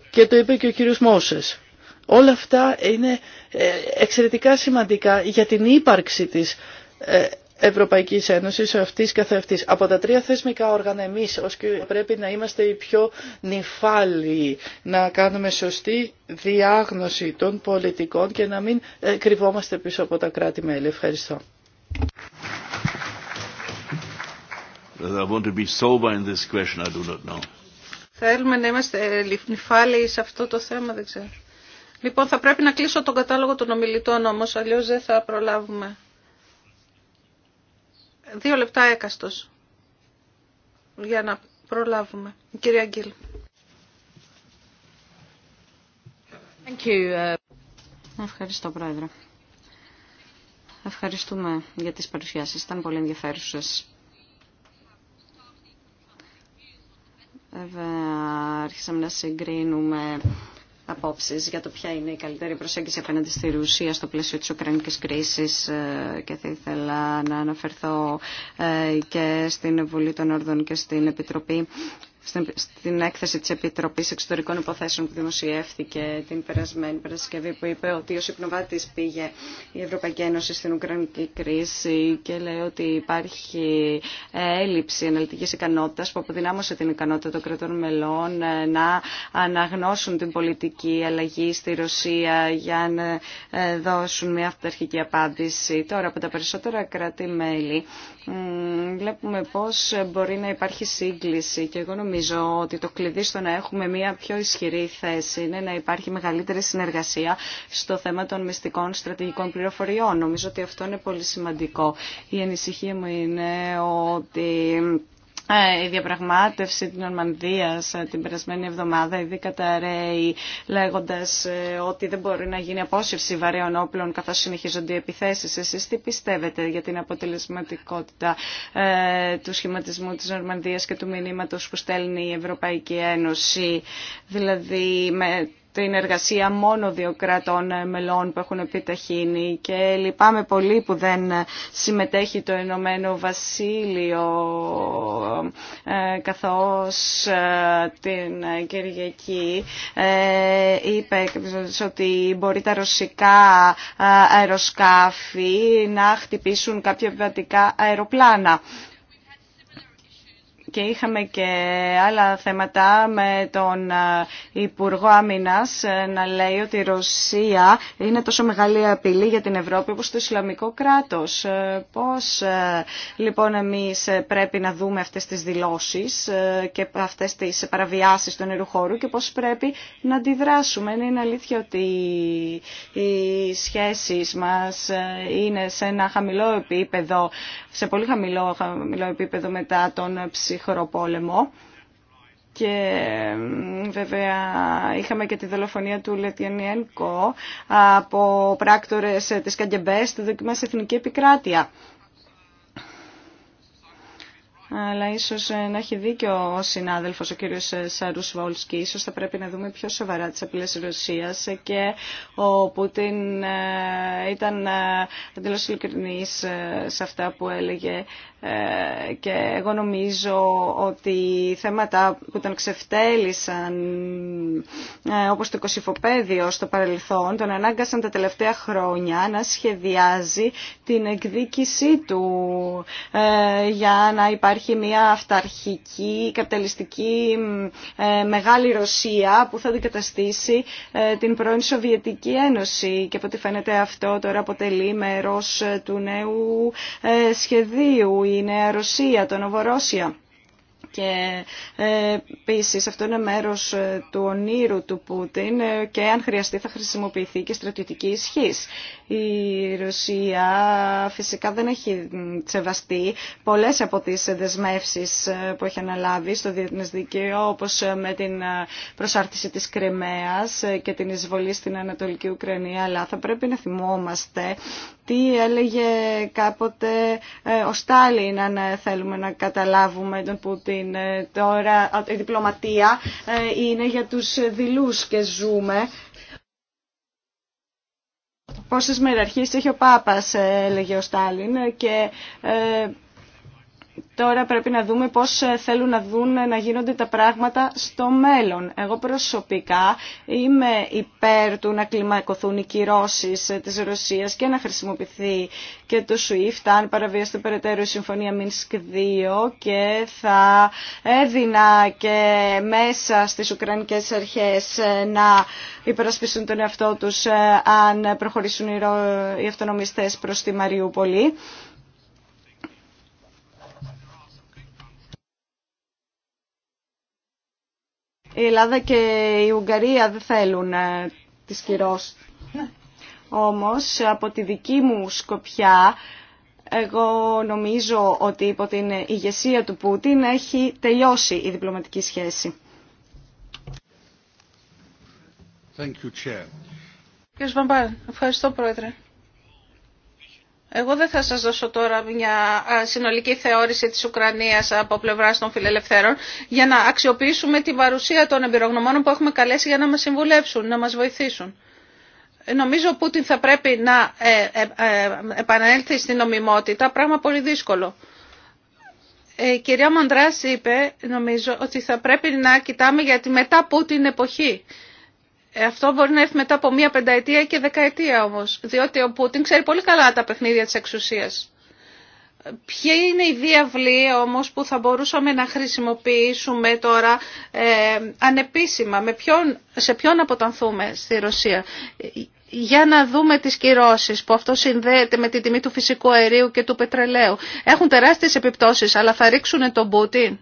και το είπε και ο κύριος Μόσες. Όλα αυτά είναι ε, εξαιρετικά σημαντικά για την ύπαρξη της ε, Ευρωπαϊκής Ένωσης αυτής καθ' Από τα τρία θεσμικά όργανα εμείς ως πρέπει να είμαστε οι πιο νυφάλιοι, να κάνουμε σωστή διάγνωση των πολιτικών και να μην ε, κρυβόμαστε πίσω από τα κράτη-μέλη. Ευχαριστώ. I want to be sober in this question, I do not know. Θέλουμε να είμαστε νυφάλιοι σε αυτό το θέμα, δεν ξέρω. Λοιπόν, θα πρέπει να κλείσω τον κατάλογο των ομιλητών όμως, αλλιώς δεν θα προλάβουμε. Δύο λεπτά έκαστος για να προλάβουμε. Η κυρία Γκίλ. Thank you. Uh, Ευχαριστώ, Πρόεδρε. Ευχαριστούμε για τις παρουσιάσεις. Ήταν πολύ ενδιαφέρουσες. Βέβαια, άρχισαμε να συγκρίνουμε απόψεις για το ποια είναι η καλύτερη προσέγγιση απέναντι στη Ρουσία στο πλαίσιο της Ουκρανικής κρίσης ε, και θα ήθελα να αναφερθώ ε, και στην Βουλή των Ορδών και στην Επιτροπή στην έκθεση της Επιτροπής Εξωτερικών Υποθέσεων που δημοσιεύθηκε την περασμένη Παρασκευή που είπε ότι ο υπνοβάτης πήγε η Ευρωπαϊκή Ένωση στην Ουκρανική κρίση και λέει ότι υπάρχει έλλειψη αναλυτικής ικανότητας που αποδυνάμωσε την ικανότητα των κρατών μελών ε, να αναγνώσουν την πολιτική αλλαγή στη Ρωσία για να ε, δώσουν μια αυταρχική απάντηση. Τώρα από τα περισσότερα κράτη-μέλη βλέπουμε πώς μπορεί να υπάρχει σύγκληση και εγώ νομίζω Νομίζω ότι το κλειδί στο να έχουμε μια πιο ισχυρή θέση είναι να υπάρχει μεγαλύτερη συνεργασία στο θέμα των μυστικών στρατηγικών πληροφοριών. Νομίζω ότι αυτό είναι πολύ σημαντικό. Η ανησυχία μου είναι ότι ε, η διαπραγμάτευση της Νορμανδίας ε, την περασμένη εβδομάδα, ήδη καταραίει λέγοντας ε, ότι δεν μπορεί να γίνει απόσυρση βαρέων όπλων καθώς συνεχίζονται οι επιθέσεις. Εσείς τι πιστεύετε για την αποτελεσματικότητα του σχηματισμού της Νορμανδίας και του μηνύματος που στέλνει η Ευρωπαϊκή Ένωση, δηλαδή με στην εργασία μόνο δύο κρατών μελών που έχουν επιταχύνει και λυπάμαι πολύ που δεν συμμετέχει το Ενωμένο Βασίλειο ε, καθώς ε, την Κυριακή ε, είπε ότι μπορεί τα ρωσικά αεροσκάφη να χτυπήσουν κάποια επιβατικά αεροπλάνα και είχαμε και άλλα θέματα με τον Υπουργό Άμυνα ε, να λέει ότι η Ρωσία είναι τόσο μεγάλη απειλή για την Ευρώπη όπως το Ισλαμικό κράτος. Ε, πώς ε, λοιπόν εμείς πρέπει να δούμε αυτές τις δηλώσεις και αυτές τις παραβιάσεις του νερού χώρου και πώς πρέπει να αντιδράσουμε. Είναι αλήθεια ότι οι σχέσεις μας είναι σε ένα χαμηλό επίπεδο, σε πολύ χαμηλό, χαμηλό επίπεδο μετά τον ψυχρό πόλεμο. Και βέβαια είχαμε και τη δολοφονία του Λετιανιένκο από πράκτορες της Καγκεμπέ στη δοκιμά Εθνική Επικράτεια. Αλλά ίσως να έχει δίκιο ο συνάδελφος, ο κύριος Σαρούς Βόλσκι. Ίσως θα πρέπει να δούμε πιο σοβαρά τις απειλές της Ρωσίας και ο Πούτιν ε, ήταν ε, εντελώς ειλικρινής ε, σε αυτά που έλεγε ε, και εγώ νομίζω ότι θέματα που τον ξεφτέλησαν ε, όπως το κοσυφοπαίδιο στο παρελθόν τον ανάγκασαν τα τελευταία χρόνια να σχεδιάζει την εκδίκησή του ε, για να υπάρχει μια αυταρχική καπιταλιστική μεγάλη Ρωσία που θα αντικαταστήσει την πρώην Σοβιετική Ένωση και από ό,τι φαίνεται αυτό τώρα αποτελεί μέρος του νέου σχεδίου η Νέα Ρωσία, το Νοβορόσια. Και ε, επίση αυτό είναι μέρο ε, του ονείρου του Πούτιν ε, και αν χρειαστεί θα χρησιμοποιηθεί και στρατιωτική ισχύ. Η Ρωσία φυσικά δεν έχει σεβαστεί πολλέ από τι δεσμεύσει που έχει αναλάβει στο διεθνέ δίκαιο, όπω με την προσάρτηση τη Κρεμαία και την εισβολή στην Ανατολική Ουκρανία. Αλλά θα πρέπει να θυμόμαστε τι έλεγε κάποτε ε, ο Στάλιν αν ε, θέλουμε να καταλάβουμε τον Πούτιν. Ε, τώρα η διπλωματία είναι για τους δειλούς και ζούμε. Πόσες μεραρχίες έχει ο Πάπας έλεγε ο Στάλιν και Τώρα πρέπει να δούμε πώς ε, θέλουν να δουν ε, να γίνονται τα πράγματα στο μέλλον. Εγώ προσωπικά είμαι υπέρ του να κλιμακωθούν οι κυρώσεις ε, της Ρωσίας και να χρησιμοποιηθεί και το SWIFT αν παραβιαστεί περαιτέρω η Συμφωνία Μίνσκ 2 και θα έδινα και μέσα στις Ουκρανικές αρχές να υπερασπιστούν τον εαυτό τους αν προχωρήσουν οι αυτονομιστές προς τη Μαριούπολη. η Ελλάδα και η Ουγγαρία δεν θέλουν ε, τις κυρώσεις. Όμως από τη δική μου σκοπιά εγώ νομίζω ότι υπό την ηγεσία του Πούτιν έχει τελειώσει η διπλωματική σχέση. Thank you, Chair. ευχαριστώ Πρόεδρε. Εγώ δεν θα σας δώσω τώρα μια συνολική θεώρηση της Ουκρανίας από πλευράς των φιλελευθέρων για να αξιοποιήσουμε την παρουσία των εμπειρογνωμόνων που έχουμε καλέσει για να μας συμβουλεύσουν, να μας βοηθήσουν. Ε, νομίζω ο Πούτιν θα πρέπει να ε, ε, επανέλθει στην νομιμότητα, πράγμα πολύ δύσκολο. Η κυρία Μαντράς είπε, νομίζω, ότι θα πρέπει να κοιτάμε για τη μετά Πούτιν εποχή ε, αυτό μπορεί να έρθει μετά από μία πενταετία και δεκαετία όμως, διότι ο Πούτιν ξέρει πολύ καλά τα παιχνίδια τη εξουσία. Ποια είναι η διαβλή όμως που θα μπορούσαμε να χρησιμοποιήσουμε τώρα ε, ανεπίσημα, με ποιον, σε ποιον αποτανθούμε στη Ρωσία. Για να δούμε τις κυρώσεις που αυτό συνδέεται με την τιμή του φυσικού αερίου και του πετρελαίου. Έχουν τεράστιες επιπτώσεις, αλλά θα ρίξουν τον Πούτιν.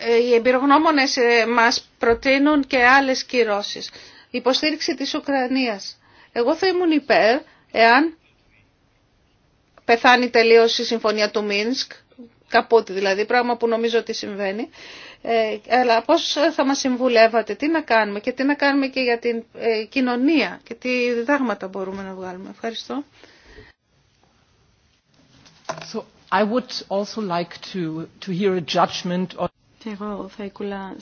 Ε, οι εμπειρογνώμονες ε, μας προτείνουν και άλλες κυρώσεις. Υποστήριξη της Ουκρανίας. Εγώ θα ήμουν υπέρ εάν πεθάνει τελείως η συμφωνία του Μίνσκ, καπότι δηλαδή, πράγμα που νομίζω ότι συμβαίνει. Ε, αλλά πώς θα μας συμβουλεύατε, τι να κάνουμε και τι να κάνουμε και για την ε, κοινωνία και τι διδάγματα μπορούμε να βγάλουμε. Ευχαριστώ. I would like to, hear judgment και εγώ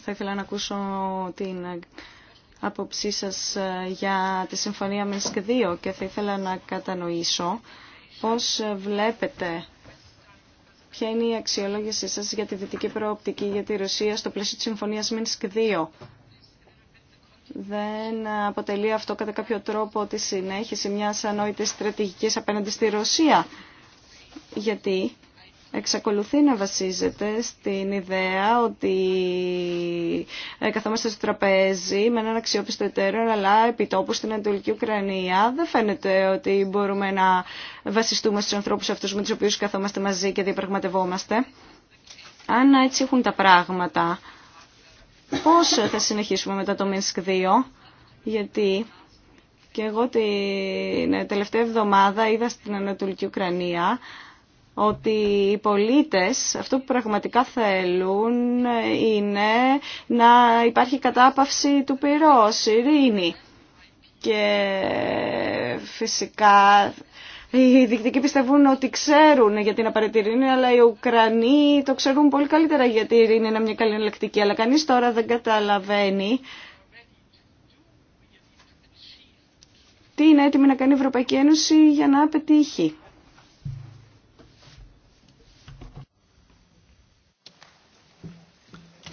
θα, ήθελα, να ακούσω την άποψή σας ε, για τη Συμφωνία Μινσκ 2 και θα ήθελα να κατανοήσω πώς βλέπετε ποια είναι η αξιολόγησή σας για τη δυτική προοπτική για τη Ρωσία στο πλαίσιο της Συμφωνίας Μινσκ 2. Δεν αποτελεί αυτό κατά κάποιο τρόπο τη συνέχιση μιας ανόητης στρατηγικής απέναντι στη Ρωσία. Γιατί εξακολουθεί να βασίζεται στην ιδέα ότι ε, καθόμαστε στο τραπέζι με έναν αξιόπιστο εταίρο, αλλά επιτόπου στην Ανατολική Ουκρανία δεν φαίνεται ότι μπορούμε να βασιστούμε στους ανθρώπους αυτούς με τους οποίους καθόμαστε μαζί και διαπραγματευόμαστε. Αν έτσι έχουν τα πράγματα, πώς θα συνεχίσουμε μετά το Μίνσκ 2, γιατί και εγώ την ε, τελευταία εβδομάδα είδα στην Ανατολική Ουκρανία ότι οι πολίτες αυτό που πραγματικά θέλουν είναι να υπάρχει κατάπαυση του πυρός, ειρήνη. Και φυσικά οι διεκτικοί πιστεύουν ότι ξέρουν γιατί την απαραίτητη ειρήνη, αλλά οι Ουκρανοί το ξέρουν πολύ καλύτερα γιατί η ειρήνη είναι μια καλή ελεκτική, Αλλά κανείς τώρα δεν καταλαβαίνει τι είναι έτοιμη να κάνει η Ευρωπαϊκή Ένωση για να πετύχει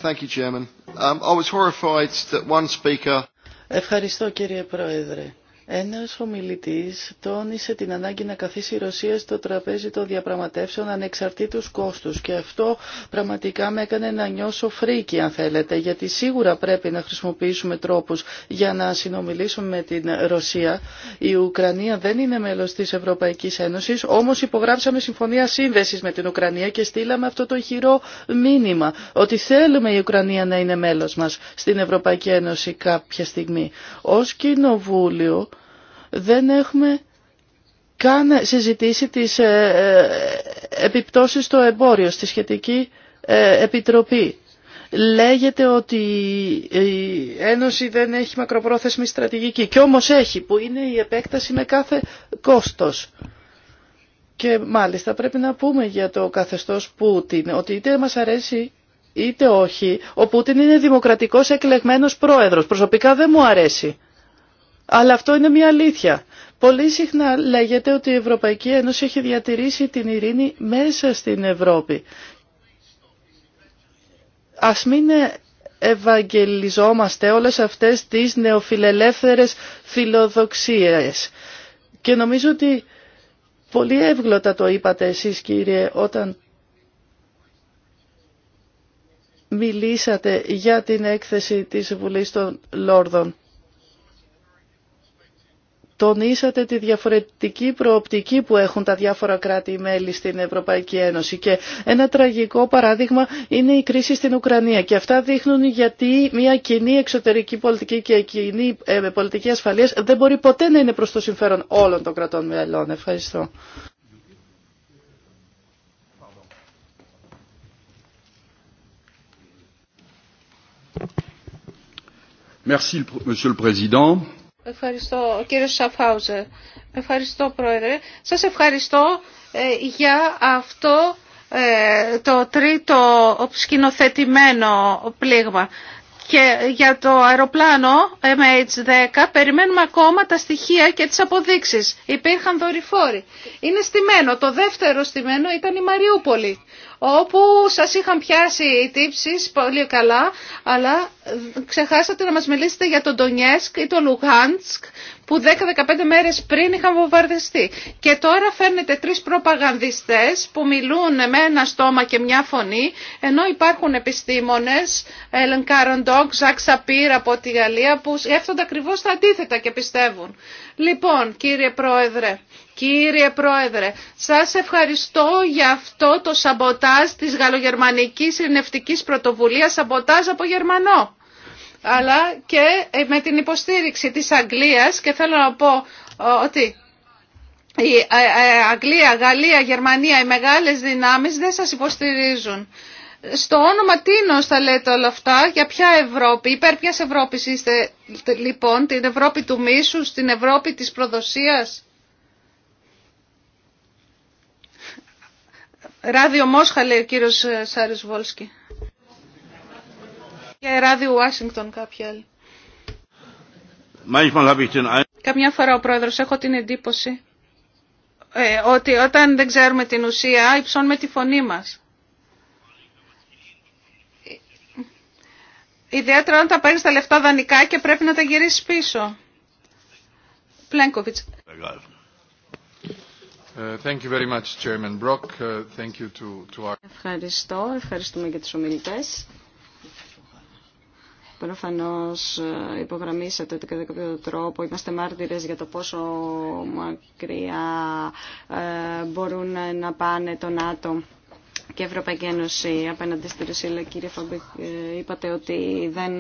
Thank you, Chairman. Um, I was horrified that one speaker... Ευχαριστώ κύριε Πρόεδρε. Ένας ομιλητής τόνισε την ανάγκη να καθίσει η Ρωσία στο τραπέζι των διαπραγματεύσεων ανεξαρτήτους κόστους και αυτό πραγματικά με έκανε να νιώσω φρίκι αν θέλετε γιατί σίγουρα πρέπει να χρησιμοποιήσουμε τρόπους για να συνομιλήσουμε με την Ρωσία. Η Ουκρανία δεν είναι μέλος της Ευρωπαϊκής Ένωσης όμως υπογράψαμε συμφωνία σύνδεσης με την Ουκρανία και στείλαμε αυτό το χειρό μήνυμα ότι θέλουμε η Ουκρανία να είναι μέλος μας στην Ευρωπαϊκή Ένωση κάποια στιγμή. Ως Κοινοβούλιο δεν έχουμε καν συζητήσει τις ε, ε, επιπτώσεις στο εμπόριο, στη σχετική ε, επιτροπή. Λέγεται ότι η Ένωση δεν έχει μακροπρόθεσμη στρατηγική και όμως έχει που είναι η επέκταση με κάθε κόστος. Και μάλιστα πρέπει να πούμε για το καθεστώς Πούτιν ότι είτε μας αρέσει είτε όχι ο Πούτιν είναι δημοκρατικός εκλεγμένος πρόεδρος. Προσωπικά δεν μου αρέσει. Αλλά αυτό είναι μια αλήθεια. Πολύ συχνά λέγεται ότι η Ευρωπαϊκή Ένωση έχει διατηρήσει την ειρήνη μέσα στην Ευρώπη. Ας μην ευαγγελιζόμαστε όλες αυτές τις νεοφιλελεύθερες φιλοδοξίες. Και νομίζω ότι πολύ εύγλωτα το είπατε εσείς κύριε όταν μιλήσατε για την έκθεση της Βουλής των Λόρδων τονίσατε τη διαφορετική προοπτική που έχουν τα διάφορα κράτη-μέλη στην Ευρωπαϊκή Ένωση και ένα τραγικό παράδειγμα είναι η κρίση στην Ουκρανία και αυτά δείχνουν γιατί μια κοινή εξωτερική πολιτική και κοινή ε, πολιτική ασφαλείας δεν μπορεί ποτέ να είναι προς το συμφέρον όλων των κρατών μελών. Ευχαριστώ. Merci, Monsieur le Président. Ευχαριστώ, κύριο Σαφάουζε, Ευχαριστώ, Πρόεδρε. Σας ευχαριστώ ε, για αυτό ε, το τρίτο σκηνοθετημένο πλήγμα. Και για το αεροπλάνο MH10 περιμένουμε ακόμα τα στοιχεία και τις αποδείξεις. Υπήρχαν δορυφόροι. Είναι στημένο. Το δεύτερο στημένο ήταν η Μαριούπολη όπου σας είχαν πιάσει οι τύψεις πολύ καλά, αλλά ξεχάσατε να μας μιλήσετε για τον Ντονιέσκ ή τον Λουγάνσκ που 10-15 μέρες πριν είχαν βομβαρδιστεί. Και τώρα φέρνετε τρεις προπαγανδιστές που μιλούν με ένα στόμα και μια φωνή, ενώ υπάρχουν επιστήμονες, Έλεν Κάροντοκ, Ζακ Σαπίρ από τη Γαλλία, που σκέφτονται ακριβώ τα αντίθετα και πιστεύουν. Λοιπόν, κύριε Πρόεδρε, Κύριε Πρόεδρε, σας ευχαριστώ για αυτό το σαμποτάζ της γαλλογερμανικής ειρνευτικής πρωτοβουλίας, σαμποτάζ από Γερμανό αλλά και ε, με την υποστήριξη της Αγγλίας και θέλω να πω ότι η ε, ε, Αγγλία, Γαλλία, Γερμανία, οι μεγάλες δυνάμεις δεν σας υποστηρίζουν. Στο όνομα τίνος θα λέτε όλα αυτά, για ποια Ευρώπη, υπέρ ποιας Ευρώπης είστε λοιπόν, την Ευρώπη του μίσου, την Ευρώπη της προδοσίας. Ράδιο Μόσχα λέει ο κύριος Σάρις Βόλσκι. Και ράδιο Ουάσιγκτον κάποιοι άλλοι. Καμιά φορά ο πρόεδρος έχω την εντύπωση ε, ότι όταν δεν ξέρουμε την ουσία υψώνουμε τη φωνή μας. Ιδιαίτερα όταν τα παίρνεις τα λεφτά δανεικά και πρέπει να τα γυρίσεις πίσω. Πλένκοβιτς. Ε, ε, Ευχαριστώ. Ευχαριστούμε για τους ομιλητές. Προφανώς ε, υπογραμμίσατε ότι κατά κάποιο τρόπο είμαστε μάρτυρες για το πόσο μακριά ε, μπορούν να πάνε το ΝΑΤΟ και η Ευρωπαϊκή Ένωση απέναντι στη Ρωσία. κύριε Φαμπίκ, ε, είπατε ότι δεν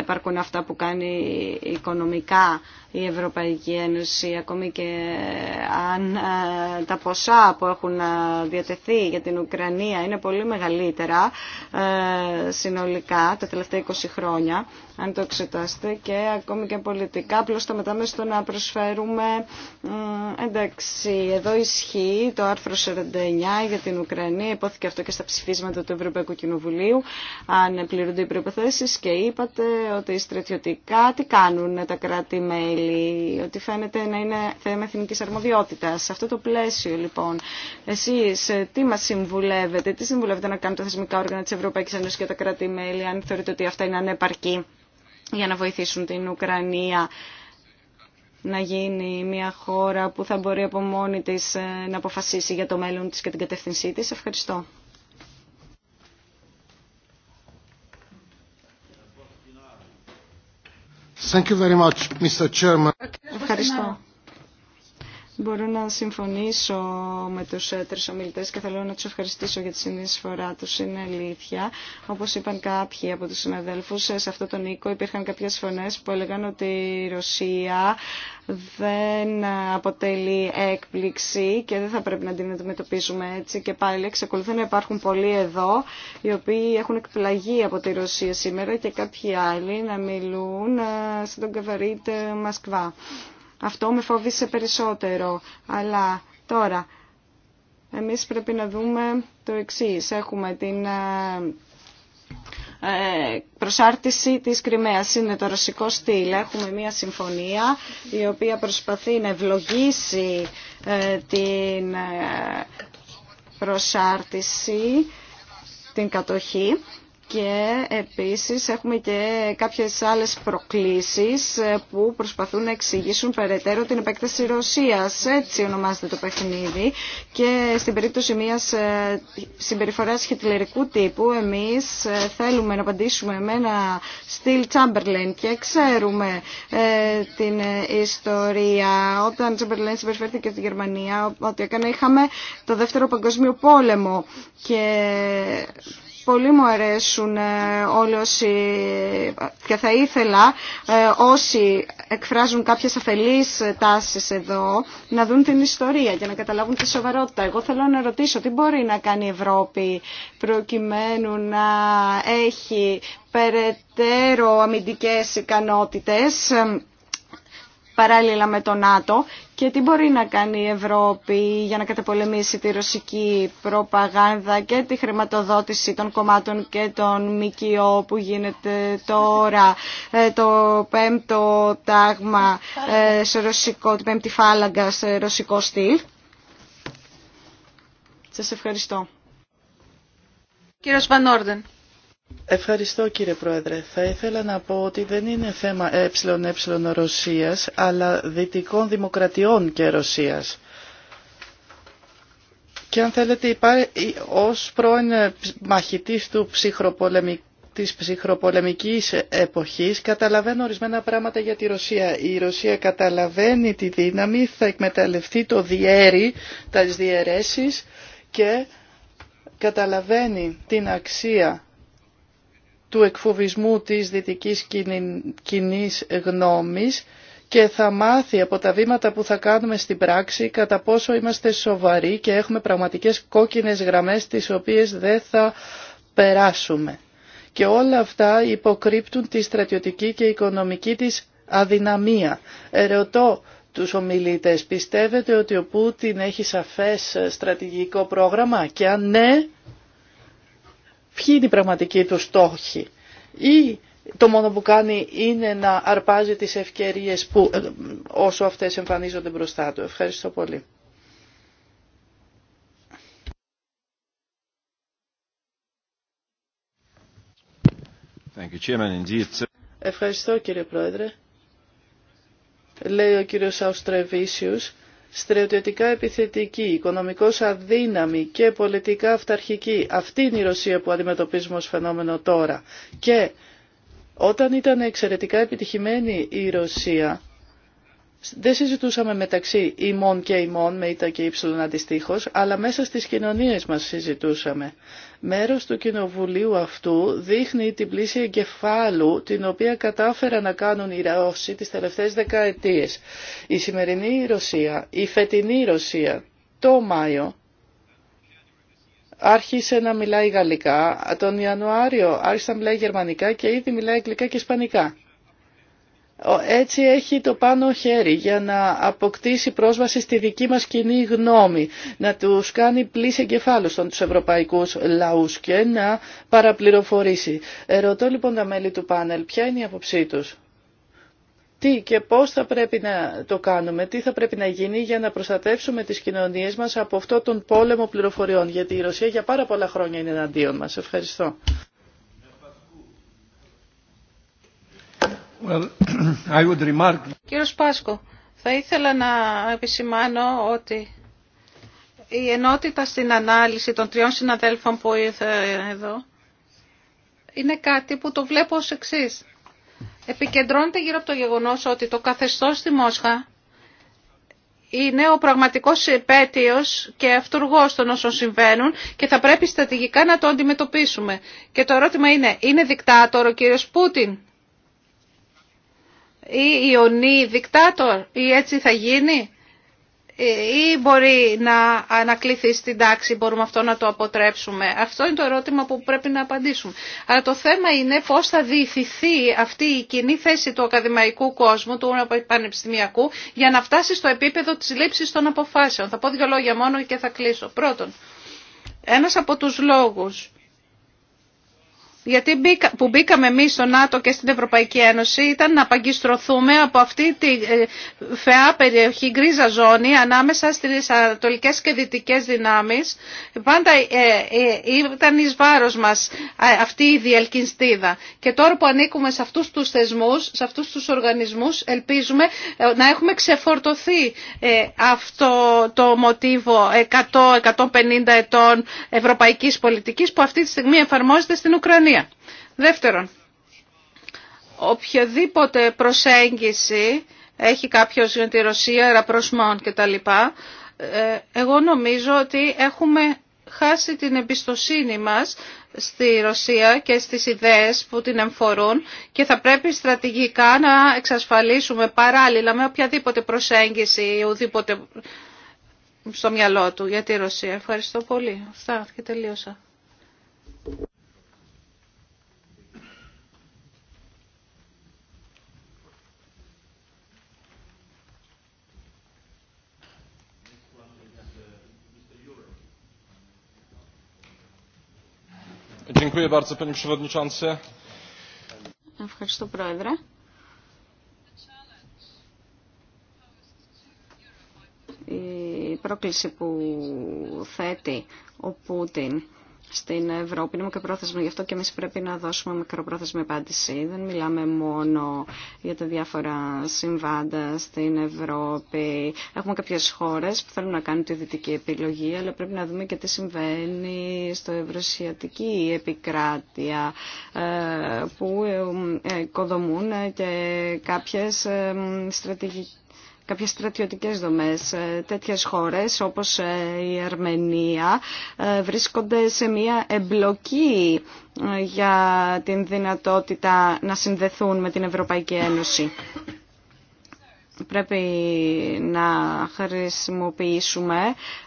υπάρχουν αυτά που κάνει οικονομικά η Ευρωπαϊκή Ένωση, ακόμη και αν ε, τα ποσά που έχουν ε, διατεθεί για την Ουκρανία είναι πολύ μεγαλύτερα ε, συνολικά τα τελευταία 20 χρόνια, αν το εξετάσετε και ακόμη και πολιτικά, απλώ τα μετάμε στο να προσφέρουμε εντάξει, εδώ ισχύει το άρθρο 49 για την Ουκρανία, υπόθηκε αυτό και στα ψηφίσματα του Ευρωπαϊκού Κοινοβουλίου, αν πληρούνται οι προϋποθέσεις και είπατε ότι στρατιωτικά τι κάνουν τα κράτη-μέλη ότι φαίνεται να είναι θέμα εθνικής αρμοδιότητας. Σε αυτό το πλαίσιο λοιπόν, εσείς ε, τι μας συμβουλεύετε, τι συμβουλεύετε να κάνουν τα θεσμικά όργανα της Ευρωπαϊκής Ένωσης και τα κράτη-μέλη, αν θεωρείτε ότι αυτά είναι ανεπαρκή για να βοηθήσουν την Ουκρανία να γίνει μια χώρα που θα μπορεί από μόνη της ε, να αποφασίσει για το μέλλον της και την κατεύθυνσή της. Ευχαριστώ. Thank you very much, Mr. Chairman. Ευχαριστώ. Μπορώ να συμφωνήσω με του ε, τρει ομιλητέ και θέλω να του ευχαριστήσω για τη συνεισφορά του Είναι αλήθεια. Όπω είπαν κάποιοι από του συναδέλφου. Ε, σε αυτό τον οίκο υπήρχαν κάποιε φωνέ που έλεγαν ότι η Ρωσία δεν ε, αποτελεί έκπληξη και δεν θα πρέπει να την αντιμετωπίζουμε έτσι. Και πάλι εξακολουθούν να υπάρχουν πολλοί εδώ οι οποίοι έχουν εκπλαγεί από τη Ρωσία σήμερα και κάποιοι άλλοι να μιλούν στον Καβαρίτ Μασκβά. Αυτό με φόβησε περισσότερο. Αλλά τώρα, εμείς πρέπει να δούμε το εξής. Έχουμε την ε, ε, προσάρτηση της Κρυμαίας. Είναι το ρωσικό στυλ. Έχουμε μια συμφωνία η οποία προσπαθεί να ευλογήσει ε, την προσάρτηση, την κατοχή και επίσης έχουμε και κάποιες άλλες προκλήσεις που προσπαθούν να εξηγήσουν περαιτέρω την επέκταση Ρωσίας. Έτσι ονομάζεται το παιχνίδι και στην περίπτωση μιας ε, συμπεριφοράς χιτλερικού τύπου εμείς ε, θέλουμε να απαντήσουμε με ένα στυλ Τσάμπερλεν και ξέρουμε ε, την ιστορία όταν Τσάμπερλεν συμπεριφέρθηκε στη Γερμανία ότι έκανε είχαμε το δεύτερο παγκοσμίο πόλεμο και Πολύ μου αρέσουν ε, όλοι όσοι και θα ήθελα ε, όσοι εκφράζουν κάποιες αφελείς τάσεις εδώ να δουν την ιστορία και να καταλάβουν τη σοβαρότητα. Εγώ θέλω να ρωτήσω τι μπορεί να κάνει η Ευρώπη προκειμένου να έχει περαιτέρω αμυντικές ικανότητες ε, παράλληλα με το ΝΑΤΟ και τι μπορεί να κάνει η Ευρώπη για να καταπολεμήσει τη ρωσική προπαγάνδα και τη χρηματοδότηση των κομμάτων και των ΜΚΟ που γίνεται τώρα ε, το πέμπτο τάγμα ε, σε ρωσικό, την πέμπτη φάλαγγα σε ρωσικό στυλ. Σας ευχαριστώ. Κύριος Βανόρδεν. Ευχαριστώ κύριε Πρόεδρε. Θα ήθελα να πω ότι δεν είναι θέμα ΕΕ Ρωσίας, αλλά δυτικών δημοκρατιών και Ρωσίας. Και αν θέλετε, ως πρώην ε, μαχητής του ψυχροπολεμικής της ψυχροπολεμικής εποχής καταλαβαίνω ορισμένα πράγματα για τη Ρωσία. Η Ρωσία καταλαβαίνει τη δύναμη, θα εκμεταλλευτεί το διέρη, τα διαιρέσεις και καταλαβαίνει την αξία του εκφοβισμού της δυτικής κοινή γνώμης και θα μάθει από τα βήματα που θα κάνουμε στην πράξη κατά πόσο είμαστε σοβαροί και έχουμε πραγματικές κόκκινες γραμμές τις οποίες δεν θα περάσουμε. Και όλα αυτά υποκρύπτουν τη στρατιωτική και οικονομική της αδυναμία. Ερωτώ τους ομιλητές, πιστεύετε ότι ο Πούτιν έχει σαφές στρατηγικό πρόγραμμα και αν ναι, ποιοι είναι οι πραγματικοί του στόχοι ή το μόνο που κάνει είναι να αρπάζει τις ευκαιρίες που, ε, όσο αυτές εμφανίζονται μπροστά του. Ευχαριστώ πολύ. Ευχαριστώ κύριε Πρόεδρε. Λέει ο κύριος Αουστρεβίσιους στρατιωτικά επιθετική, οικονομικώς αδύναμη και πολιτικά αυταρχική. Αυτή είναι η Ρωσία που αντιμετωπίζουμε ως φαινόμενο τώρα. Και όταν ήταν εξαιρετικά επιτυχημένη η Ρωσία, δεν συζητούσαμε μεταξύ ημών και ημών, με ήττα και ύψιλον αντιστοίχω, αλλά μέσα στι κοινωνίε μα συζητούσαμε. Μέρο του κοινοβουλίου αυτού δείχνει την πλήση εγκεφάλου την οποία κατάφεραν να κάνουν οι Ρώσοι τι τελευταίε δεκαετίε. Η σημερινή Ρωσία, η φετινή Ρωσία, το Μάιο, άρχισε να μιλάει γαλλικά, τον Ιανουάριο άρχισε να μιλάει γερμανικά και ήδη μιλάει αγγλικά και ισπανικά έτσι έχει το πάνω χέρι για να αποκτήσει πρόσβαση στη δική μας κοινή γνώμη, να του κάνει πλήση εγκεφάλου των τους ευρωπαϊκούς λαούς και να παραπληροφορήσει. Ερωτώ λοιπόν τα μέλη του πάνελ, ποια είναι η άποψή τους. Τι και πώς θα πρέπει να το κάνουμε, τι θα πρέπει να γίνει για να προστατεύσουμε τις κοινωνίες μας από αυτό τον πόλεμο πληροφοριών, γιατί η Ρωσία για πάρα πολλά χρόνια είναι εναντίον μας. Ευχαριστώ. Κύριο Πάσκο, θα ήθελα να επισημάνω ότι η ενότητα στην ανάλυση των τριών συναδέλφων που ήρθε εδώ είναι κάτι που το βλέπω ως εξή. Επικεντρώνεται γύρω από το γεγονός ότι το καθεστώς στη Μόσχα είναι ο πραγματικός επέτειος και αυτούργός των όσων συμβαίνουν και θα πρέπει στρατηγικά να το αντιμετωπίσουμε. Και το ερώτημα είναι, είναι δικτάτορο ο κύριος Πούτιν ή Ιωνί δικτάτορ ή έτσι θα γίνει ε, ή μπορεί να ανακληθεί στην τάξη, μπορούμε αυτό να το αποτρέψουμε. Αυτό είναι το ερώτημα που πρέπει να απαντήσουμε. Αλλά το θέμα είναι πώς θα διηθηθεί αυτή η κοινή θέση του ακαδημαϊκού κόσμου, του πανεπιστημιακού, για να φτάσει στο επίπεδο της λήψης των αποφάσεων. Θα πω δύο λόγια μόνο και θα κλείσω. Πρώτον, ένας από τους λόγους γιατί που μπήκαμε εμείς στο ΝΑΤΟ και στην Ευρωπαϊκή Ένωση ήταν να απαγκιστρωθούμε από αυτή τη ε, φαιά περιοχή, γκρίζα ζώνη, ανάμεσα στις ανατολικές και δυτικές δυνάμεις. Πάντα ε, ε, ήταν εις βάρος μας αυτή η διελκυνστίδα. Και τώρα που ανήκουμε σε αυτούς τους θεσμούς, σε αυτούς τους οργανισμούς, ελπίζουμε να έχουμε ξεφορτωθεί αυτό το μοτίβο 100-150 ετών ευρωπαϊκής πολιτικής που αυτή τη στιγμή εφαρμόζεται στην Ουκρανία. Δεύτερον, οποιαδήποτε προσέγγιση έχει κάποιος για τη Ρωσία, ραπροσμόν κτλ. Ε, εγώ νομίζω ότι έχουμε χάσει την εμπιστοσύνη μας στη Ρωσία και στις ιδέες που την εμφορούν και θα πρέπει στρατηγικά να εξασφαλίσουμε παράλληλα με οποιαδήποτε προσέγγιση ή ουδήποτε στο μυαλό του για τη Ρωσία. Ευχαριστώ πολύ. Αυτά και τελείωσα. Ευχαριστώ, Πρόεδρε. Η πρόκληση που θέτει ο Πούτιν στην Ευρώπη. Είναι μικροπρόθεσμο, γι' αυτό και εμεί πρέπει να δώσουμε μικροπρόθεσμη απάντηση. Δεν μιλάμε μόνο για τα διάφορα συμβάντα στην Ευρώπη. Έχουμε κάποιες χώρες που θέλουν να κάνουν τη δυτική επιλογή, αλλά πρέπει να δούμε και τι συμβαίνει στο ευρωσιατική επικράτεια ε, που ε, ε, οικοδομούν και κάποιε στρατηγικέ κάποιες στρατιωτικές δομές. Ε, τέτοιες χώρες όπως ε, η Αρμενία ε, βρίσκονται σε μια εμπλοκή για την δυνατότητα να συνδεθούν με την Ευρωπαϊκή Ένωση πρέπει να χρησιμοποιήσουμε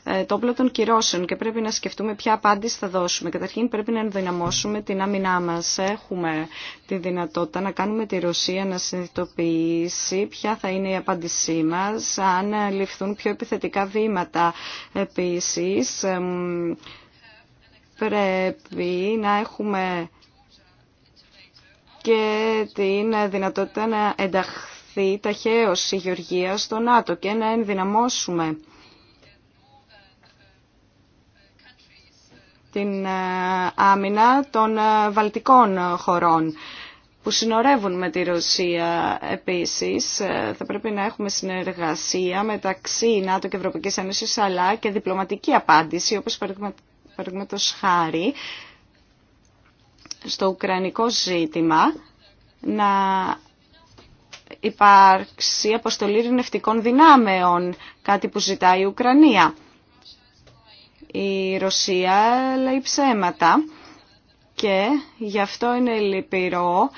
ε, το όπλο των κυρώσεων και πρέπει να σκεφτούμε ποια απάντηση θα δώσουμε. Καταρχήν πρέπει να ενδυναμώσουμε την άμυνά μας. Έχουμε τη δυνατότητα να κάνουμε τη Ρωσία να συνειδητοποιήσει ποια θα είναι η απάντησή μας αν ληφθούν πιο επιθετικά βήματα. Επίσης πρέπει να έχουμε και την δυνατότητα να ενταχθούμε ενταχθεί ταχαίως η Γεωργία στο ΝΑΤΟ και να ενδυναμώσουμε την ε, άμυνα των ε, βαλτικών χωρών που συνορεύουν με τη Ρωσία επίσης. Ε, θα πρέπει να έχουμε συνεργασία μεταξύ ΝΑΤΟ και Ευρωπαϊκής Ένωσης αλλά και διπλωματική απάντηση όπως παραδείγματος χάρη στο ουκρανικό ζήτημα να υπάρξει αποστολή ρηνευτικών δυνάμεων, κάτι που ζητάει η Ουκρανία. Η Ρωσία λέει ψέματα και γι' αυτό είναι λυπηρό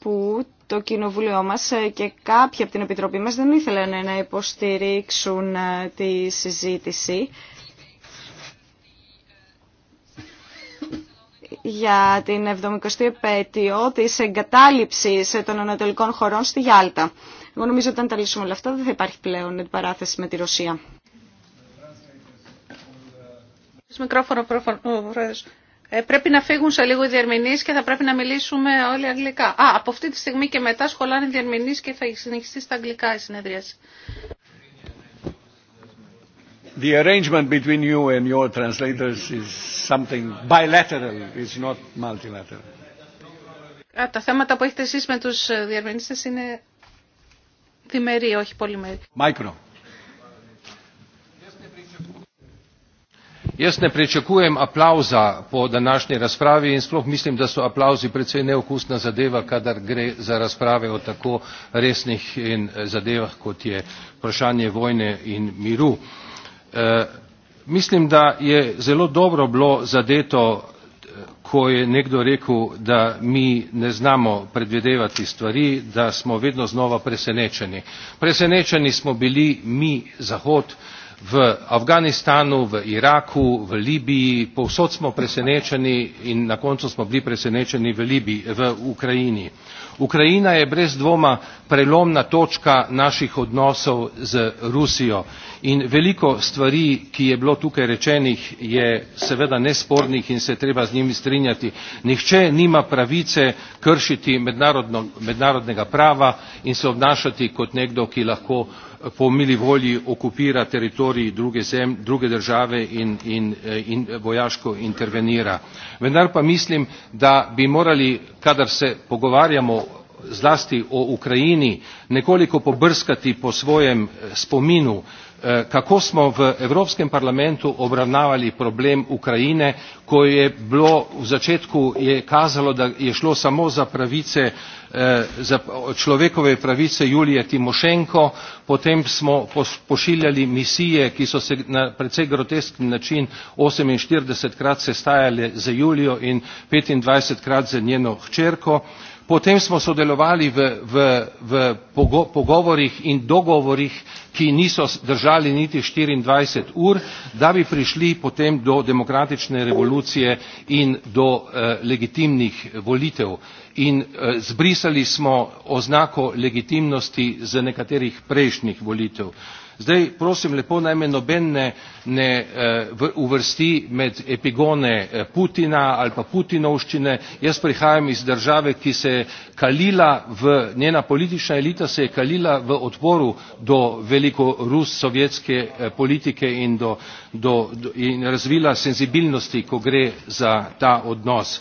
που το κοινοβούλιο μας και κάποιοι από την Επιτροπή μας δεν ήθελαν να υποστηρίξουν τη συζήτηση για την 70η επέτειο της εγκατάλειψης των ανατολικών χωρών στη Γιάλτα. Εγώ νομίζω ότι αν τα λύσουμε όλα αυτά δεν θα υπάρχει πλέον παράθεση με τη Ρωσία. Μικρόφωνο, ε, πρέπει να φύγουν σε λίγο οι διερμηνείς και θα πρέπει να μιλήσουμε όλοι αγγλικά. Α, από αυτή τη στιγμή και μετά σχολάνε οι διερμηνείς και θα συνεχιστεί στα αγγλικά η συνεδρίαση the arrangement between you and your translators is something bilateral, it's not multilateral. Α, τα θέματα που έχετε εσείς με τους διαρμενίστες είναι διμερεί, όχι πολυμερεί. Μάικρο. Jaz ne pričakujem aplauza po današnji razpravi in sploh mislim, da so aplauzi predvsej neokusna zadeva, kadar gre za razprave o tako resnih zadevah, kot je vprašanje vojne in miru Mislim, da je zelo dobro bilo zadeto, ko je nekdo rekel, da mi ne znamo predvidevati stvari, da smo vedno znova presenečeni. Presenečeni smo bili mi, Zahod, v Afganistanu, v Iraku, v Libiji, povsod smo presenečeni in na koncu smo bili presenečeni v Libiji, v Ukrajini Ukrajina je brez dvoma prelomna točka naših odnosov z Rusijo in veliko stvari, ki je bilo tukaj rečenih, je seveda nespornih in se je treba z njimi strinjati. Nihče nima pravice kršiti mednarodnega prava in se obnašati kot nekdo, ki lahko po mili volji okupira teritorij druge države in vojaško intervenira. vendar pa mislim da bi morali kadar se pogovarjamo zlasti o ukrajini nekoliko pobrskati po svojem spominu kako smo v Evropskem parlamentu obravnavali problem Ukrajine, ko je bilo v začetku je kazalo, da je šlo samo za pravice, za človekove pravice Julije Timošenko, potem smo pošiljali misije, ki so se na precej grotesken način 48krat sestajale z Julijo in 25krat z njeno hčerko Potem smo sodelovali v pogovorih in dogovorih, ki niso držali niti 24 ur, da bi prišli potem do demokratične revolucije in do legitimnih volitev. In zbrisali smo oznako legitimnosti z nekaterih prejšnjih volitev. Zdaj, prosim lepo, naj me noben ne, uvrsti med epigone Putina ali pa Putinovščine. Jaz prihajam iz države, ki se je kalila v, njena politična elita se je kalila v odporu do velikorus sovjetske politike in, do, do, in razvila senzibilnosti, ko gre za ta odnos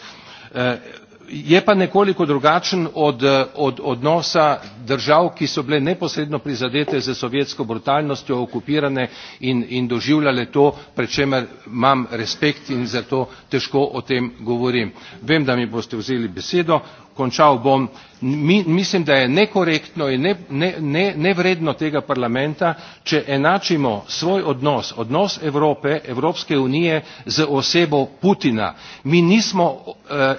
je pa nekoliko drugačen od, od odnosa držav, ki so bile neposredno prizadete z sovjetsko brutalnostjo, okupirane in, in doživljale to, pred čemer imam respekt in zato težko o tem govorim. Vem, da mi boste vzeli besedo, končal bom, mislim, da je nekorektno in nevredno tega parlamenta, če enačimo svoj odnos, odnos Evrope, Evropske unije z osebo Putina. Mi nismo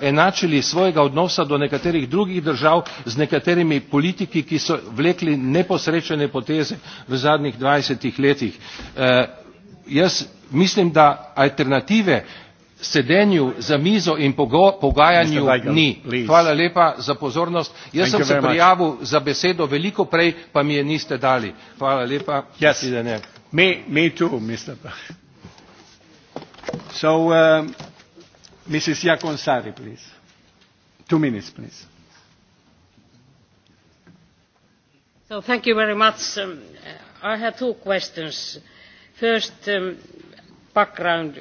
enačili svojega odnosa do nekaterih drugih držav z nekaterimi politiki, ki so vlekli neposrečene poteze v zadnjih dvajsetih letih. Jaz mislim, da alternative sedenju za mizo in pogajanju ni. Hvala lepa za pozornost. Jaz sem se prijavil za besedo veliko prej, pa mi je niste dali. Hvala lepa. Me me too, Mr. So, Mrs. Yakonsari, please. Two minutes, please. So, thank you very much. I have two questions. First, background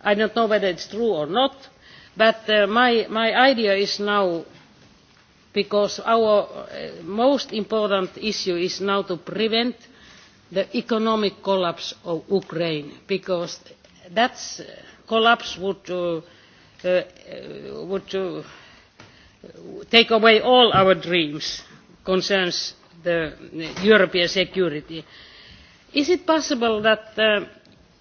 I don't know whether it's true or not, but my idea is now, because our most important issue is now to prevent the economic collapse of Ukraine, because that collapse would take away all our dreams concerns the European security. Is it possible that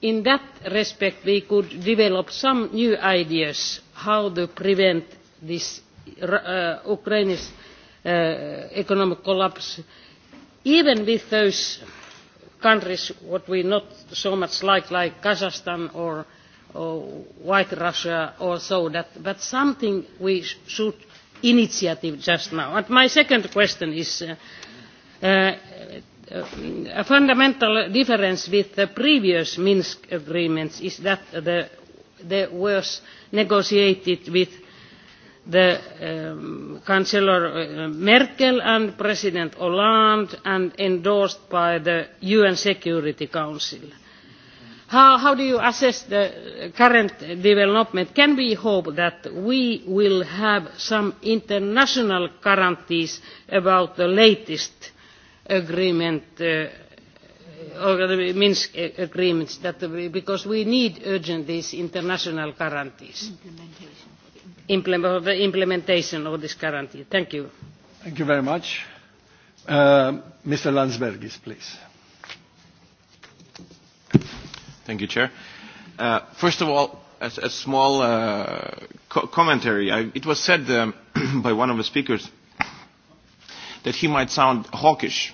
in that respect we could develop some new ideas how to prevent this Ukrainian economic collapse even with those countries what we not so much like like Kazakhstan or White Russia or so that but something we should initiate just now. And my second question is a fundamental difference with the previous Minsk agreements is that they were negotiated with the Chancellor Merkel and President Hollande and endorsed by the UN Security Council. How do you assess the current development? Can we hope that we will have some international guarantees about the latest agreement or the Minsk agreements that because we need urgent these international guarantees. Implementation. implementation of this guarantee. Thank you. Thank you very much. Mr. Landsbergis, please. Thank you, Chair. First of all, a small commentary. It was said by one of the speakers that he might sound hawkish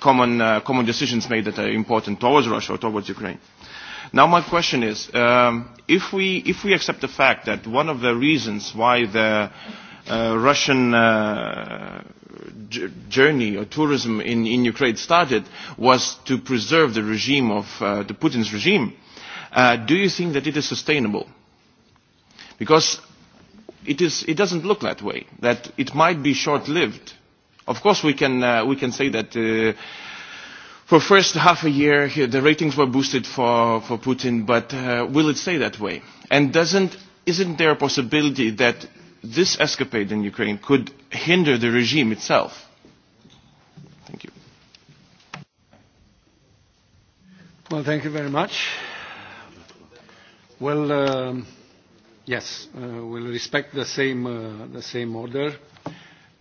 common common decisions made that are important towards Russia or towards Ukraine. Now my question is, if we if we accept the fact that one of the reasons why the Russian journey or tourism in in Ukraine started was to preserve the regime of the Putin's regime, do you think that it is sustainable? Because it is it doesn't look that way. That it might be short lived Of course, we can we can say that for first half a year the ratings were boosted for for Putin, but will it stay that way? And doesn't isn't there a possibility that this escapade in Ukraine could hinder the regime itself? Thank you. Well, thank you very much. Well, yes, we'll respect the same the same order.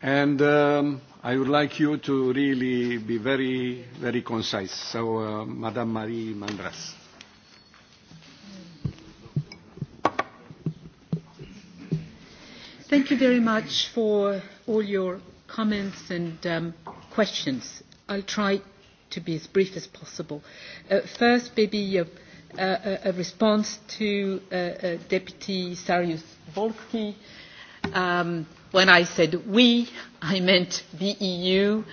And I would like you to really be very, very concise. So, Madame Marie Mandras. Thank you very much for all your comments and questions. I'll try to be as brief as possible. First, maybe a response to Deputy Sarius Volsky When I said we, I meant the EU.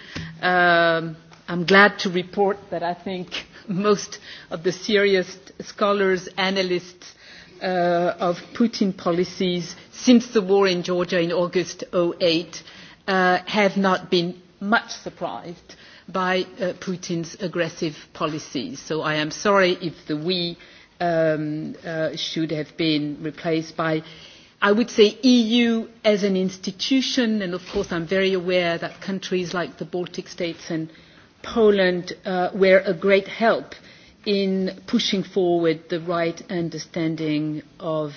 I'm glad to report that I think most of the serious scholars, analysts of Putin policies since the war in Georgia in August 2008 have not been much surprised by Putin's aggressive policies. So I am sorry if the we should have been replaced by I would say EU as an institution, and of course I'm very aware that countries like the Baltic states and Poland were a great help in pushing forward the right understanding of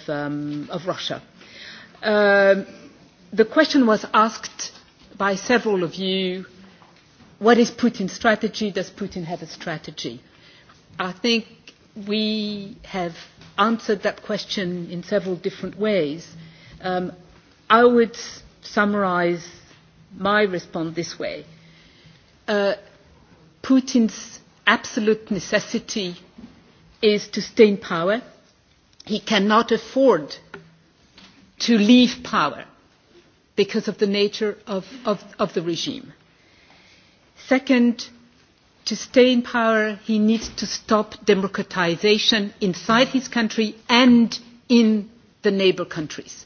Russia. The question was asked by several of you, what is Putin's strategy? Does Putin have a strategy? I think we have answered that question in several different ways. I would summarize my response this way. Putin's absolute necessity is to stay in power. He cannot afford to leave power because of the nature of the regime. Second, to stay in power he needs to stop democratisation inside his country and in the neighbour countries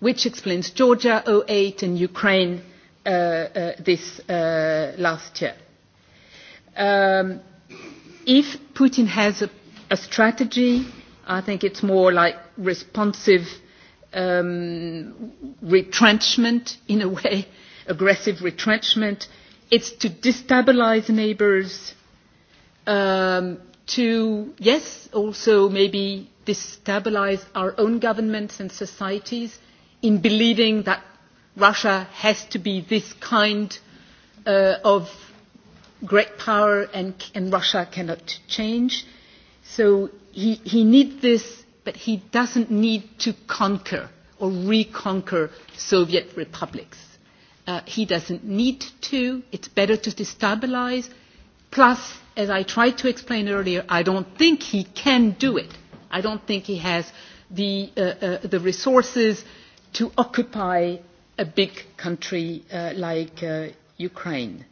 which explains georgia 08 and ukraine this last year if putin has a strategy i think it's more like responsive retrenchment in a way aggressive retrenchment It's to destabilize neighbors, to, yes, also maybe destabilize our own governments and societies in believing that Russia has to be this kind of great power and Russia cannot change. So he needs this, but he doesn't need to conquer or reconquer Soviet republics. He doesn't need to. It's better to destabilize. Plus, as I tried to explain earlier, I don't think he can do it. I don't think he has the resources to occupy a big country like Ukraine.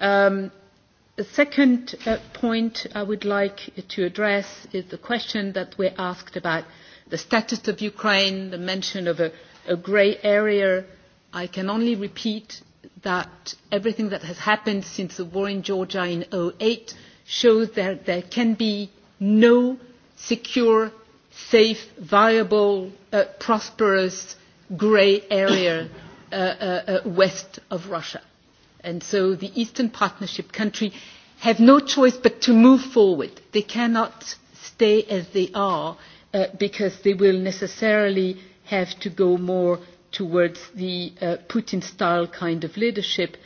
The second point I would like to address is the question that we asked about the status of Ukraine, the mention of a grey area I can only repeat that everything that has happened since the war in Georgia in 2008 shows that there can be no secure, safe, viable, prosperous grey area west of Russia. And so the Eastern Partnership countries have no choice but to move forward. They cannot stay as they are because they will necessarily have to go more towards the Putin-style kind of leadership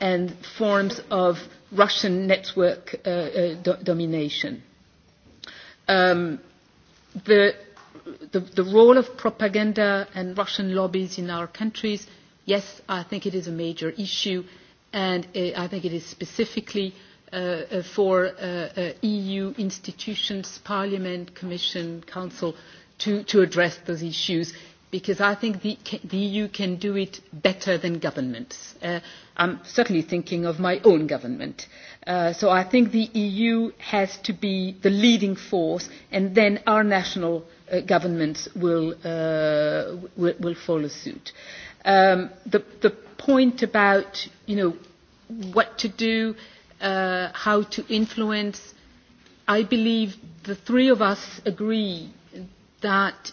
and forms of Russian network domination. The role of propaganda and Russian lobbies in our countries, yes, I think it is a major issue, and I think it is specifically for EU institutions, Parliament, Commission, Council, to address those issues because I think the EU can do it better than governments. I'm certainly thinking of my own government. So I think the EU has to be the leading force and then our national governments will will follow suit. The point about what to do, how to influence, I believe the three of us agree that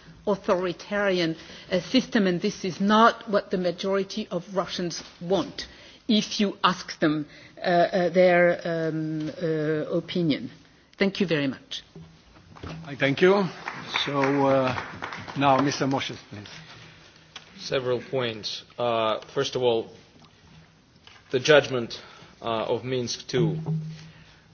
authoritarian system and this is not what the majority of Russians want if you ask them their opinion. Thank you very much. thank you. So now Mr. Moshe, please. Several points. First of all, the judgment of Minsk II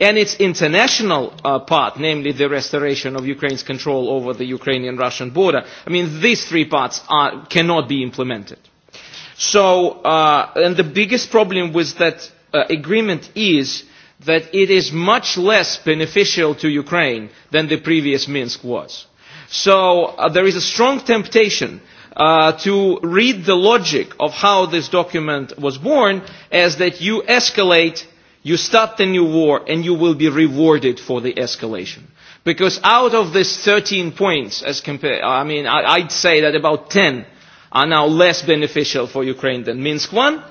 and its international part, namely the restoration of Ukraine's control over the Ukrainian-Russian border. I mean, these three parts cannot be implemented. So, and the biggest problem with that agreement is that it is much less beneficial to Ukraine than the previous Minsk was. So there is a strong temptation to read the logic of how this document was born as that you escalate You start the new war and you will be rewarded for the escalation. Because out of these 13 points, as I mean, I'd say that about 10 are now less beneficial for Ukraine than Minsk I.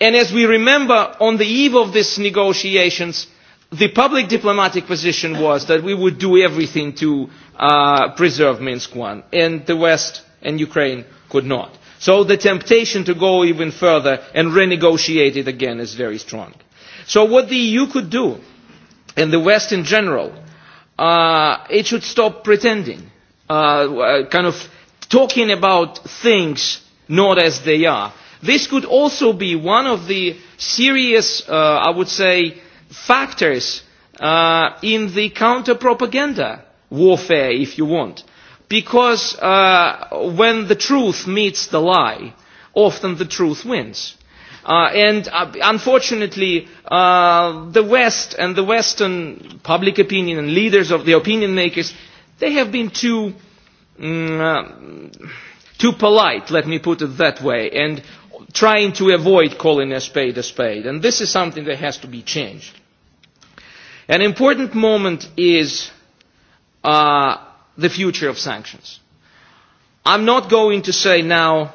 And as we remember, on the eve of these negotiations, the public diplomatic position was that we would do everything to preserve Minsk I, And the West and Ukraine could not. So the temptation to go even further and renegotiate it again is very strong. So what the EU could do, and the West in general, it should stop pretending, kind of talking about things not as they are. This could also be one of the serious, I would say, factors in the counter-propaganda warfare, if you want. Because when the truth meets the lie, often the truth wins. And unfortunately, the West and the Western public opinion and leaders of the opinion makers, they have been too too polite, let me put it that way, and trying to avoid calling a spade a spade. And this is something that has to be changed. An important moment is the future of sanctions. I'm not going to say now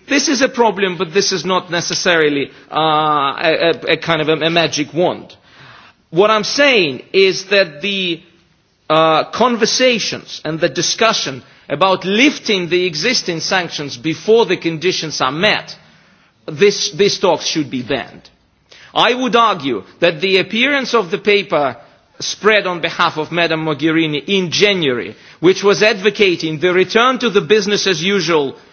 This is a problem, but this is not necessarily a kind of a magic wand. What I'm saying is that the conversations and the discussion about lifting the existing sanctions before the conditions are met, these talks should be banned. I would argue that the appearance of the paper spread on behalf of Madam Mogherini in January, which was advocating the return to the business as usual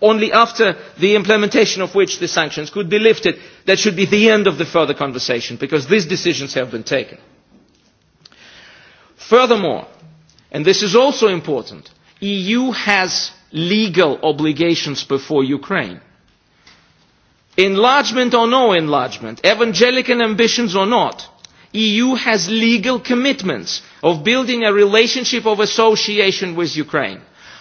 only after the implementation of which the sanctions could be lifted. That should be the end of the further conversation because these decisions have been taken. Furthermore, and this is also important, the EU has legal obligations before Ukraine. Enlargement or no enlargement, evangelical ambitions or not, the EU has legal commitments of building a relationship of association with Ukraine.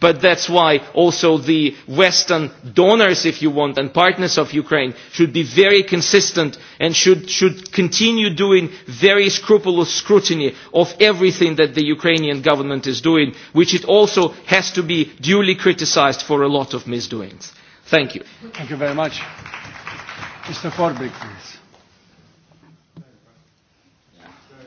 but that's why also the western donors if you want and partners of ukraine should be very consistent and should should continue doing very scrupulous scrutiny of everything that the ukrainian government is doing which it also has to be duly criticised for a lot of misdoings thank you thank you very much mr please.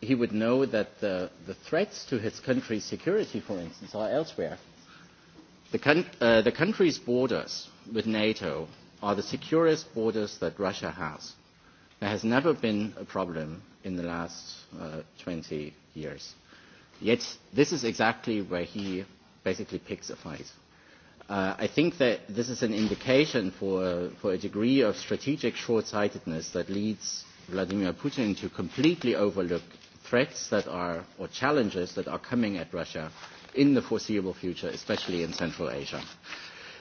he would know that the threats to his country's security, for instance, are elsewhere. The country's borders with NATO are the securest borders that Russia has. There has never been a problem in the last 20 years. Yet this is exactly where he basically picks a fight. I think that this is an indication for a degree of strategic short-sightedness that leads Vladimir Putin to completely overlook threats that are, or challenges that are coming at Russia in the foreseeable future, especially in Central Asia.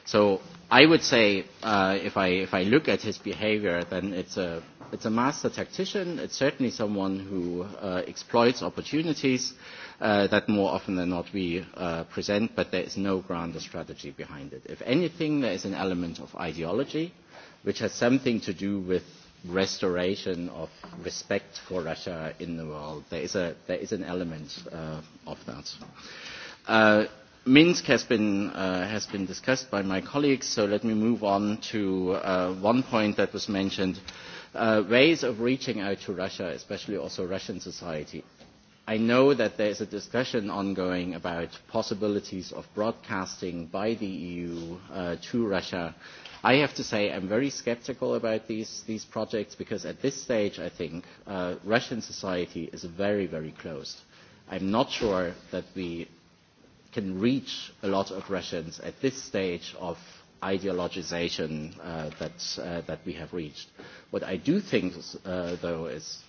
So I would say, if I if I look at his behavior, then it's a it's a master tactician. It's certainly someone who exploits opportunities that more often than not we present, but there is no grander strategy behind it. If anything, there is an element of ideology, which has something to do with restoration of respect for Russia in the world. There is a there is an element of that. Minsk has been has been discussed by my colleagues, so let me move on to one point that was mentioned ways of reaching out to Russia, especially also Russian society. I know that there is a discussion ongoing about possibilities of broadcasting by the EU to Russia I have to say I'm very skeptical about these these projects because at this stage I think Russian society is very very closed. I'm not sure that we can reach a lot of Russians at this stage of ideologisation that that we have reached. What I do think though is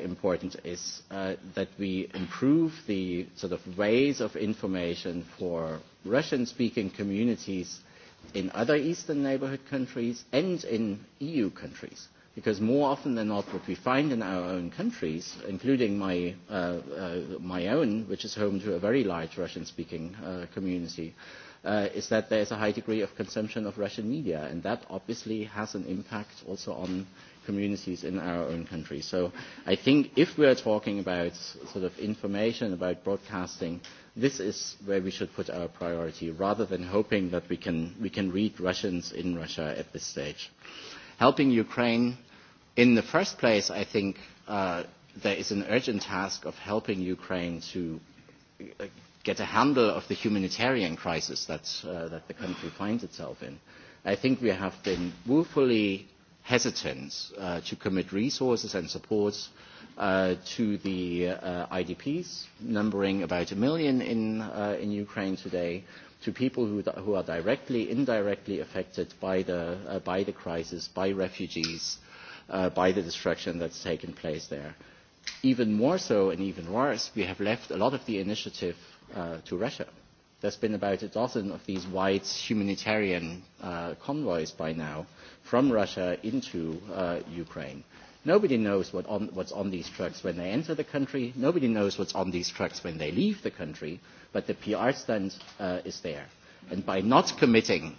important is that we improve the sort of ways of information for Russian speaking communities in other Eastern neighbourhood countries and in EU countries. Because more often than not, what we find in our own countries, including my own, which is home to a very large Russian-speaking community, is that there is a high degree of consumption of Russian media, and that obviously has an impact also on communities in our own country. So I think if we are talking about sort of information, about broadcasting, this is where we should put our priority rather than hoping that we can, we can read Russians in Russia at this stage. Helping Ukraine, in the first place, I think there is an urgent task of helping Ukraine to get a handle of the humanitarian crisis that the country finds itself in. I think we have been woefully hesitant to commit resources and support to the IDPs, numbering about a million in Ukraine today, to people who are directly, indirectly affected by the crisis, by refugees, by the destruction that's taken place there. Even more so and even worse, we have left a lot of the initiative to Russia There's been about a dozen of these white humanitarian convoys by now from Russia into Ukraine. Nobody knows what on, what's on these trucks when they enter the country. Nobody knows what's on these trucks when they leave the country, but the PR stunt is there. And by not committing,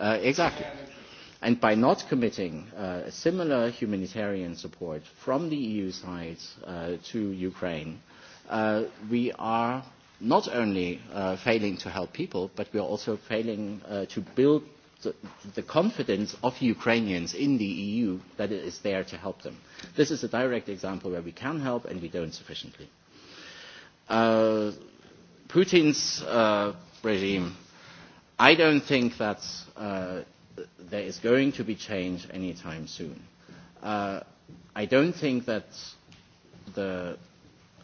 exactly, and by not committing similar humanitarian support from the EU side to Ukraine, we are not only failing to help people, but we are also failing to build the confidence of Ukrainians in the EU that it is there to help them. This is a direct example where we can help and we don't sufficiently. Putin's regime, I don't think that there is going to be change anytime soon. I don't think that the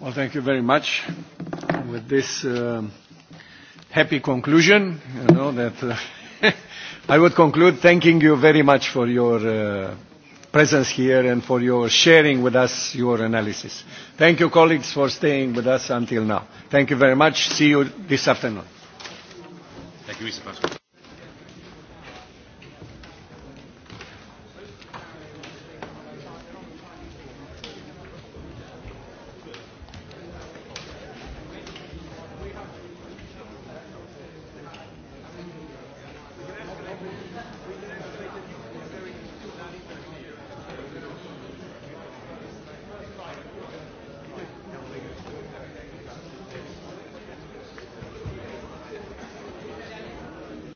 Well, thank you very much. With this happy conclusion, you know that I would conclude thanking you very much for your presence here and for your sharing with us your analysis. Thank you, colleagues, for staying with us until now. Thank you very much. See you this afternoon. Thank you, Mr.